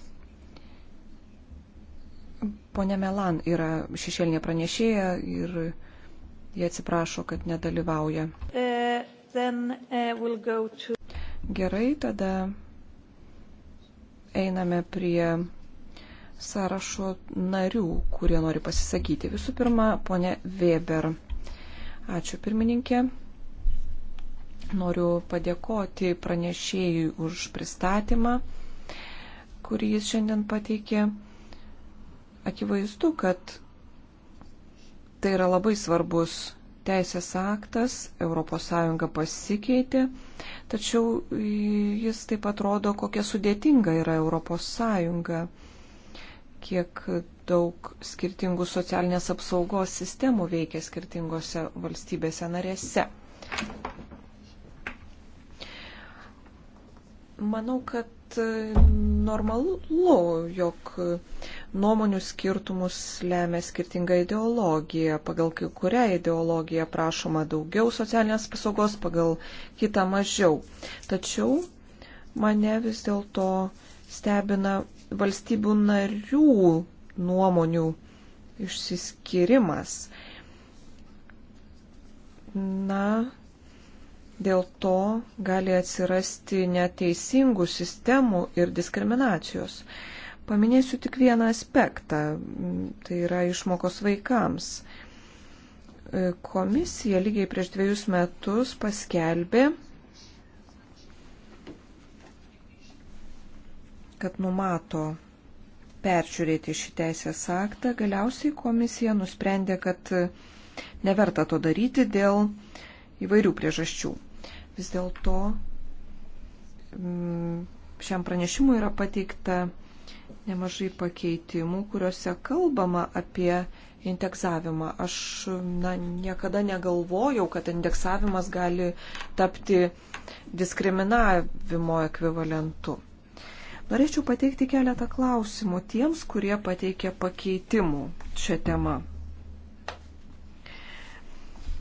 Pone Melan yra šešėlinė pranešėja ir jie atsiprašo, kad nedalyvauja. Uh, then, uh, we'll to... Gerai, tada einame prie sąrašo narių, kurie nori pasisakyti. Visų pirma, ponė Weber. Ačiū pirmininkė. Noriu padėkoti pranešėjui už pristatymą, kurį jis šiandien pateikė. Akivaizdu, kad tai yra labai svarbus teisės aktas, ES pasikeitė, tačiau jis taip pat rodo, kokia sudėtinga yra ES kiek daug skirtingų socialinės apsaugos sistemų veikia skirtingose valstybėse narėse. Manau, kad normalu, jog nuomonių skirtumus lemia skirtinga ideologija, pagal kai kurią ideologiją prašoma daugiau socialinės pasaugos, pagal kitą mažiau. Tačiau mane vis dėlto stebina valstybių narių nuomonių išsiskirimas. Na, dėl to gali atsirasti neteisingų sistemų ir diskriminacijos. Paminėsiu tik vieną aspektą, tai yra išmokos vaikams. Komisija lygiai prieš dviejus metus paskelbė kad numato peržiūrėti šį teisės aktą, galiausiai komisija nusprendė, kad neverta to daryti dėl įvairių priežasčių. Vis dėlto mm, šiam pranešimui yra pateikta nemažai pakeitimų, kuriuose kalbama apie indeksavimą. Aš na, niekada negalvojau, kad indeksavimas gali tapti diskriminavimo ekvivalentu. Norėčiau pateikti keletą klausimų tiems, kurie pateikė pakeitimų šią temą.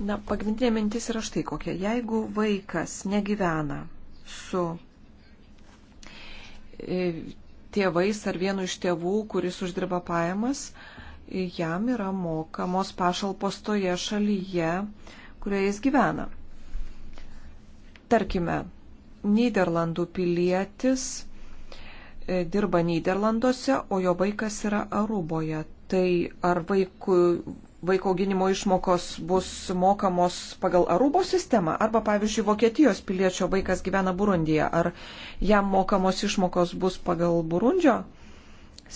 Na, pagrindinė mintis yra štai kokia. Jeigu vaikas negyvena su e, tėvais ar vienu iš tėvų, kuris uždirba pajamas, jam yra mokamos pašalpos toje šalyje, kurioje jis gyvena. Tarkime, Niderlandų pilietis E, dirba Niderlanduose, o jo vaikas yra Aruboje. Tai ar vaikų, vaiko gynimo išmokos bus mokamos pagal Arubos sistemą, arba pavyzdžiui, Vokietijos piliečio vaikas gyvena Burundyje, ar jam mokamos išmokos bus pagal Burundžio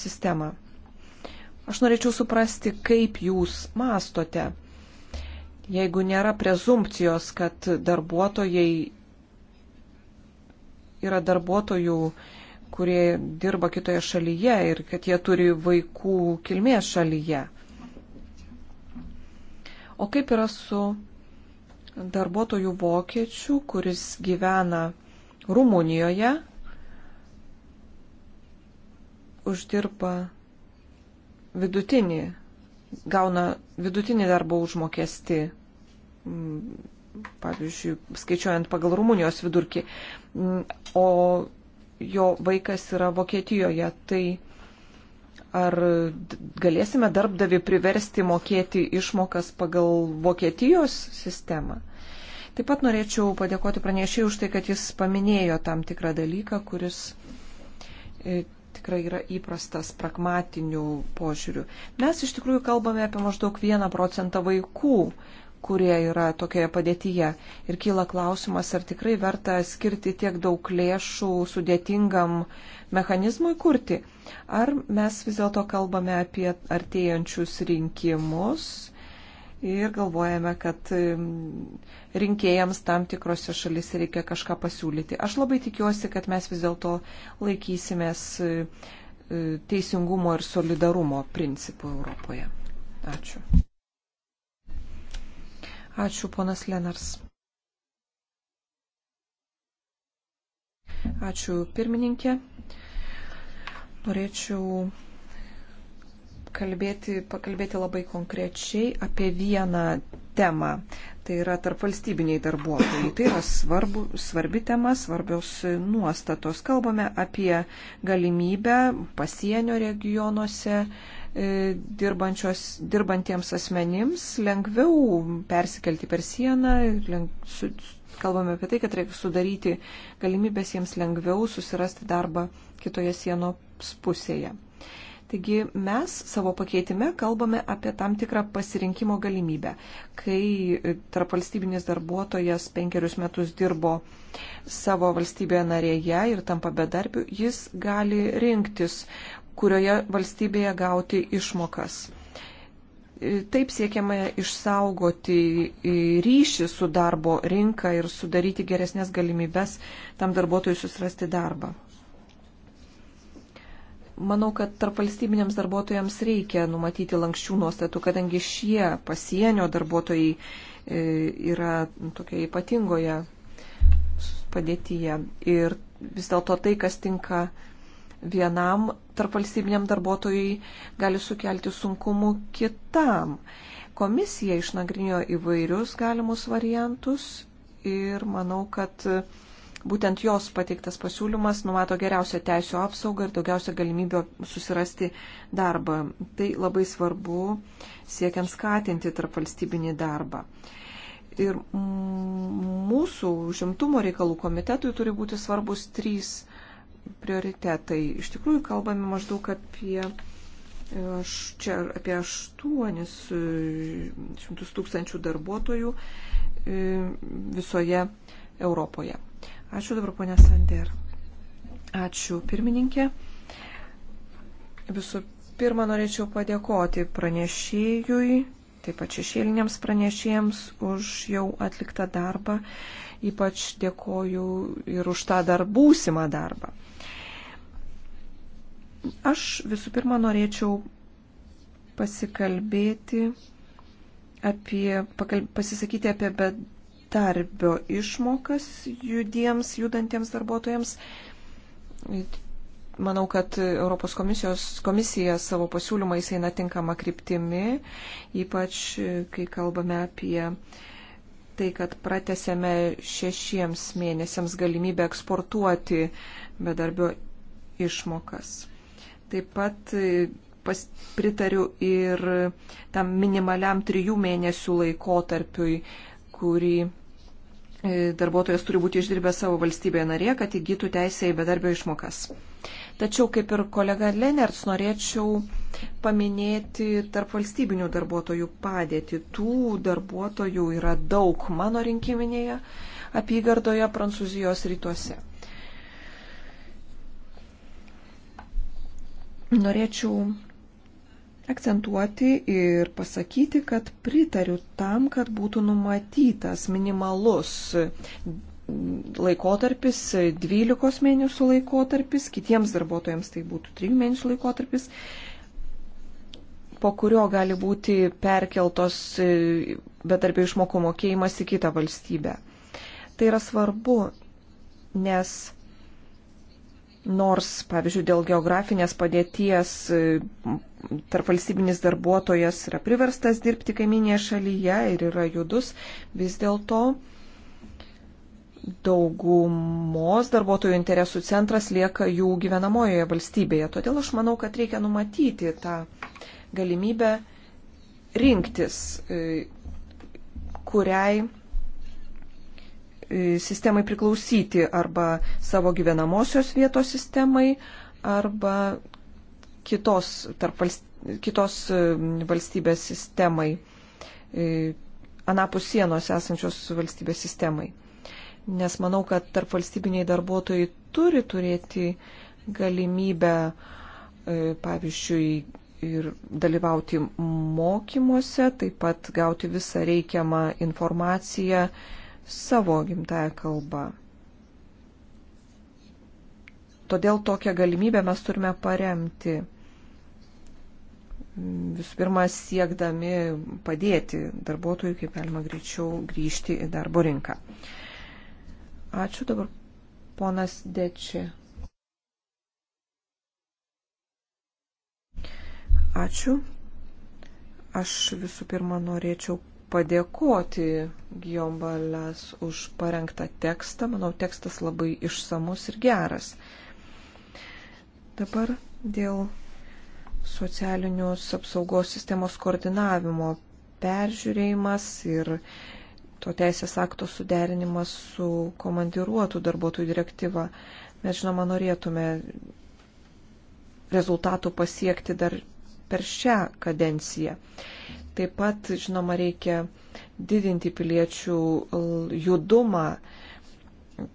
sistemą? Aš norėčiau suprasti, kaip jūs mastote, jeigu nėra prezumpcijos, kad darbuotojai yra darbuotojų kurie dirba kitoje šalyje ir kad jie turi vaikų kilmės šalyje. O kaip yra su darbuotojų vokiečių, kuris gyvena Rumunijoje, uždirba vidutinį, gauna vidutinį darbo užmokestį, pavyzdžiui, skaičiuojant pagal Rumunijos vidurkį, o jo vaikas yra Vokietijoje, tai ar galėsime darbdavi priversti mokėti išmokas pagal Vokietijos sistemą? Taip pat norėčiau padėkoti pranešėjui už tai, kad jis paminėjo tam tikrą dalyką, kuris e, tikrai yra įprastas pragmatinių požiūrių. Mes iš tikrųjų kalbame apie maždaug 1 procentą vaikų kurie yra tokioje padėtyje. Ir kyla klausimas, ar tikrai verta skirti tiek daug lėšų sudėtingam mechanizmui kurti. Ar mes vis dėlto kalbame apie artėjančius rinkimus ir galvojame, kad rinkėjams tam tikrose šalise reikia kažką pasiūlyti. Aš labai tikiuosi, kad mes vis dėlto laikysimės e, e, teisingumo ir solidarumo principų Europoje. Ačiū. Ačiū, ponas Lenars. Ačiū, pirmininkė. Norėčiau kalbėti, pakalbėti labai konkrečiai apie vieną temą. Tai yra tarp valstybiniai darbuotojai. Tai yra svarbu, svarbi tema, svarbios nuostatos. Kalbame apie galimybę pasienio regionuose E, dirbantiems asmenims lengviau persikelti per sieną. Leng, su, kalbame apie tai, kad reikia sudaryti galimybės jiems lengviau susirasti darbą kitoje sienos pusėje. Taigi mes savo pakeitime kalbame apie tam tikrą pasirinkimo galimybę. Kai tarpvalstybinis darbuotojas penkerius metus dirbo savo valstybėje narėje ir tampa bedarbiu, jis gali rinktis, kurioje valstybėje gauti išmokas. E, taip siekiama išsaugoti ryšį su darbo rinka ir sudaryti geresnės galimybės tam darbuotojui susirasti darbą. Manau, kad tarp valstybiniams darbuotojams reikia numatyti lankščių nuostatų, kadangi šie pasienio darbuotojai e, yra tokia ypatingoje padėtyje. Ir vis dėlto tai, kas tinka vienam tarpvalstybiniam darbuotojui gali sukelti sunkumų kitam. Komisija išnagrinėjo įvairius galimus variantus ir manau, kad būtent jos pateiktas pasiūlymas numato geriausią teisų apsaugą ir daugiausia galimybę susirasti darbą. Tai labai svarbu siekiant skatinti tarpvalstybinį darbą ir mūsų užimtumo reikalų komitetui turi būti svarbus trys prioritetai. Iš tikrųjų, kalbame maždaug apie, e, aš, čia, apie 800 e, tūkstančių darbuotojų e, visoje Europoje. Ačiū dabar, ponė Sander. Ačiū, pirmininkė. Visų pirma, norėčiau padėkoti pranešėjui, taip pat šešėliniams pranešėjams už jau atliktą darbą. Ypač dėkoju ir už tą dar būsimą darbą. Aš visų pirma norėčiau pasikalbėti apie, pakal, pasisakyti apie bedarbio išmokas judiems, judantiems darbuotojams. Manau, kad Europos komisijos, komisija savo pasiūlymais eina tinkama kryptimi, ypač kai kalbame apie tai, kad pratesėme šešiems mėnesiams galimybę eksportuoti bedarbio išmokas. Taip pat e, pas, pritariu ir tam minimaliam trijų mėnesių laikotarpiui, kurį e, darbuotojas turi būti išdirbęs savo valstybėje narėje, kad įgytų teisę į bedarbio išmokas. Tačiau, kaip ir kolega Lenerts, norėčiau paminėti tarp valstybinių darbuotojų padėtį. Tų darbuotojų yra daug mano rinkiminėje apygardoje Prancūzijos rytuose. norėčiau akcentuoti ir pasakyti, kad pritariu tam, kad būtų numatytas minimalus laikotarpis, 12 mėnesių laikotarpis, kitiems darbuotojams tai būtų 3 mėnesių laikotarpis, po kurio gali būti perkeltos e, bedarbio išmokų mokėjimas į kitą valstybę. Tai yra svarbu, nes Nors, pavyzdžiui, dėl geografinės padėties e, tarp valstybinis darbuotojas yra priverstas dirbti kaiminėje šalyje ir yra judus, vis dėlto daugumos darbuotojų interesų centras lieka jų gyvenamojoje valstybėje. Todėl aš manau, kad reikia numatyti tą galimybę rinktis, e, kuriai sistemai priklausyti arba savo gyvenamosios vietos sistemai, arba kitos, valst, kitos valstybės sistemai, anapus sienos esančios valstybės sistemai. Nes manau, kad tarp valstybiniai darbuotojai turi turėti galimybę, e, pavyzdžiui, ir dalyvauti mokymuose, taip pat gauti visą reikiamą informaciją, savo gimtają kalbą. Todėl tokią galimybę mes turime paremti. Visų pirma, siekdami padėti darbuotojui, kaip galima greičiau grįžti į darbo rinką. Ačiū dabar, ponas Deči. Ačiū. Aš visų pirma norėčiau padėkoti Giombalas už parengtą tekstą. Manau, tekstas labai išsamus ir geras. Dabar dėl socialinius apsaugos sistemos koordinavimo peržiūrėjimas ir to teisės akto suderinimas su komandiruotų darbuotojų direktyva. Mes, žinoma, norėtume rezultatų pasiekti dar per šią kadenciją. Taip pat, žinoma, reikia didinti piliečių judumą.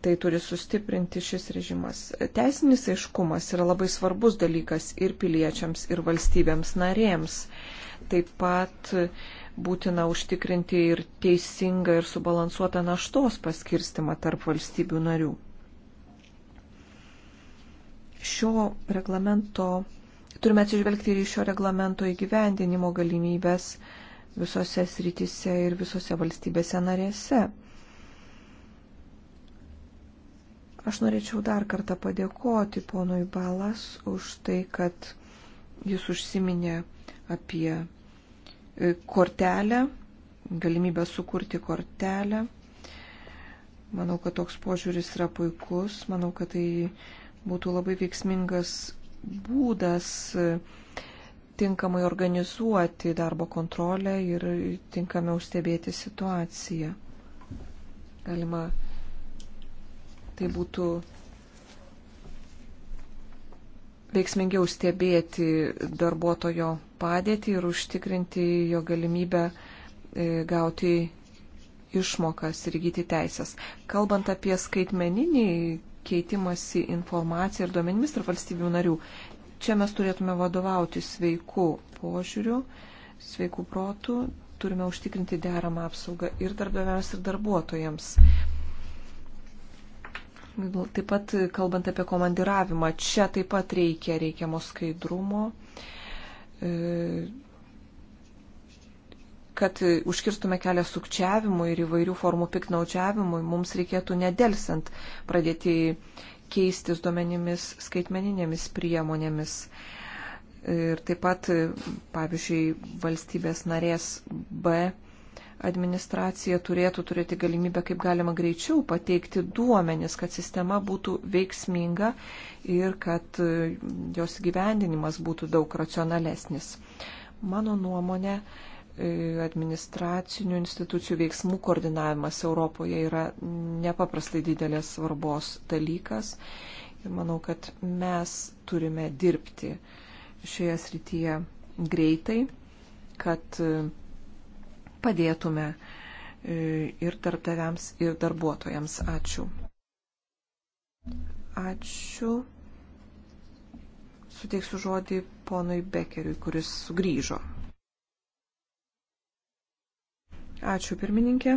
Tai turi sustiprinti šis režimas. Teisinis aiškumas yra labai svarbus dalykas ir piliečiams, ir valstybėms narėms. Taip pat būtina užtikrinti ir teisingą ir subalansuotą naštos paskirstimą tarp valstybių narių. Šio reglamento turime atsižvelgti ir į šio reglamento įgyvendinimo galimybės visose srityse ir visose valstybėse narėse. Aš norėčiau dar kartą padėkoti ponui Balas už tai, kad jis užsiminė apie e, kortelę, galimybę sukurti kortelę. Manau, kad toks požiūris yra puikus, manau, kad tai būtų labai veiksmingas būdas e, tinkamai organizuoti darbo kontrolę ir tinkamiau stebėti situaciją. Galima tai būtų veiksmingiau stebėti darbuotojo padėtį ir užtikrinti jo galimybę e, gauti išmokas ir įgyti teisės. Kalbant apie skaitmeninį keitimasi informacija ir duomenimis tarp valstybių narių. Čia mes turėtume vadovauti sveiku požiūriu, sveiku protu, turime užtikrinti deramą apsaugą ir darbdaviams, ir darbuotojams. Taip pat, kalbant apie komandiravimą, čia taip pat reikia reikiamo skaidrumo. E, kad užkirstume kelią sukčiavimui ir įvairių formų piknaučiavimui, mums reikėtų nedelsant pradėti keistis duomenimis skaitmeninėmis priemonėmis. Ir taip pat, pavyzdžiui, valstybės narės B administracija turėtų turėti galimybę kaip galima greičiau pateikti duomenis, kad sistema būtų veiksminga ir kad e, jos gyvendinimas būtų daug racionalesnis. Mano nuomonė, E, administracinių institucijų veiksmų koordinavimas Europoje yra nepaprastai didelės svarbos dalykas ir manau, kad mes turime dirbti šioje srityje greitai, kad e, padėtume e, ir darbdaviams, ir darbuotojams. Ačiū. Ačiū. Suteiksiu žodį ponui Bekeriui, kuris sugrįžo. Ačiū pirmininkė.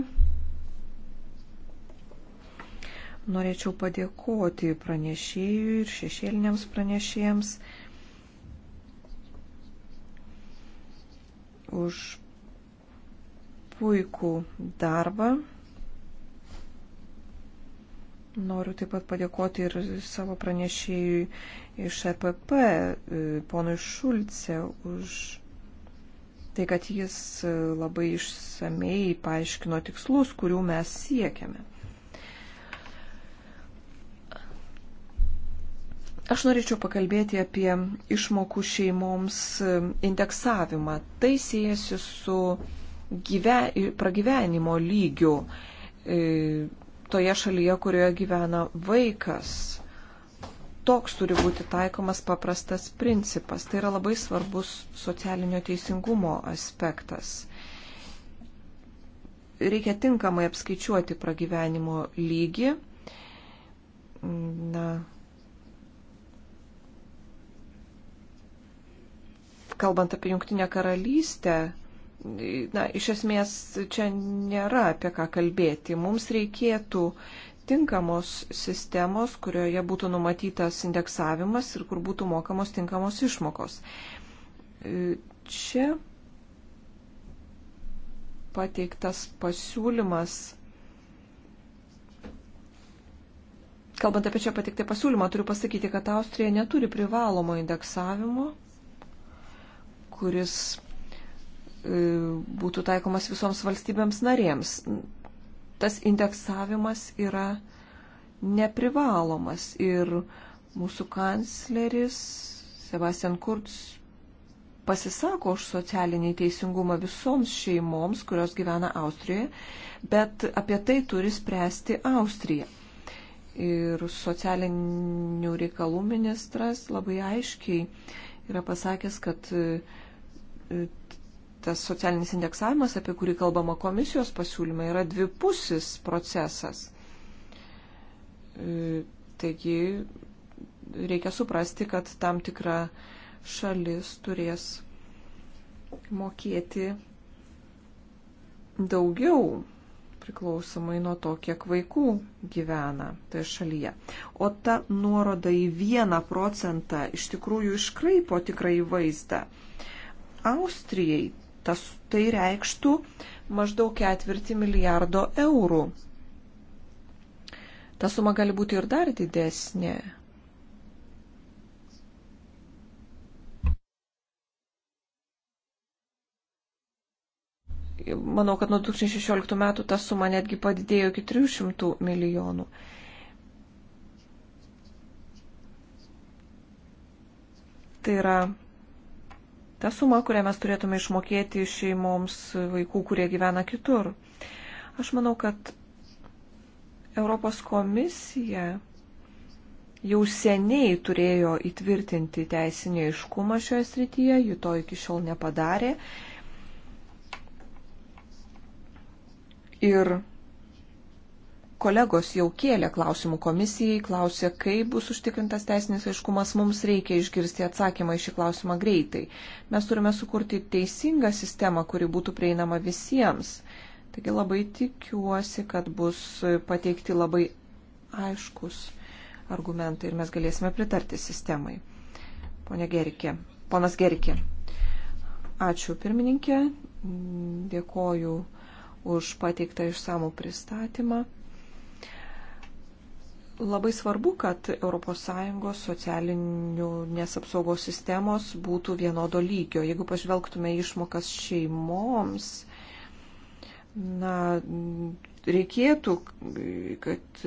Norėčiau padėkoti pranešėjui ir šešėliniams pranešėjams už puikų darbą. Noriu taip pat padėkoti ir savo pranešėjui iš EPP, e, ponui Šulce, už tai, kad jis e, labai išsamei paaiškino tikslus, kurių mes siekiame. Aš norėčiau pakalbėti apie išmokų šeimoms e, indeksavimą. Tai siejasi su gyve, pragyvenimo lygiu e, toje šalyje, kurioje gyvena vaikas toks turi būti taikomas paprastas principas. Tai yra labai svarbus socialinio teisingumo aspektas. Reikia tinkamai apskaičiuoti pragyvenimo lygį. Na, kalbant apie Junktinę karalystę, na, iš esmės čia nėra apie ką kalbėti. Mums reikėtų uh, tinkamos sistemos, kurioje būtų numatytas indeksavimas ir kur būtų mokamos tinkamos išmokos. E, čia pateiktas pasiūlymas. Kalbant apie čia pateiktą pasiūlymą, turiu pasakyti, kad Austrija neturi privalomo indeksavimo, kuris e, būtų taikomas visoms valstybėms narėms tas indeksavimas yra neprivalomas ir mūsų kancleris Sebastian Kurz pasisako už socialinį teisingumą visoms šeimoms, kurios gyvena Austrijoje, bet apie tai turi spręsti Austrija. Ir socialinių reikalų ministras labai aiškiai yra pasakęs, kad e, tas socialinis indeksavimas, apie kurį kalbama komisijos pasiūlyme, yra dvipusis procesas. E, taigi reikia suprasti, kad tam tikra šalis turės mokėti daugiau priklausomai nuo to, kiek vaikų gyvena toje šalyje. O ta nuoroda į vieną procentą iš tikrųjų iškraipo tikrai vaizdą. Austrijai Tas, tai reikštų maždaug ketvirtį milijardo eurų. Ta suma gali būti ir dar didesnė. Manau, kad nuo 2016 metų ta suma netgi padidėjo iki 300 milijonų. Tai yra ta suma, kurią mes turėtume išmokėti šeimoms vaikų, kurie gyvena kitur. Aš manau, kad Europos komisija jau seniai turėjo įtvirtinti teisinį aiškumą šioje srityje, ji to iki šiol nepadarė. Ir kolegos jau kėlė klausimų komisijai, klausė, kaip bus užtikrintas teisinis aiškumas, mums reikia išgirsti atsakymą į šį klausimą greitai. Mes turime sukurti teisingą sistemą, kuri būtų prieinama visiems. Taigi labai tikiuosi, kad bus pateikti labai aiškus argumentai ir mes galėsime pritarti sistemai. Pone Gerikė, ponas Gerikė. Ačiū pirmininkė, dėkoju už pateiktą išsamų pristatymą. Labai svarbu, kad ES socialinės apsaugos sistemos būtų vienodo lygio. Jeigu pažvelgtume išmokas šeimoms, na, reikėtų, kad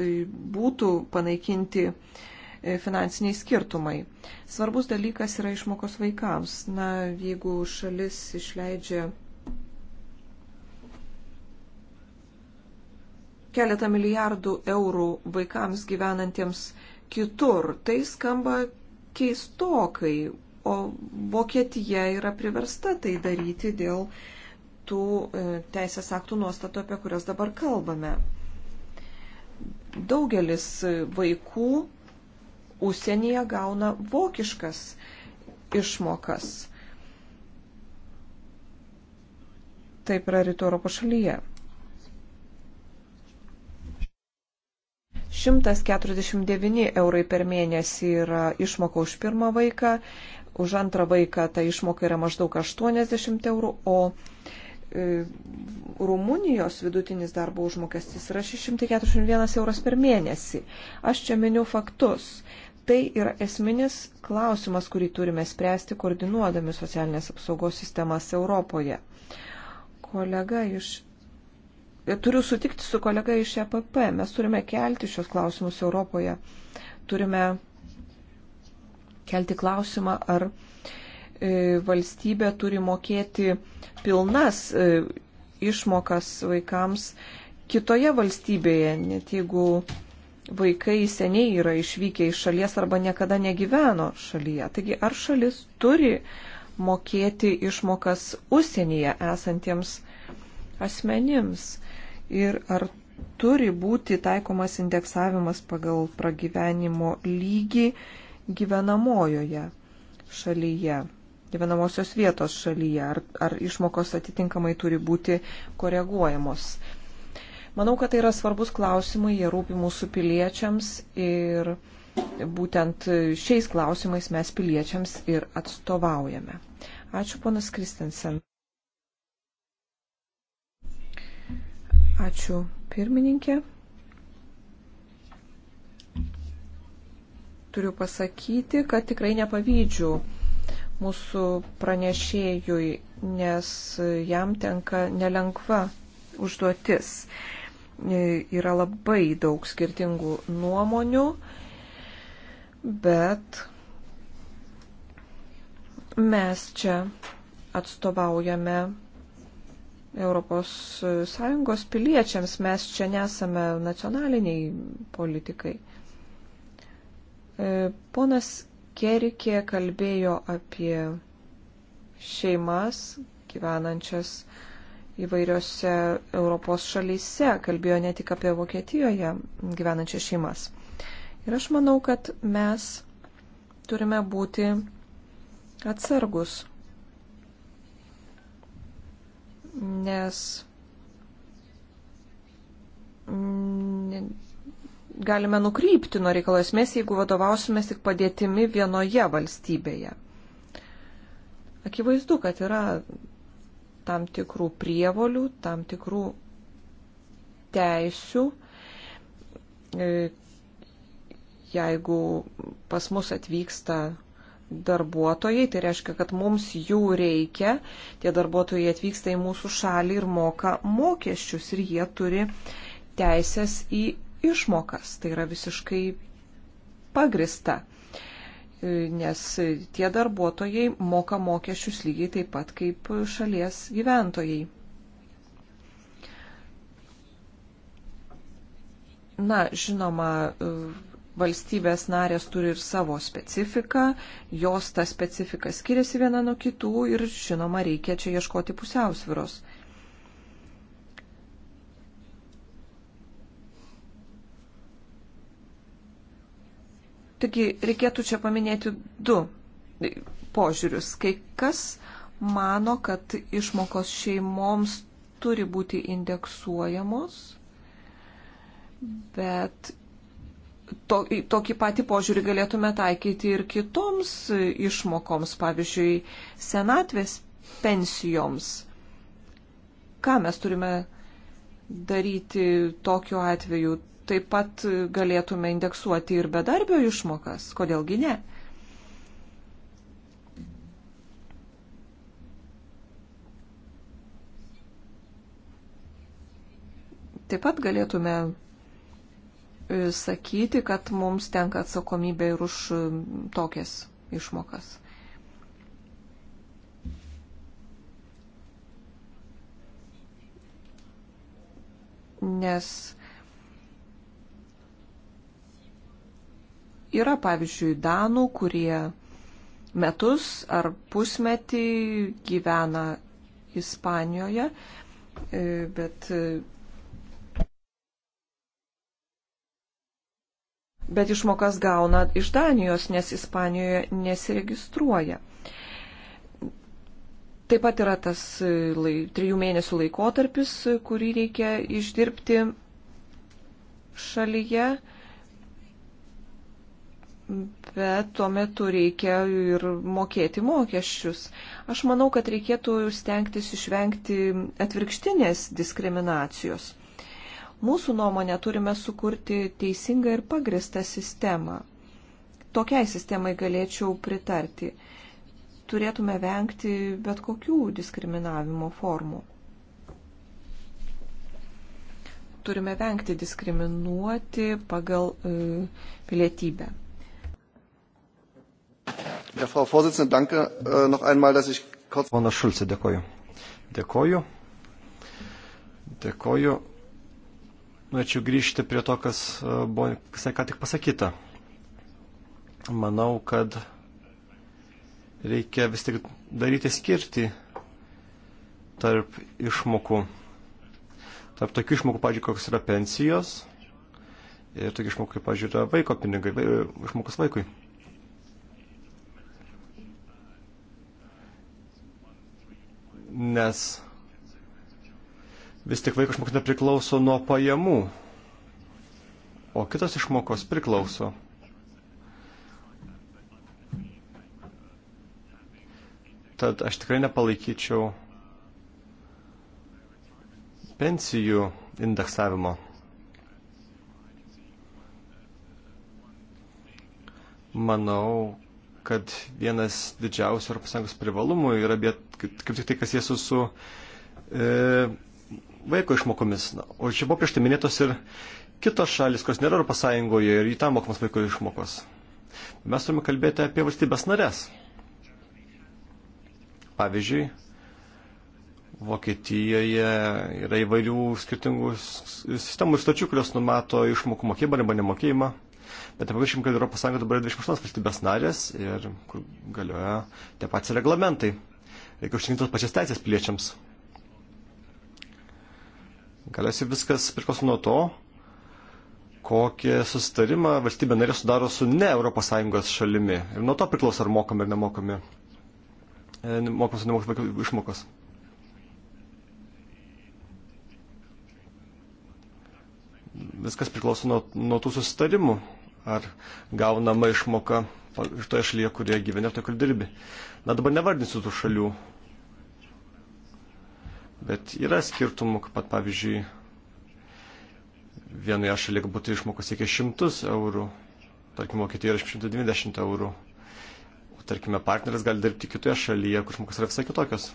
būtų panaikinti e, finansiniai skirtumai. Svarbus dalykas yra išmokos vaikams. Na, jeigu šalis išleidžia keletą milijardų eurų vaikams gyvenantiems kitur. Tai skamba keistokai, o Vokietija yra priversta tai daryti dėl tų e, teisės aktų nuostatų, apie kurias dabar kalbame. Daugelis vaikų užsienyje gauna vokiškas išmokas. Taip yra rytų Europos šalyje. 149 eurai per mėnesį yra išmoka už pirmą vaiką, už antrą vaiką ta išmoka yra maždaug 80 eurų, o e, Rumunijos vidutinis darbo užmokestis yra 641 euras per mėnesį. Aš čia miniu faktus. Tai yra esminis klausimas, kurį turime spręsti koordinuodami socialinės apsaugos sistemas Europoje. Kolega iš Turiu sutikti su kolega iš EPP. Mes turime kelti šios klausimus Europoje. Turime kelti klausimą, ar e, valstybė turi mokėti pilnas e, išmokas vaikams kitoje valstybėje, net jeigu vaikai seniai yra išvykę iš šalies arba niekada negyveno šalyje. Taigi ar šalis turi mokėti išmokas užsienyje esantiems asmenims? ir ar turi būti taikomas indeksavimas pagal pragyvenimo lygį gyvenamojoje šalyje, gyvenamosios vietos šalyje, ar, ar išmokos atitinkamai turi būti koreguojamos. Manau, kad tai yra svarbus klausimai, jie rūpi mūsų piliečiams ir būtent šiais klausimais mes piliečiams ir atstovaujame. Ačiū, ponas Kristensen. Ačiū pirmininkė. Turiu pasakyti, kad tikrai nepavydžiu mūsų pranešėjui, nes jam tenka nelengva užduotis. Yra labai daug skirtingų nuomonių, bet mes čia atstovaujame ES piliečiams. Mes čia nesame nacionaliniai politikai. E, ponas Kerikė kalbėjo apie šeimas gyvenančias įvairiose Europos šalyse, kalbėjo ne tik apie Vokietijoje gyvenančias šeimas. Ir aš manau, kad mes turime būti atsargus nes galime nukrypti nuo reikalo esmės, jeigu vadovausime tik padėtimi vienoje valstybėje. Akivaizdu, kad yra tam tikrų prievolių, tam tikrų teisių. E, jeigu pas mus atvyksta darbuotojai, tai reiškia, kad mums jų reikia, tie darbuotojai atvyksta į mūsų šalį ir moka mokesčius ir jie turi teisės į išmokas. Tai yra visiškai pagrista, nes tie darbuotojai moka mokesčius lygiai taip pat kaip šalies gyventojai. Na, žinoma, valstybės narės turi ir savo specifiką, jos ta specifika skiriasi viena nuo kitų ir, žinoma, reikia čia ieškoti pusiausviros. Taigi reikėtų čia paminėti du požiūrius. Kai kas mano, kad išmokos šeimoms turi būti indeksuojamos, bet to, tokį patį požiūrį galėtume taikyti ir kitoms išmokoms, pavyzdžiui, senatvės pensijoms. Ką mes turime daryti tokiu atveju? Taip pat galėtume indeksuoti ir bedarbio išmokas, kodėlgi ne? Taip pat galėtume E, sakyti, kad mums tenka atsakomybė ir už e, tokias išmokas. Nes yra, pavyzdžiui, Danų, kurie metus ar pusmetį gyvena Ispanijoje, e, bet bet išmokas gauna iš Danijos, nes Ispanijoje nesiregistruoja. Taip pat yra tas e, lai, trijų mėnesių laikotarpis, e, kurį reikia išdirbti šalyje, bet tuo metu reikia ir mokėti mokesčius. Aš manau, kad reikėtų stengtis išvengti atvirkštinės diskriminacijos. Mūsų nuomonė turime sukurti teisingą ir pagristą sistemą. Tokiai sistemai galėčiau pritarti. Turėtume vengti bet kokių diskriminavimo formų. Turime vengti diskriminuoti pagal e, pilietybę. Ja, Frau Vorsitzende, danke äh, noch einmal, dass ich kurz. Ponas Šulce, dėkoju. Dėkoju. Dėkoju norėčiau grįžti prie to, kas e, buvo visai ką tik pasakyta. Manau, kad reikia vis tik daryti skirti tarp išmokų. Tarp tokių išmokų, pažiūrėjau, kokios yra pensijos ir tokių išmokų, kaip, pažiūrėjau, yra vaiko pinigai, vai, išmokas vaikui. Nes vis tik vaiko išmokta priklauso nuo pajamų, o kitos išmokos priklauso. Tad aš tikrai nepalaikyčiau pensijų indeksavimo. Manau, kad vienas didžiausių ES privalumų yra, bet, kaip tik tai, kas jėsų su e, vaiko išmokomis. Na, o čia buvo prieš tai minėtos ir kitos šalis, kurios nėra Europos Sąjungoje ir į tą mokomas vaiko išmokos. Mes turime kalbėti apie valstybės narės. Pavyzdžiui, Vokietijoje yra įvairių skirtingų sistemų ir stačių, kurios numato išmokų mokėjimą arba nemokėjimą. Bet nepamirškim, kad ES dabar yra 28 valstybės narės ir kur galioja tie patys reglamentai. Reikia užtikrinti tos pačias teisės piliečiams. Galiausiai viskas priklauso nuo to, kokį susitarimą valstybė narė sudaro su ne ES šalimi. Ir nuo to priklauso, ar mokami ar nemokami. E, Mokos ar nemokos išmokos. Viskas priklauso nuo, nuo tų susitarimų. Ar gaunama išmoka iš toje šalyje, kurioje gyveni ar toje, kur dirbi. Na dabar nevardinsiu tų šalių, Bet yra skirtumų, kad pavyzdžiui, vienoje šalyje galbūt išmokos siekia 100 eurų, tarkim, Vokietijoje yra 120 eurų, o tarkime, partneris gali dirbti kitoje šalyje, kur išmokos yra visai kitokios.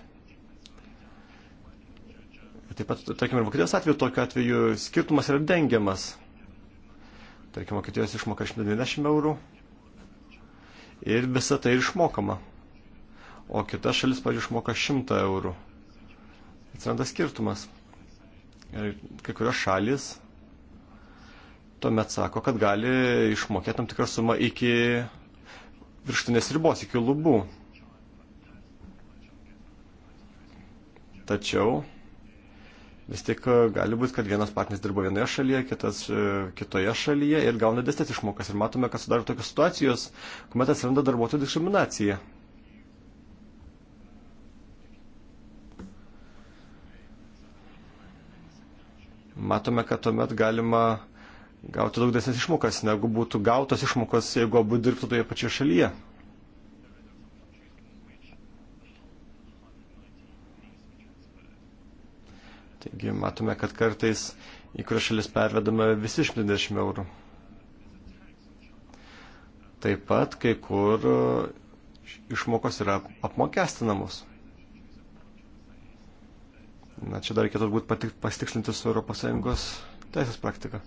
Taip pat, tarkim, ir Vokietijos atveju tokiu atveju skirtumas yra dengiamas. Tarkim, Vokietijos išmoka 120 eurų ir visa tai išmokama. O kita šalis, pavyzdžiui, išmoka 100 eurų atsiranda skirtumas. Ir kai kurios šalis tuomet sako, kad gali išmokėti tam tikrą sumą iki virštinės ribos, iki lubų. Tačiau vis tik gali būti, kad vienas partneris dirba vienoje šalyje, kitas e, kitoje šalyje ir gauna didesnės išmokas. Ir matome, kad sudaro tokios situacijos, kuomet atsiranda darbuotojų diskriminacija. matome, kad tuomet galima gauti daug desnės išmokas, negu būtų gautos išmokos, jeigu abu dirbtų toje pačioje šalyje. Taigi matome, kad kartais į kurias šalis pervedame visi 120 eurų. Taip pat kai kur išmokos yra apmokestinamos na, čia dar reikėtų turbūt pasitikslinti su ES teisės praktika.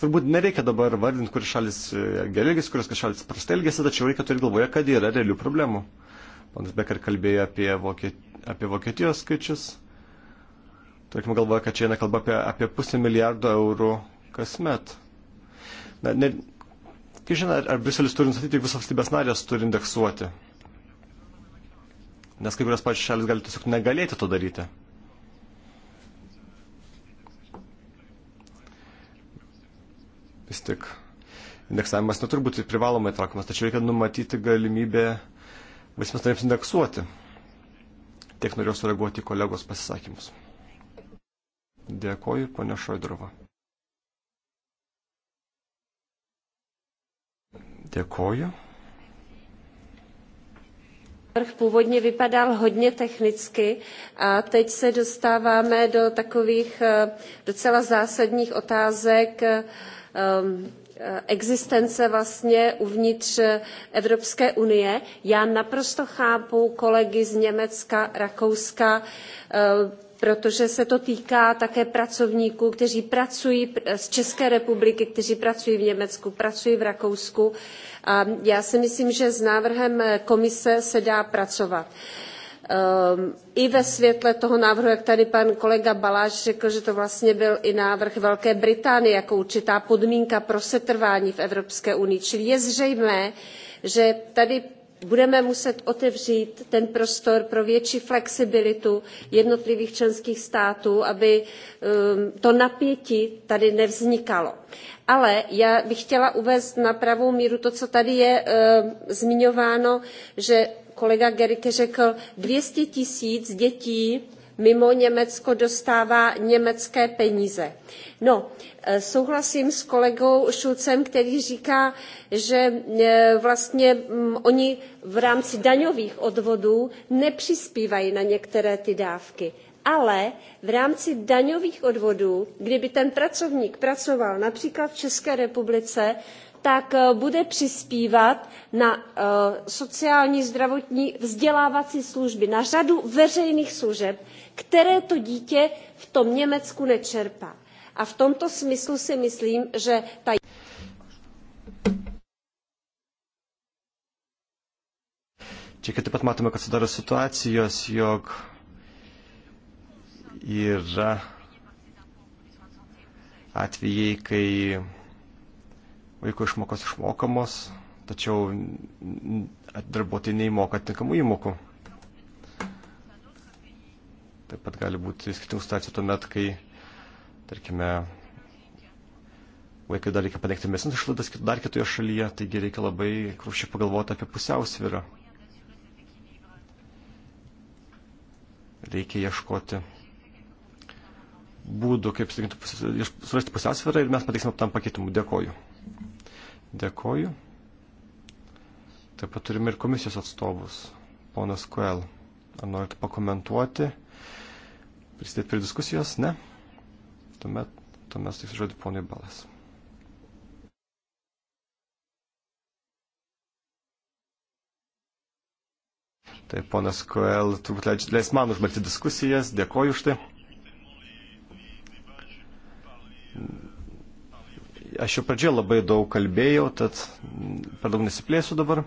Turbūt nereikia dabar vardinti, kuris šalis e, gerai elgesi, kuris šalis prastai elgesi, tačiau reikia turėti galvoje, kad yra realių problemų. Panas Becker kalbėjo apie, Vokiet... apie Vokietijos skaičius. Turėkime galvoje, kad čia eina kalba apie, apie pusę milijardo eurų kasmet. Na, ne... Kai žinai, ar, ar Briselis turi nustatyti, jeigu visos valstybės narės turi indeksuoti nes kai kurios pačios šalis gali tiesiog negalėti to daryti. Vis tik indeksavimas neturi būti privalomai traukiamas, tačiau reikia numatyti galimybę valstybės narėms indeksuoti. Tiek norėjau sureaguoti į kolegos pasisakymus. Dėkoju, ponia Šoidrova. Dėkoju. Vrch původně vypadal hodně technicky a teď se dostáváme do takových eh, docela zásadních otázek eh, ehm, eh, existence vlastně uvnitř Evropské unie. Já naprosto chápu kolegy z Německa, Rakouska, protože se to týká také pracovníků, kteří pracují z České republiky, kteří pracují v Německu, pracují v Rakousku. A já si myslím, že s návrhem komise se dá pracovat. Ehm, I ve světle toho návrhu, jak tady pan kolega Baláš řekl, že to vlastně byl i návrh Velké Británie jako určitá podmínka pro setrvání v Evropské unii. Čili je zřejmé, že tady budeme muset otevřít ten prostor pro větší flexibilitu jednotlivých členských států, aby um, to napětí tady nevznikalo. Ale já bych chtěla uvést na pravou míru to, co tady je e, zmiňováno, že kolega Gerike řekl, 200 tisíc dětí mimo Německo dostává německé peníze. No, eh, souhlasím s kolegou Šulcem, který říká, že eh, vlastně mm, oni v rámci daňových odvodů nepřispívají na některé ty dávky ale v rámci daňových odvodů kdyby ten pracovník pracoval například v české republice tak eh, bude přispívat na eh, sociální, zdravotní, vzdělávací služby, na řadu veřejných služeb, které to dítě v tom Německu nečerpá. A v tomto smyslu si myslím, že ta Čia taip pat matome, kad sudaro situacijos, jog yra atvejai, kai vaiko išmokos išmokamos, tačiau darbuotojai neįmoka tinkamų įmokų. Taip pat gali būti skirtingų situacijų tuomet, kai, tarkime, vaikai dar reikia padengti mesnės išlaidas dar kitoje šalyje, taigi reikia labai krušiai pagalvoti apie pusiausvyrą. Reikia ieškoti būdų, kaip surasti pusiausvyrą ir mes pateiksime tam pakeitimų. Dėkoju. Dėkoju. Taip pat turime ir komisijos atstovus. Ponas Kuel, ar norite pakomentuoti, prisidėti prie diskusijos? Ne? Tuomet, tuomet tik žodį ponui Balas. Tai ponas Kuel turbūt leis man užbaigti diskusijas. Dėkoju už tai. Aš jau pradžioje labai daug kalbėjau, tad per daug nesiplėsiu dabar.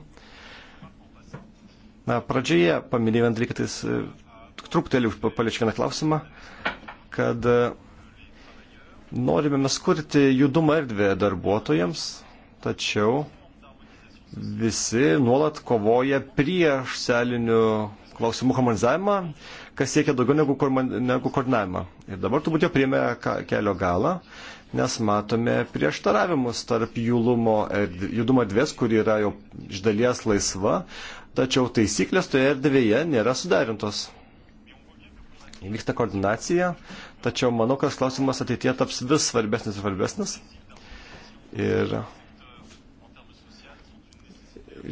Na, pradžioje paminėjau ant tai reikėtis e, truputėlį paliečiu vieną klausimą, kad e, norime mes kurti judumą erdvę darbuotojams, tačiau visi nuolat kovoja prieš selinių klausimų harmonizavimą, kas siekia daugiau negu, negu koordinavimą. Ir dabar turbūt jau priėmė kelio galą, nes matome prieštaravimus tarp judumo, judumo dvies, kuri yra jau iš dalies laisva, tačiau taisyklės toje erdvėje nėra suderintos. Įvyksta koordinacija, tačiau manau, kad klausimas ateitie taps vis svarbesnis ir svarbesnis. Ir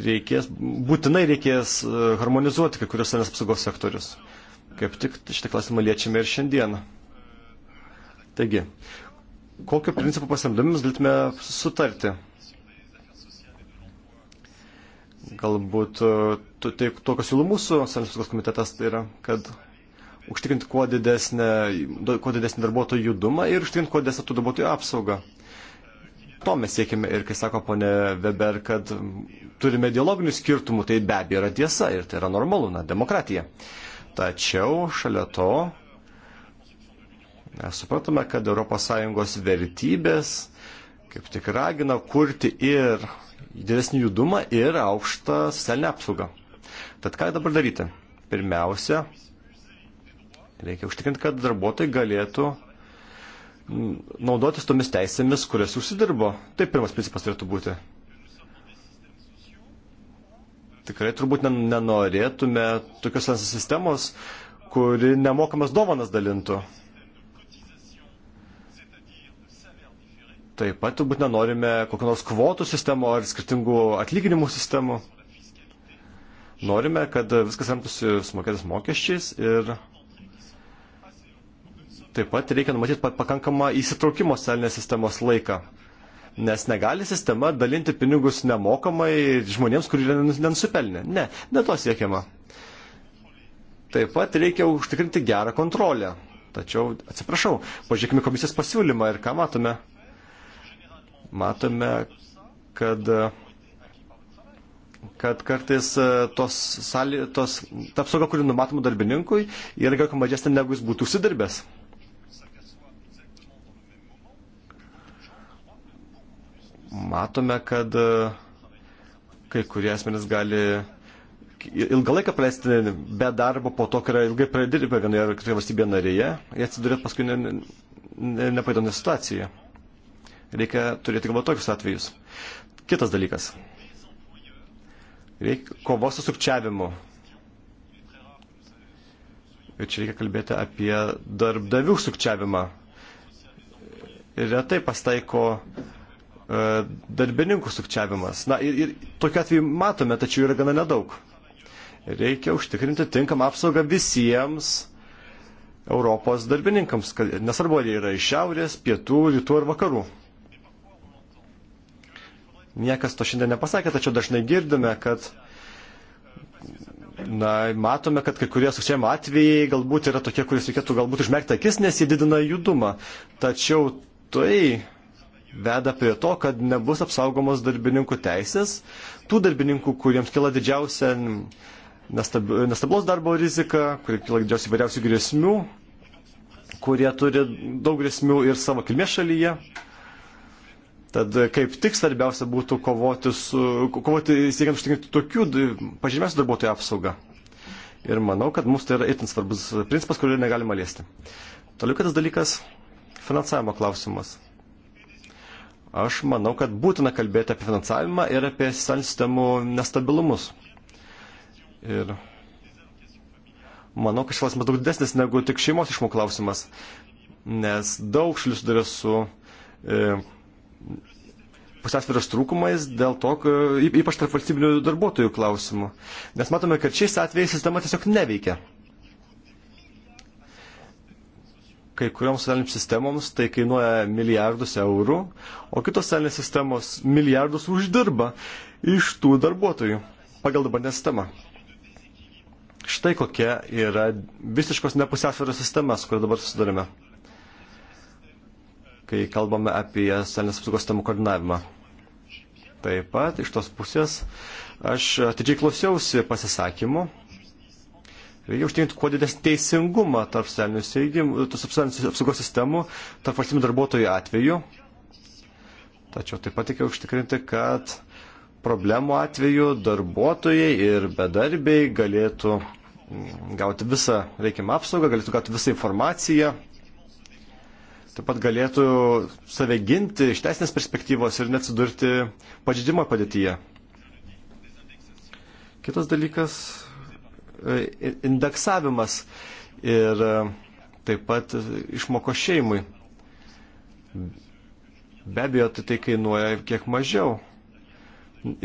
reikės, būtinai reikės e, harmonizuoti kai kurios senės apsaugos sektorius. Kaip tik šitą klausimą liečiame ir šiandieną. Taigi, kokio principų pasamdomis galėtume sutarti? Galbūt e, tai, to, kas siūlo mūsų senės apsaugos komitetas, tai yra, kad užtikrinti kuo didesnį, kuo didesnį darbuotojų judumą ir užtikrinti kuo didesnį tų darbuotojų apsaugą to mes siekime ir kai sako ponė Weber, kad turime ideologinių skirtumų, tai be abejo yra tiesa ir tai yra normalu, na, demokratija. Tačiau šalia to mes supratome, kad ES vertybės kaip tik ragina kurti ir didesnį judumą ir aukštą socialinę apsaugą. Tad ką dabar daryti? Pirmiausia, reikia užtikrinti, kad darbuotojai galėtų naudotis tomis teisėmis, kurias užsidirbo. Tai pirmas principas turėtų būti. Tikrai turbūt nenorėtume tokios sistemos, kuri nemokamas dovanas dalintų. Taip pat turbūt nenorime kokio nors kvotų sistemo ar skirtingų atlyginimų sistemų. Norime, kad viskas remtųsi sumokėtis mokesčiais ir Taip pat reikia numatyti pakankamą įsitraukimo socialinės sistemos laiką. Nes negali sistema dalinti pinigus nemokamai žmonėms, kurie nenusipelnė. Ne, ne to siekiama. Taip pat reikia užtikrinti gerą kontrolę. Tačiau, atsiprašau, pažiūrėkime komisijos pasiūlymą ir ką matome. Matome, kad kad kartais e, tos, sali, tos ta apsauga, kuri numatoma darbininkui, yra gerokai mažesnė negu jis būtų užsidirbęs. matome, kad e, kai kurie asmenys gali ilgą laiką praleisti be darbo po to, kai yra ilgai pradirbę vienoje ar kitoje valstybėje narėje, jie atsiduria paskui ne, ne, ne, nepaidomė situacija. Reikia turėti galvo tokius atvejus. Kitas dalykas. Reikia kovos su sukčiavimu. Ir čia reikia kalbėti apie darbdavių sukčiavimą. Ir retai pastaiko E, darbininkų sukčiavimas. Na ir, ir tokiu atveju matome, tačiau yra gana nedaug. Reikia užtikrinti tinkamą apsaugą visiems Europos darbininkams, kad, nesvarbu, ar jie yra iš šiaurės, pietų, rytų ar vakarų. Niekas to šiandien nepasakė, tačiau dažnai girdime, kad na, matome, kad kai kurie sukčiavimo atvejai galbūt yra tokie, kuriuos reikėtų galbūt užmerkti akis, nes jie didina judumą. Tačiau tai veda prie to, kad nebus apsaugomos darbininkų teisės, tų darbininkų, kuriems kila didžiausia nestabilos darbo rizika, kurie kila didžiausių įvairiausių grėsmių, kurie turi daug grėsmių ir savo kilmės šalyje. Tad kaip tik svarbiausia būtų kovoti, su, kovoti siekiant užtikrinti tokių pažymės darbuotojų apsaugą. Ir manau, kad mums tai yra itin svarbus principas, kurio negalima liesti. Toliau kitas dalykas - finansavimo klausimas. Aš manau, kad būtina kalbėti apie finansavimą ir apie socialinių sistemų nestabilumus. Ir manau, kad šis klausimas daug didesnis negu tik šeimos išmokų klausimas, nes daug šalių sudarė su e, pusiausvėros trūkumais dėl to, ypač tarp valstybinių darbuotojų klausimų. Nes matome, kad šiais atvejais sistema tiesiog neveikia. kai kurioms socialinėms sistemoms tai kainuoja milijardus eurų, o kitos socialinės sistemos milijardus uždirba iš tų darbuotojų pagal dabartinę sistemą. Štai kokia yra visiškos nepusiausvėros sistemas, kur dabar susidurime, kai kalbame apie socialinės apsaugos sistemų koordinavimą. Taip pat iš tos pusės aš atidžiai klausiausi pasisakymų Reikia užtikrinti kuo didesnį teisingumą tarp socialinės apsaugos sistemų, tarp valstybių darbuotojų atveju. Tačiau taip pat reikia užtikrinti, kad problemų atveju darbuotojai ir bedarbiai galėtų mm, gauti visą reikiamą apsaugą, galėtų gauti visą informaciją, taip pat galėtų save ginti iš teisinės perspektyvos ir neatsidurti pažydimo padėtyje. Kitas dalykas E, indeksavimas ir e, taip pat išmoko šeimai. Be abejo, tai, tai kainuoja kiek mažiau.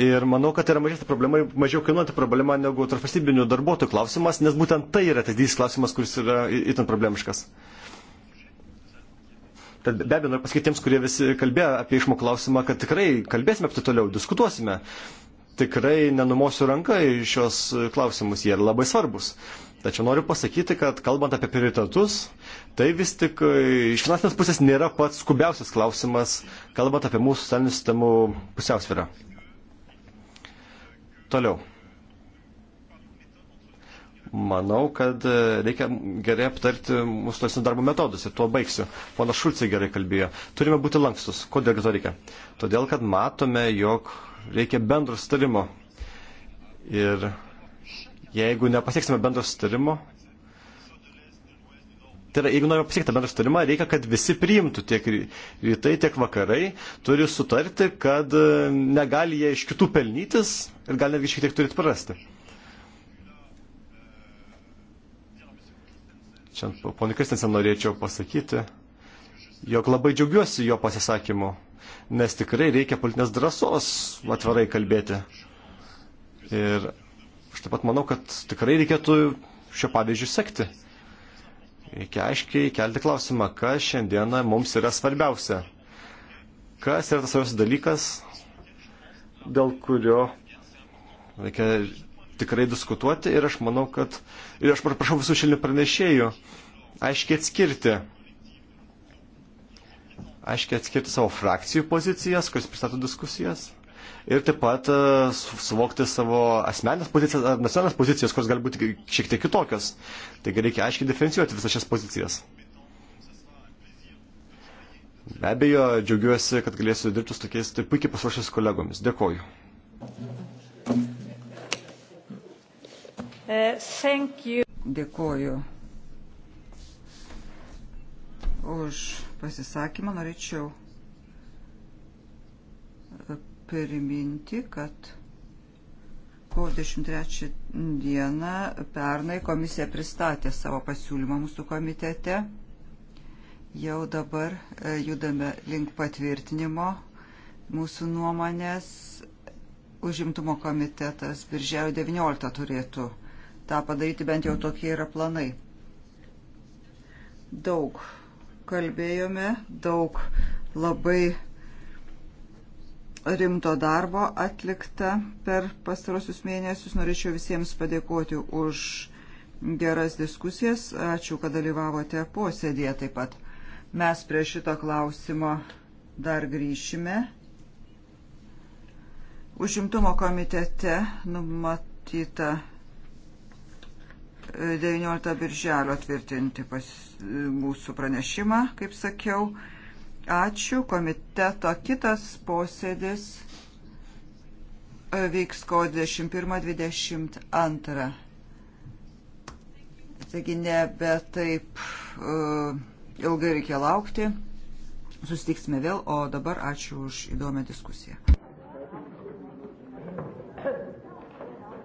Ir manau, kad tai yra mažesnė problema, mažiau kainuojanti problema negu tarpvalstybinių darbuotojų klausimas, nes būtent tai yra tas didelis klausimas, kuris yra itin problemiškas. Tad be abejo, noriu pasakyti tiems, kurie visi kalbėjo apie išmokų klausimą, kad tikrai kalbėsime apie tai toliau, diskutuosime tikrai nenumosiu ranką į šios klausimus, jie yra labai svarbus. Tačiau noriu pasakyti, kad kalbant apie prioritetus, tai vis tik e, iš finansinės pusės nėra pats skubiausias klausimas, kalbant apie mūsų socialinių sistemų pusiausvyrą. Toliau. Manau, kad e, reikia gerai aptarti mūsų tolesnių darbo metodus ir tuo baigsiu. Pana Šulcai gerai kalbėjo. Turime būti lankstus. Kodėl to reikia? Todėl, kad matome, jog reikia bendro sutarimo. Ir jeigu nepasieksime bendro sutarimo, tai yra, jeigu norime pasiekti bendrą sutarimą, reikia, kad visi priimtų, tiek rytai, tiek vakarai turi sutarti, kad e, negali jie iš kitų pelnytis ir gal netgi šiek tiek turėti prarasti. Čia ponui Kristensen norėčiau pasakyti, jog labai džiaugiuosi jo pasisakymu, nes tikrai reikia politinės drąsos atvarai kalbėti. Ir aš taip pat manau, kad tikrai reikėtų šio pavyzdžių sekti. Reikia aiškiai kelti klausimą, kas šiandieną mums yra svarbiausia. Kas yra tas svarbiausias dalykas, dėl kurio reikia tikrai diskutuoti ir aš manau, kad, ir aš prašau visų šiandien pranešėjų, aiškiai atskirti aiškiai atskirti savo frakcijų pozicijas, kuris pristato diskusijas. Ir taip pat e, suvokti savo asmenės pozicijas ar nacionalinės pozicijas, kurios gali būti šiek tiek kitokios. Taigi reikia aiškiai diferencijuoti visas šias pozicijas. Be abejo, džiaugiuosi, kad galėsiu dirbti su tokiais taip puikiai pasiruošęs kolegomis. Dėkoju. Uh, Dėkoju už pasisakymą norėčiau e, priminti, kad kovo 23 dieną pernai komisija pristatė savo pasiūlymą mūsų komitete. Jau dabar e, judame link patvirtinimo mūsų nuomonės. Užimtumo komitetas birželio 19 turėtų tą padaryti, bent jau tokie yra planai. Daug kalbėjome, daug labai rimto darbo atlikta per pastarosius mėnesius. Norėčiau visiems padėkoti už geras diskusijas. Ačiū, kad dalyvavote posėdėje taip pat. Mes prie šito klausimo dar grįšime. Užimtumo komitete numatyta 19 birželio tvirtinti pas mūsų pranešimą, kaip sakiau. Ačiū. Komiteto kitas posėdis e, vyks ko 21-22. Taigi nebe taip e, ilgai reikia laukti. Susitiksime vėl, o dabar ačiū už įdomią diskusiją.